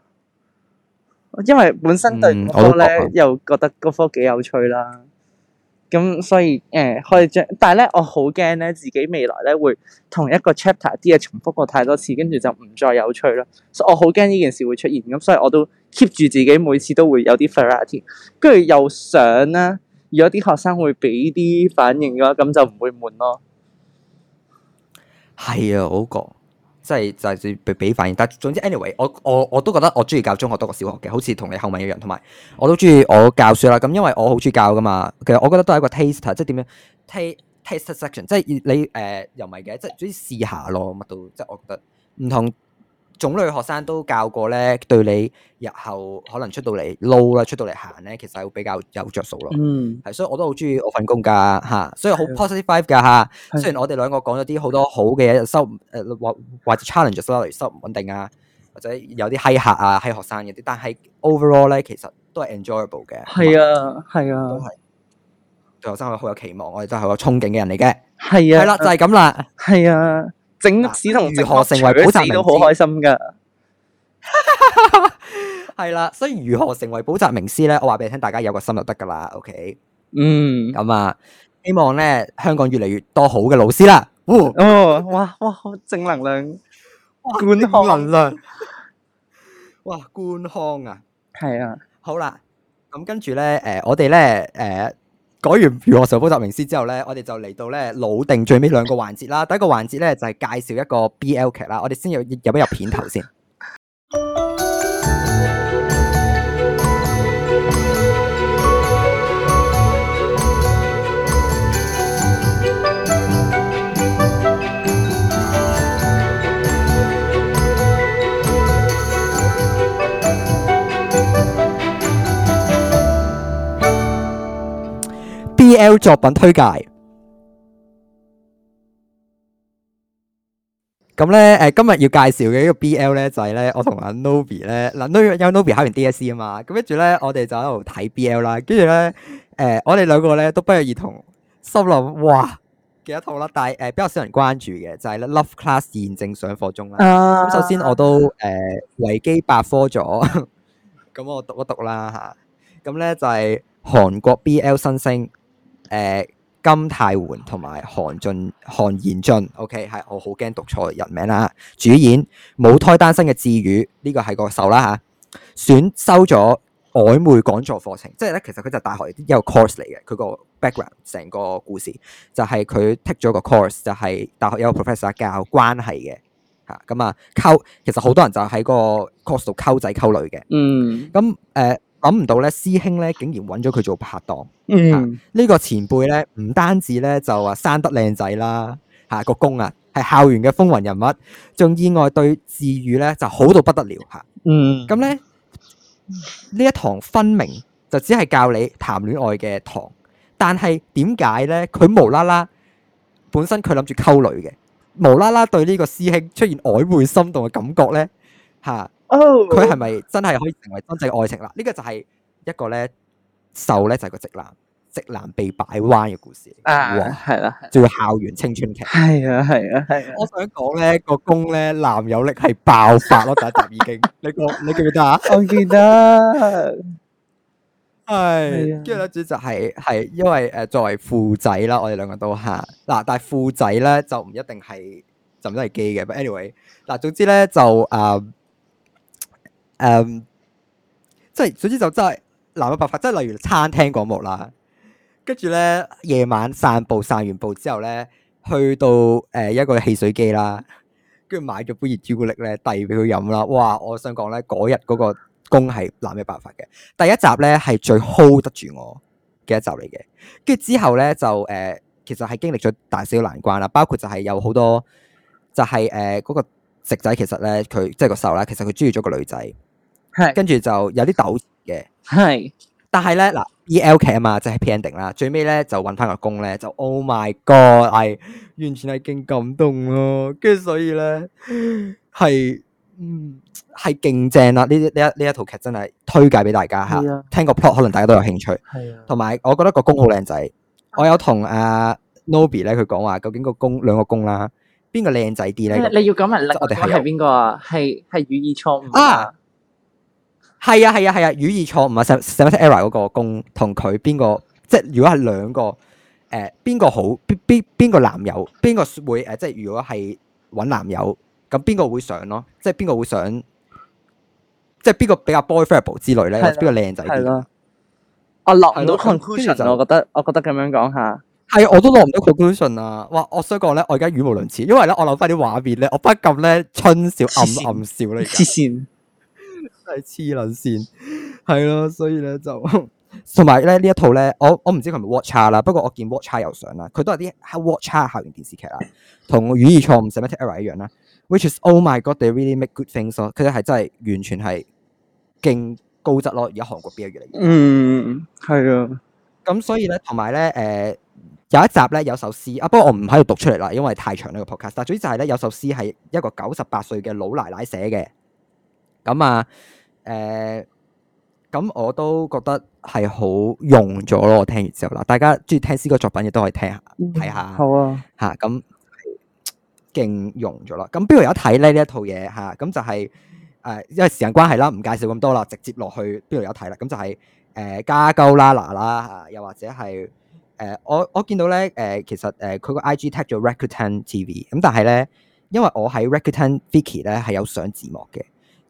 因為本身對嗰科咧又覺得嗰科幾有趣啦，咁所以誒、呃、可以將，但係咧我好驚咧自己未來咧會同一個 chapter 啲嘢重複過太多次，跟住就唔再有趣咯。所以我好驚呢件事會出現，咁所以我都 keep 住自己每次都會有啲 variety，跟住又想呢如果啲學生會俾啲反應嘅話，咁就唔會悶咯。係啊，我都即係就係俾俾反應，但係總之 anyway，我我我都覺得我中意教中學多過小學嘅，好似同你後文一樣，同埋我都中意我教書啦。咁因為我好中意教噶嘛，其實我覺得都係一個 t a s t e 即係點樣 taste section，即係你誒、呃、又唔係嘅，即係總之試下咯，乜都即係我覺得唔同。種類學生都教過咧，對你日後可能出到嚟撈啦，low, 出到嚟行咧，其實會比較有着數咯。嗯，係，所以我都好鍾意我份工㗎，吓、啊，所以好 positive five 嘅吓、啊，雖然我哋兩個講咗啲好多好嘅嘢，收誒或、呃、或者 challenges 啦，例如收唔穩定啊，或者有啲西客啊、西學生嗰啲，但係 overall 咧，其實都係 enjoyable 嘅。係啊，係啊都。對學生我好有期望，我哋都係個憧憬嘅人嚟嘅。係啊，係啦，就係咁啦。係啊。整史同如何成為補習名師都好開心噶，係啦，所以如何成為補習名師咧？我話俾你聽，大家有個心就得噶啦。OK，嗯，咁啊，希望咧，香港越嚟越多好嘅老師啦。哦，哇、哦、哇，好正能量，官腔能量，哇官腔啊，係 啊，啊好啦，咁跟住咧，誒、呃，我哋咧誒。呃呃呃呃呃講完《如何成為補習名師》之後呢，我哋就嚟到呢，老定最尾兩個環節啦。第一個環節呢，就係、是、介紹一個 BL 劇啦。我哋先有，入一入片頭先。 B L 作品推介。咁咧，誒，今日要介紹嘅呢個 B L 咧就係咧，我同阿 Nobi 咧，嗱 Nobi 有 Nobi 考完 D S C 啊嘛，咁跟住咧，我哋就喺度睇 B L 啦，跟住咧，誒，我哋兩個咧都不約而同心諗，哇，幾多套啦，但係誒比較少人關注嘅就係咧 Love Class 現正上課中啦。咁首先我都誒維基百科咗，咁我讀一讀啦吓，咁咧就係韓國 B L 新星。誒、呃、金太桓同埋韓俊韓賢俊，OK 係我好驚讀錯人名啦。主演母胎單身嘅智宇，呢、這個係個手啦嚇、啊。選修咗曖昧講座課程，即係咧，其實佢就，是、一個 course，就大學有 course 嚟嘅。佢個 background 成個故事就係佢 take 咗個 course，就係大學有 professor 教，教關係嘅嚇。咁啊，啊溝，其實好多人就喺個 course 度溝仔溝女嘅。Mm. 嗯，咁、呃、誒。諗唔到咧，師兄咧竟然揾咗佢做拍檔。嗯，呢、啊這個前輩咧，唔單止咧就話生得靚仔啦，嚇個功啊，係、啊、校園嘅風雲人物，仲意外對字語咧就好到不得了嚇。啊、嗯，咁咧呢一堂分明就只係教你談戀愛嘅堂，但係點解咧佢無啦啦本身佢諗住溝女嘅，無啦啦對呢個師兄出現曖昧心動嘅感覺咧嚇？啊啊佢係咪真係可以成為真正嘅愛情啦？呢、這個就係一個咧受咧就係個直男，直男被擺彎嘅故事啊，係啦、啊，仲校園青春劇係啊，係啊，係、啊。我想講咧、這個攻咧男友力係爆發咯，第一集已經 你覺、那個、你見唔見得啊？我見得係。跟住咧，主要係係因為誒，作為褲仔啦，我哋兩個都吓嗱，但係褲仔咧就唔一定係就真係 g 嘅。But anyway 嗱、嗯嗯，總之咧就誒。嗯嗯嗯誒，um，即係總之就真係冇咩辦法。即係例如餐廳嗰幕啦，跟住咧夜晚散步，散完步之後咧，去到誒、呃、一個汽水機啦，跟住買咗杯熱朱古力咧，遞俾佢飲啦。哇！我想講咧，嗰日嗰個工係冇咩辦法嘅。第一集咧係最 hold 得住我嘅一集嚟嘅，跟住之後咧就誒、呃，其實係經歷咗大小難關啦。包括就係有好多就係誒嗰個食仔其呢個，其實咧佢即係個瘦啦，其實佢中意咗個女仔。是跟住就有啲抖嘅，係是。但係咧嗱，E L 劇啊嘛，即、就、係、是、pending 啦，最尾咧就揾翻個工咧，就 Oh my God，係、哎、完全係勁感動咯、啊。跟住所以咧係，係勁正啦、啊。呢啲呢一呢一套劇真係推介俾大家吓，啊、聽個 plot 可能大家都有興趣。係啊。同埋，我覺得個工好靚仔。我有同阿 Nob 咧，佢講話究竟個工兩個工啦，邊個靚仔啲咧？你要講埋我哋個係邊個啊？係係語義錯誤啊！係啊，係啊，係啊，語意錯唔係 syntax error 嗰個公同佢邊個？即係如果係兩個誒邊個好？邊邊邊個男友？邊個會誒？即係如果係揾男友咁邊個會想咯？即係邊個會想？即係邊個比較 boyfriendable 之類咧？邊個靚仔啲？咯、啊啊。我落唔到 conclusion 啊！我覺得我覺得咁樣講下。係、啊，我都落唔到 conclusion 啊！哇！我想講咧，我而家語無倫次，因為咧我諗翻啲畫面咧，我不禁咧春笑暗暗笑咧。黐線。真係黐捻線，係咯，所以咧就同埋咧呢一套咧，我我唔知佢係咪 Watcha、er、啦，不過我見 Watcha 又上啦，佢都係啲喺 Watcha 校園電視劇啦，同語義錯誤 Semantic Error 一樣啦 ，which is oh my god they really make good things 咯、哦，佢哋係真係完全係勁高質咯，而家韓國變咗越嚟越，嗯係啊，咁所以咧同埋咧誒有一集咧有首詩啊，不過我唔喺度讀出嚟啦，因為太長呢個 podcast，但係主要就係咧有首詩係一個九十八歲嘅老奶奶寫嘅。咁啊，誒、呃、咁我都覺得係好用咗咯。我聽完之後啦，大家中意聽詩歌作品亦都可以聽下，睇下、嗯。好啊，嚇咁勁用咗啦。咁邊度有睇咧？呢一套嘢吓，咁就係誒因為時間關係啦，唔介紹咁多啦，直接落去邊度有睇啦。咁就係、是、誒、呃、加鳩啦啦啦吓，又或者係誒、呃、我我見到咧誒、呃、其實誒佢個 IG tag 咗 Rakuten TV，咁但係咧，因為我喺 Rakuten Viki 咧係有上字幕嘅。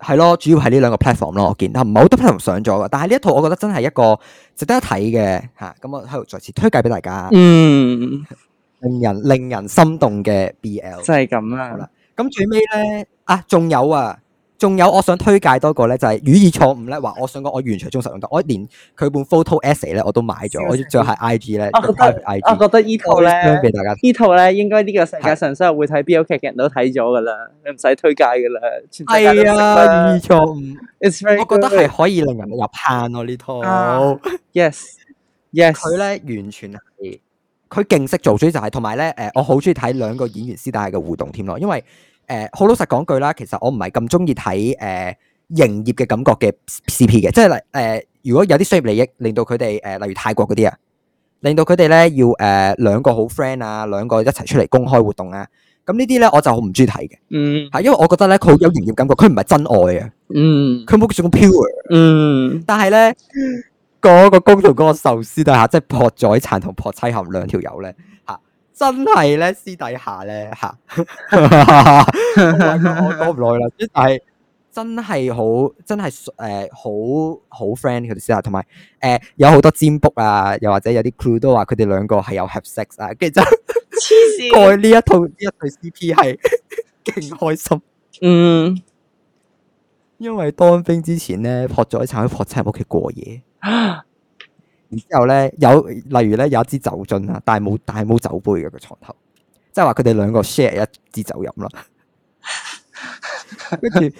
係咯，主要係呢兩個 platform 咯，我見得唔係好多 platform 上咗嘅，但係呢一套我覺得真係一個值得一睇嘅吓，咁、啊、我喺度再次推介俾大家。嗯， 令人令人心動嘅 BL 真係咁啦。咁最尾咧啊，仲、啊、有啊。仲有，我想推介多個咧，就係語意錯誤咧。話我想講，我完全忠實用到，我連佢本 photo essay 咧我都買咗。的我仲係 IG 咧我 g 覺得，在 IG，覺得呢套咧，大家呢套咧應該呢個世界上是的 所有會睇 B o 劇嘅人都睇咗噶啦，的你唔使推介噶啦。係啊，語意錯誤，我覺得係可以令人入坑咯、啊 oh, yes , yes。呢套。Yes，Yes，佢咧完全係佢勁識做主，所以就係同埋咧，誒、呃，我好中意睇兩個演員私底下嘅互動添咯，因為。誒好、呃、老實講句啦，其實我唔係咁中意睇誒營業嘅感覺嘅 CP 嘅，即係嚟誒如果有啲商業利益令到佢哋誒，例如泰國嗰啲啊，令到佢哋咧要誒、呃、兩個好 friend 啊，兩個一齊出嚟公開活動啊，咁呢啲咧我就好唔中意睇嘅，嗯，係因為我覺得咧佢好有營業感覺，佢唔係真愛啊，嗯，佢冇咁 pure，嗯，但係咧嗰個工同嗰個壽司都嚇，即係破財殘同破妻合兩條友咧嚇。真係咧私底下咧 我講唔耐啦，係真係好真係誒好好、呃、friend 佢哋私下，同埋誒有好、呃、多佔卜啊，又或者有啲 crew 都話佢哋兩個係有 have sex 啊，跟住就黐線，怪呢 一套呢一對 CP 係勁 開心，嗯，因為當兵之前咧，咗一曾喺霍仔屋企過夜。 然之後咧有例如咧有一支酒樽啊，但係冇但係冇酒杯嘅、個床頭，即係話佢哋兩個 share 一支酒飲啦。跟住誒，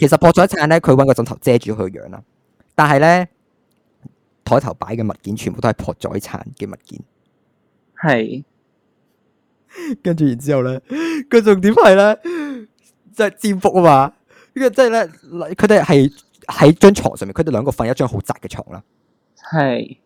其實博仔燦咧，佢搵個枕頭遮住佢個樣啦。但係咧，台頭擺嘅物件全部都係博仔燦嘅物件。係是。跟住然之後咧，佢重點係咧，即、就、係、是、占卜啊嘛。呢個即係咧，佢哋係喺張床上面，佢哋兩個瞓一張好窄嘅床啦。係是。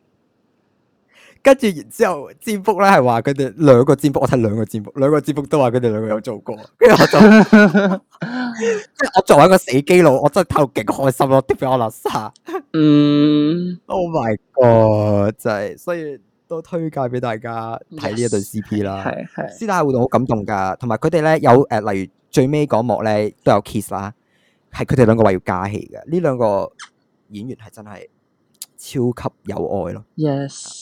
跟住，然之後占卜呢，尖腹咧係話佢哋兩個尖腹，我睇兩個尖腹，兩個尖腹都話佢哋兩個有做過。跟住我就，即係 我作為一個死基佬，我真係睇到極開心咯，啲比我垃圾。嗯，Oh my God！真、就、係、是，所以都推介俾大家睇呢一對 CP 啦。係係師大活動好感動噶，同埋佢哋咧有誒、呃，例如最尾嗰幕咧都有 kiss 啦，係佢哋兩個話要加戲嘅。呢兩個演員係真係超級有愛咯。Yes。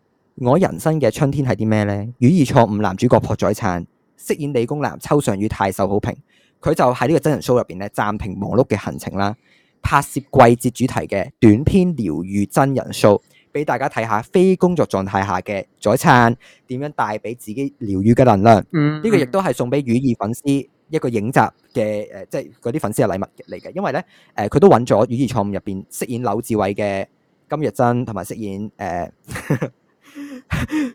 我人生嘅春天係啲咩呢？語意錯誤，男主角朴宰燦飾演理工男秋尚宇，太受好評。佢就喺呢個真人 show 入邊咧，暫停忙碌嘅行程啦，拍攝季節主題嘅短篇《療愈真人 show》，俾大家睇下非工作狀態下嘅宰燦點樣帶俾自己療愈嘅能量。嗯，呢、嗯、個亦都係送俾語意粉絲一個影集嘅誒、呃，即係嗰啲粉絲嘅禮物嚟嘅。因為呢，誒、呃、佢都揾咗語意錯誤入邊飾演柳志偉嘅金日珍同埋飾演誒。呃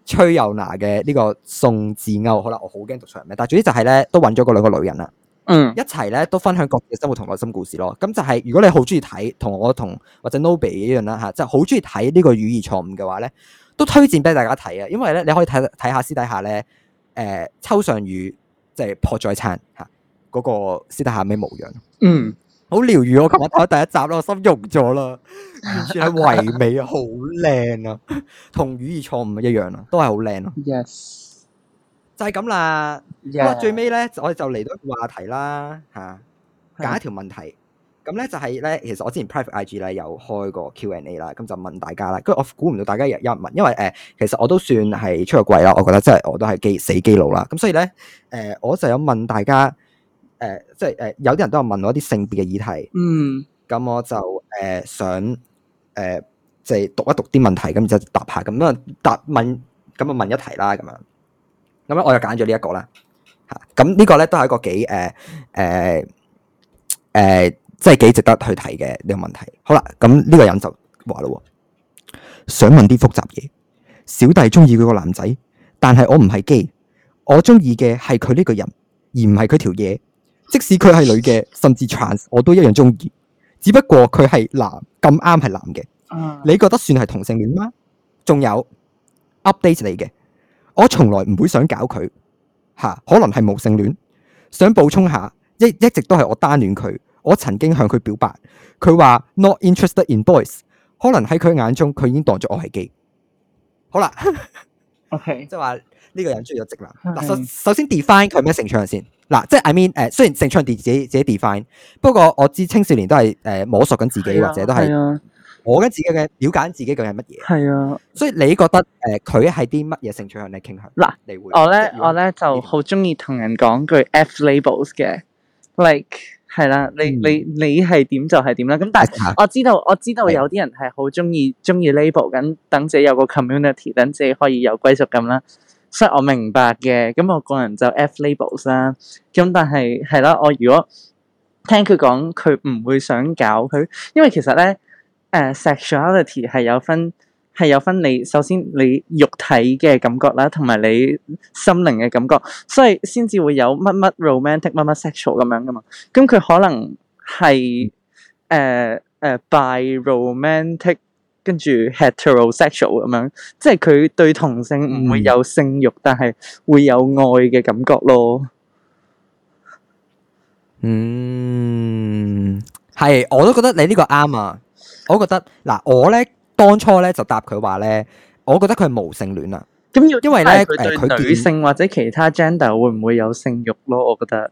崔尤拿嘅呢個宋智歐，可能我好驚獨唱咩，但係總之就係咧，都揾咗嗰兩個女人啦，嗯，一齊咧都分享各自嘅生活同內心故事咯。咁、嗯、就係、是、如果你好中意睇，同我同或者 NoBe 一樣啦，吓、啊，就好中意睇呢個語言錯誤嘅話咧，都推薦俾大家睇啊。因為咧，你可以睇睇下私底下咧，誒、呃，秋上雨即係破再餐吓，嗰、啊那個私底下咩模樣，嗯。.好療癒我，琴日睇第一集啦，我心喐咗啦，完全係唯美，好靚啊，同語意錯誤一樣啦，都係好靚咯。Yes，就係咁啦。Yes，不過最尾咧，我哋就嚟到一個話題啦，吓，揀一條問題。咁咧就係咧，其實我之前 private IG 咧有開過 Q&A 啦，咁就問大家啦。跟住我估唔到大家有有人問，因為誒，其實我都算係出咗櫃啦，我覺得真係我都係基死基佬啦。咁所以咧，誒，我就有問大家。誒、呃，即係誒、呃，有啲人都係問我一啲性別嘅議題，嗯，咁我就誒、呃、想誒即係讀一讀啲問題，咁然之後答下，咁啊答問咁啊問，問一題啦，咁樣咁樣，樣我又揀咗呢一個啦吓。咁呢個咧都係一個幾誒誒誒，即係幾值得去睇嘅呢個問題。好啦，咁呢個人就話啦，想問啲複雜嘢。小弟中意佢個男仔，但係我唔係基，我中意嘅係佢呢個人，而唔係佢條嘢。即使佢係女嘅，甚至 trans，我都一樣中意。只不過佢係男，咁啱係男嘅。你覺得算係同性戀嗎？仲有 update 你嘅，我從來唔會想搞佢。吓，可能係無性戀。想補充一下一，一直都係我單戀佢。我曾經向佢表白，佢話 not interested in boys。可能喺佢眼中，佢已經當咗我係 gay。好啦。 O.K. 即係話，呢個人中意有直男。嗱，首首先 define 佢係咩性取向先。嗱，即係 I mean 誒、呃，雖然性取向自己自己 define，不過我知青少年都係誒摸索緊自己，或者都係我跟自己嘅了解自己究竟係乜嘢。係啊，所以你覺得誒佢係啲乜嘢性取向你傾向？嗱，你會我咧我咧就好中意同人講句 f labels 嘅 like 係啦，你、嗯、你你係點就係點啦。咁但係我知道我知道有啲人係好中意中意 label 緊，等自己有個 community，等自己可以有歸屬感啦。所以我明白嘅，咁我個人就 F labels 啦。咁但係係啦，我如果聽佢講，佢唔會想搞佢，因為其實咧，誒 sexuality 係有分係有分你首先你肉體嘅感覺啦，同埋你心靈嘅感覺，所以先至會有乜乜 romantic 乜乜 sexual 咁樣噶嘛。咁佢可能係誒誒 bi-romantic。跟住 heterosexual 咁樣，即係佢對同性唔會有性欲，但係會有愛嘅感覺咯。嗯，係，我都覺得你呢個啱啊。我覺得嗱，我咧當初咧就答佢話咧，我覺得佢係無性戀啊。咁因為咧，誒，佢對女性或者其他 gender 會唔會有性欲咯？我覺得。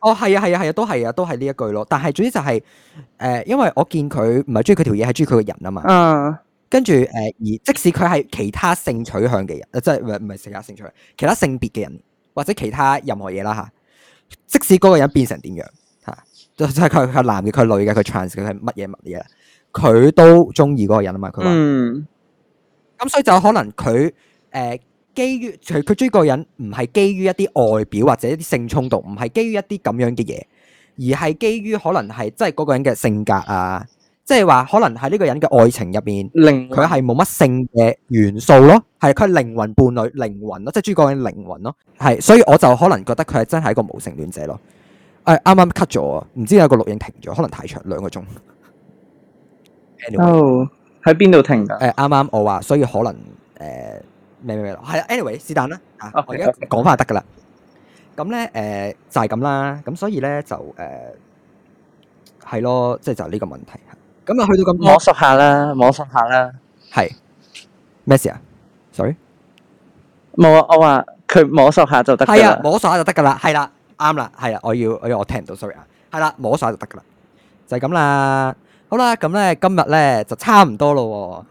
哦，係啊，係啊，係啊，都係啊，都係呢一句咯。但係總之就係、是，誒、呃，因為我見佢唔係中意佢條嘢，係中意佢個人啊嘛。嗯、uh。跟住誒，而即使佢係其他性取向嘅人，呃、即係唔係唔係其他性取向，其他性別嘅人，或者其他任何嘢啦吓，即使嗰個人變成點樣，吓、啊，就係佢係男嘅，佢女嘅，佢 trans 嘅，佢乜嘢乜嘢，佢都中意嗰個人啊嘛。佢話。嗯。咁所以就可能佢誒。呃基於佢追嗰個人唔係基於一啲外表或者一啲性衝動，唔係基於一啲咁樣嘅嘢，而係基於可能係即係嗰個人嘅性格啊，即係話可能係呢個人嘅愛情入面，佢係冇乜性嘅元素咯，係佢靈魂伴侶、靈魂咯，即係追嗰個人靈魂咯，係所以我就可能覺得佢係真係一個無性戀者咯。誒，啱啱 cut 咗，啊，唔知有個錄影停咗，可能太長兩個鐘。哦、anyway, oh，喺邊度停？誒，啱啱我話，所以可能誒。呃明明咯，係啦。Anyway，是但啦，吓，我而家講翻就得噶啦。咁咧，誒，就係咁啦。咁所以咧，就誒，係咯，即係就呢個問題。咁啊，去到咁，摸索下啦，摸索下啦。係咩事啊？Sorry，冇啊，我話佢摸索下就得噶啦，摸索下就得噶啦，係啦，啱啦，係啦，我要，我要我聽唔到，sorry 啊，係啦，摸索下就得噶啦，就係咁啦。好啦，咁咧今日咧就差唔多咯，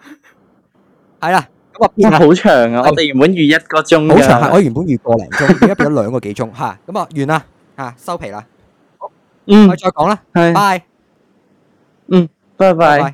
係啦。咁啊，變得好長啊！我哋原本預一個鐘，好長，係，我原本預個零鐘，而家變咗兩個幾鐘，吓，咁啊，完啦，吓，收皮啦，好，嗯，我再講啦，係，拜，嗯，拜拜。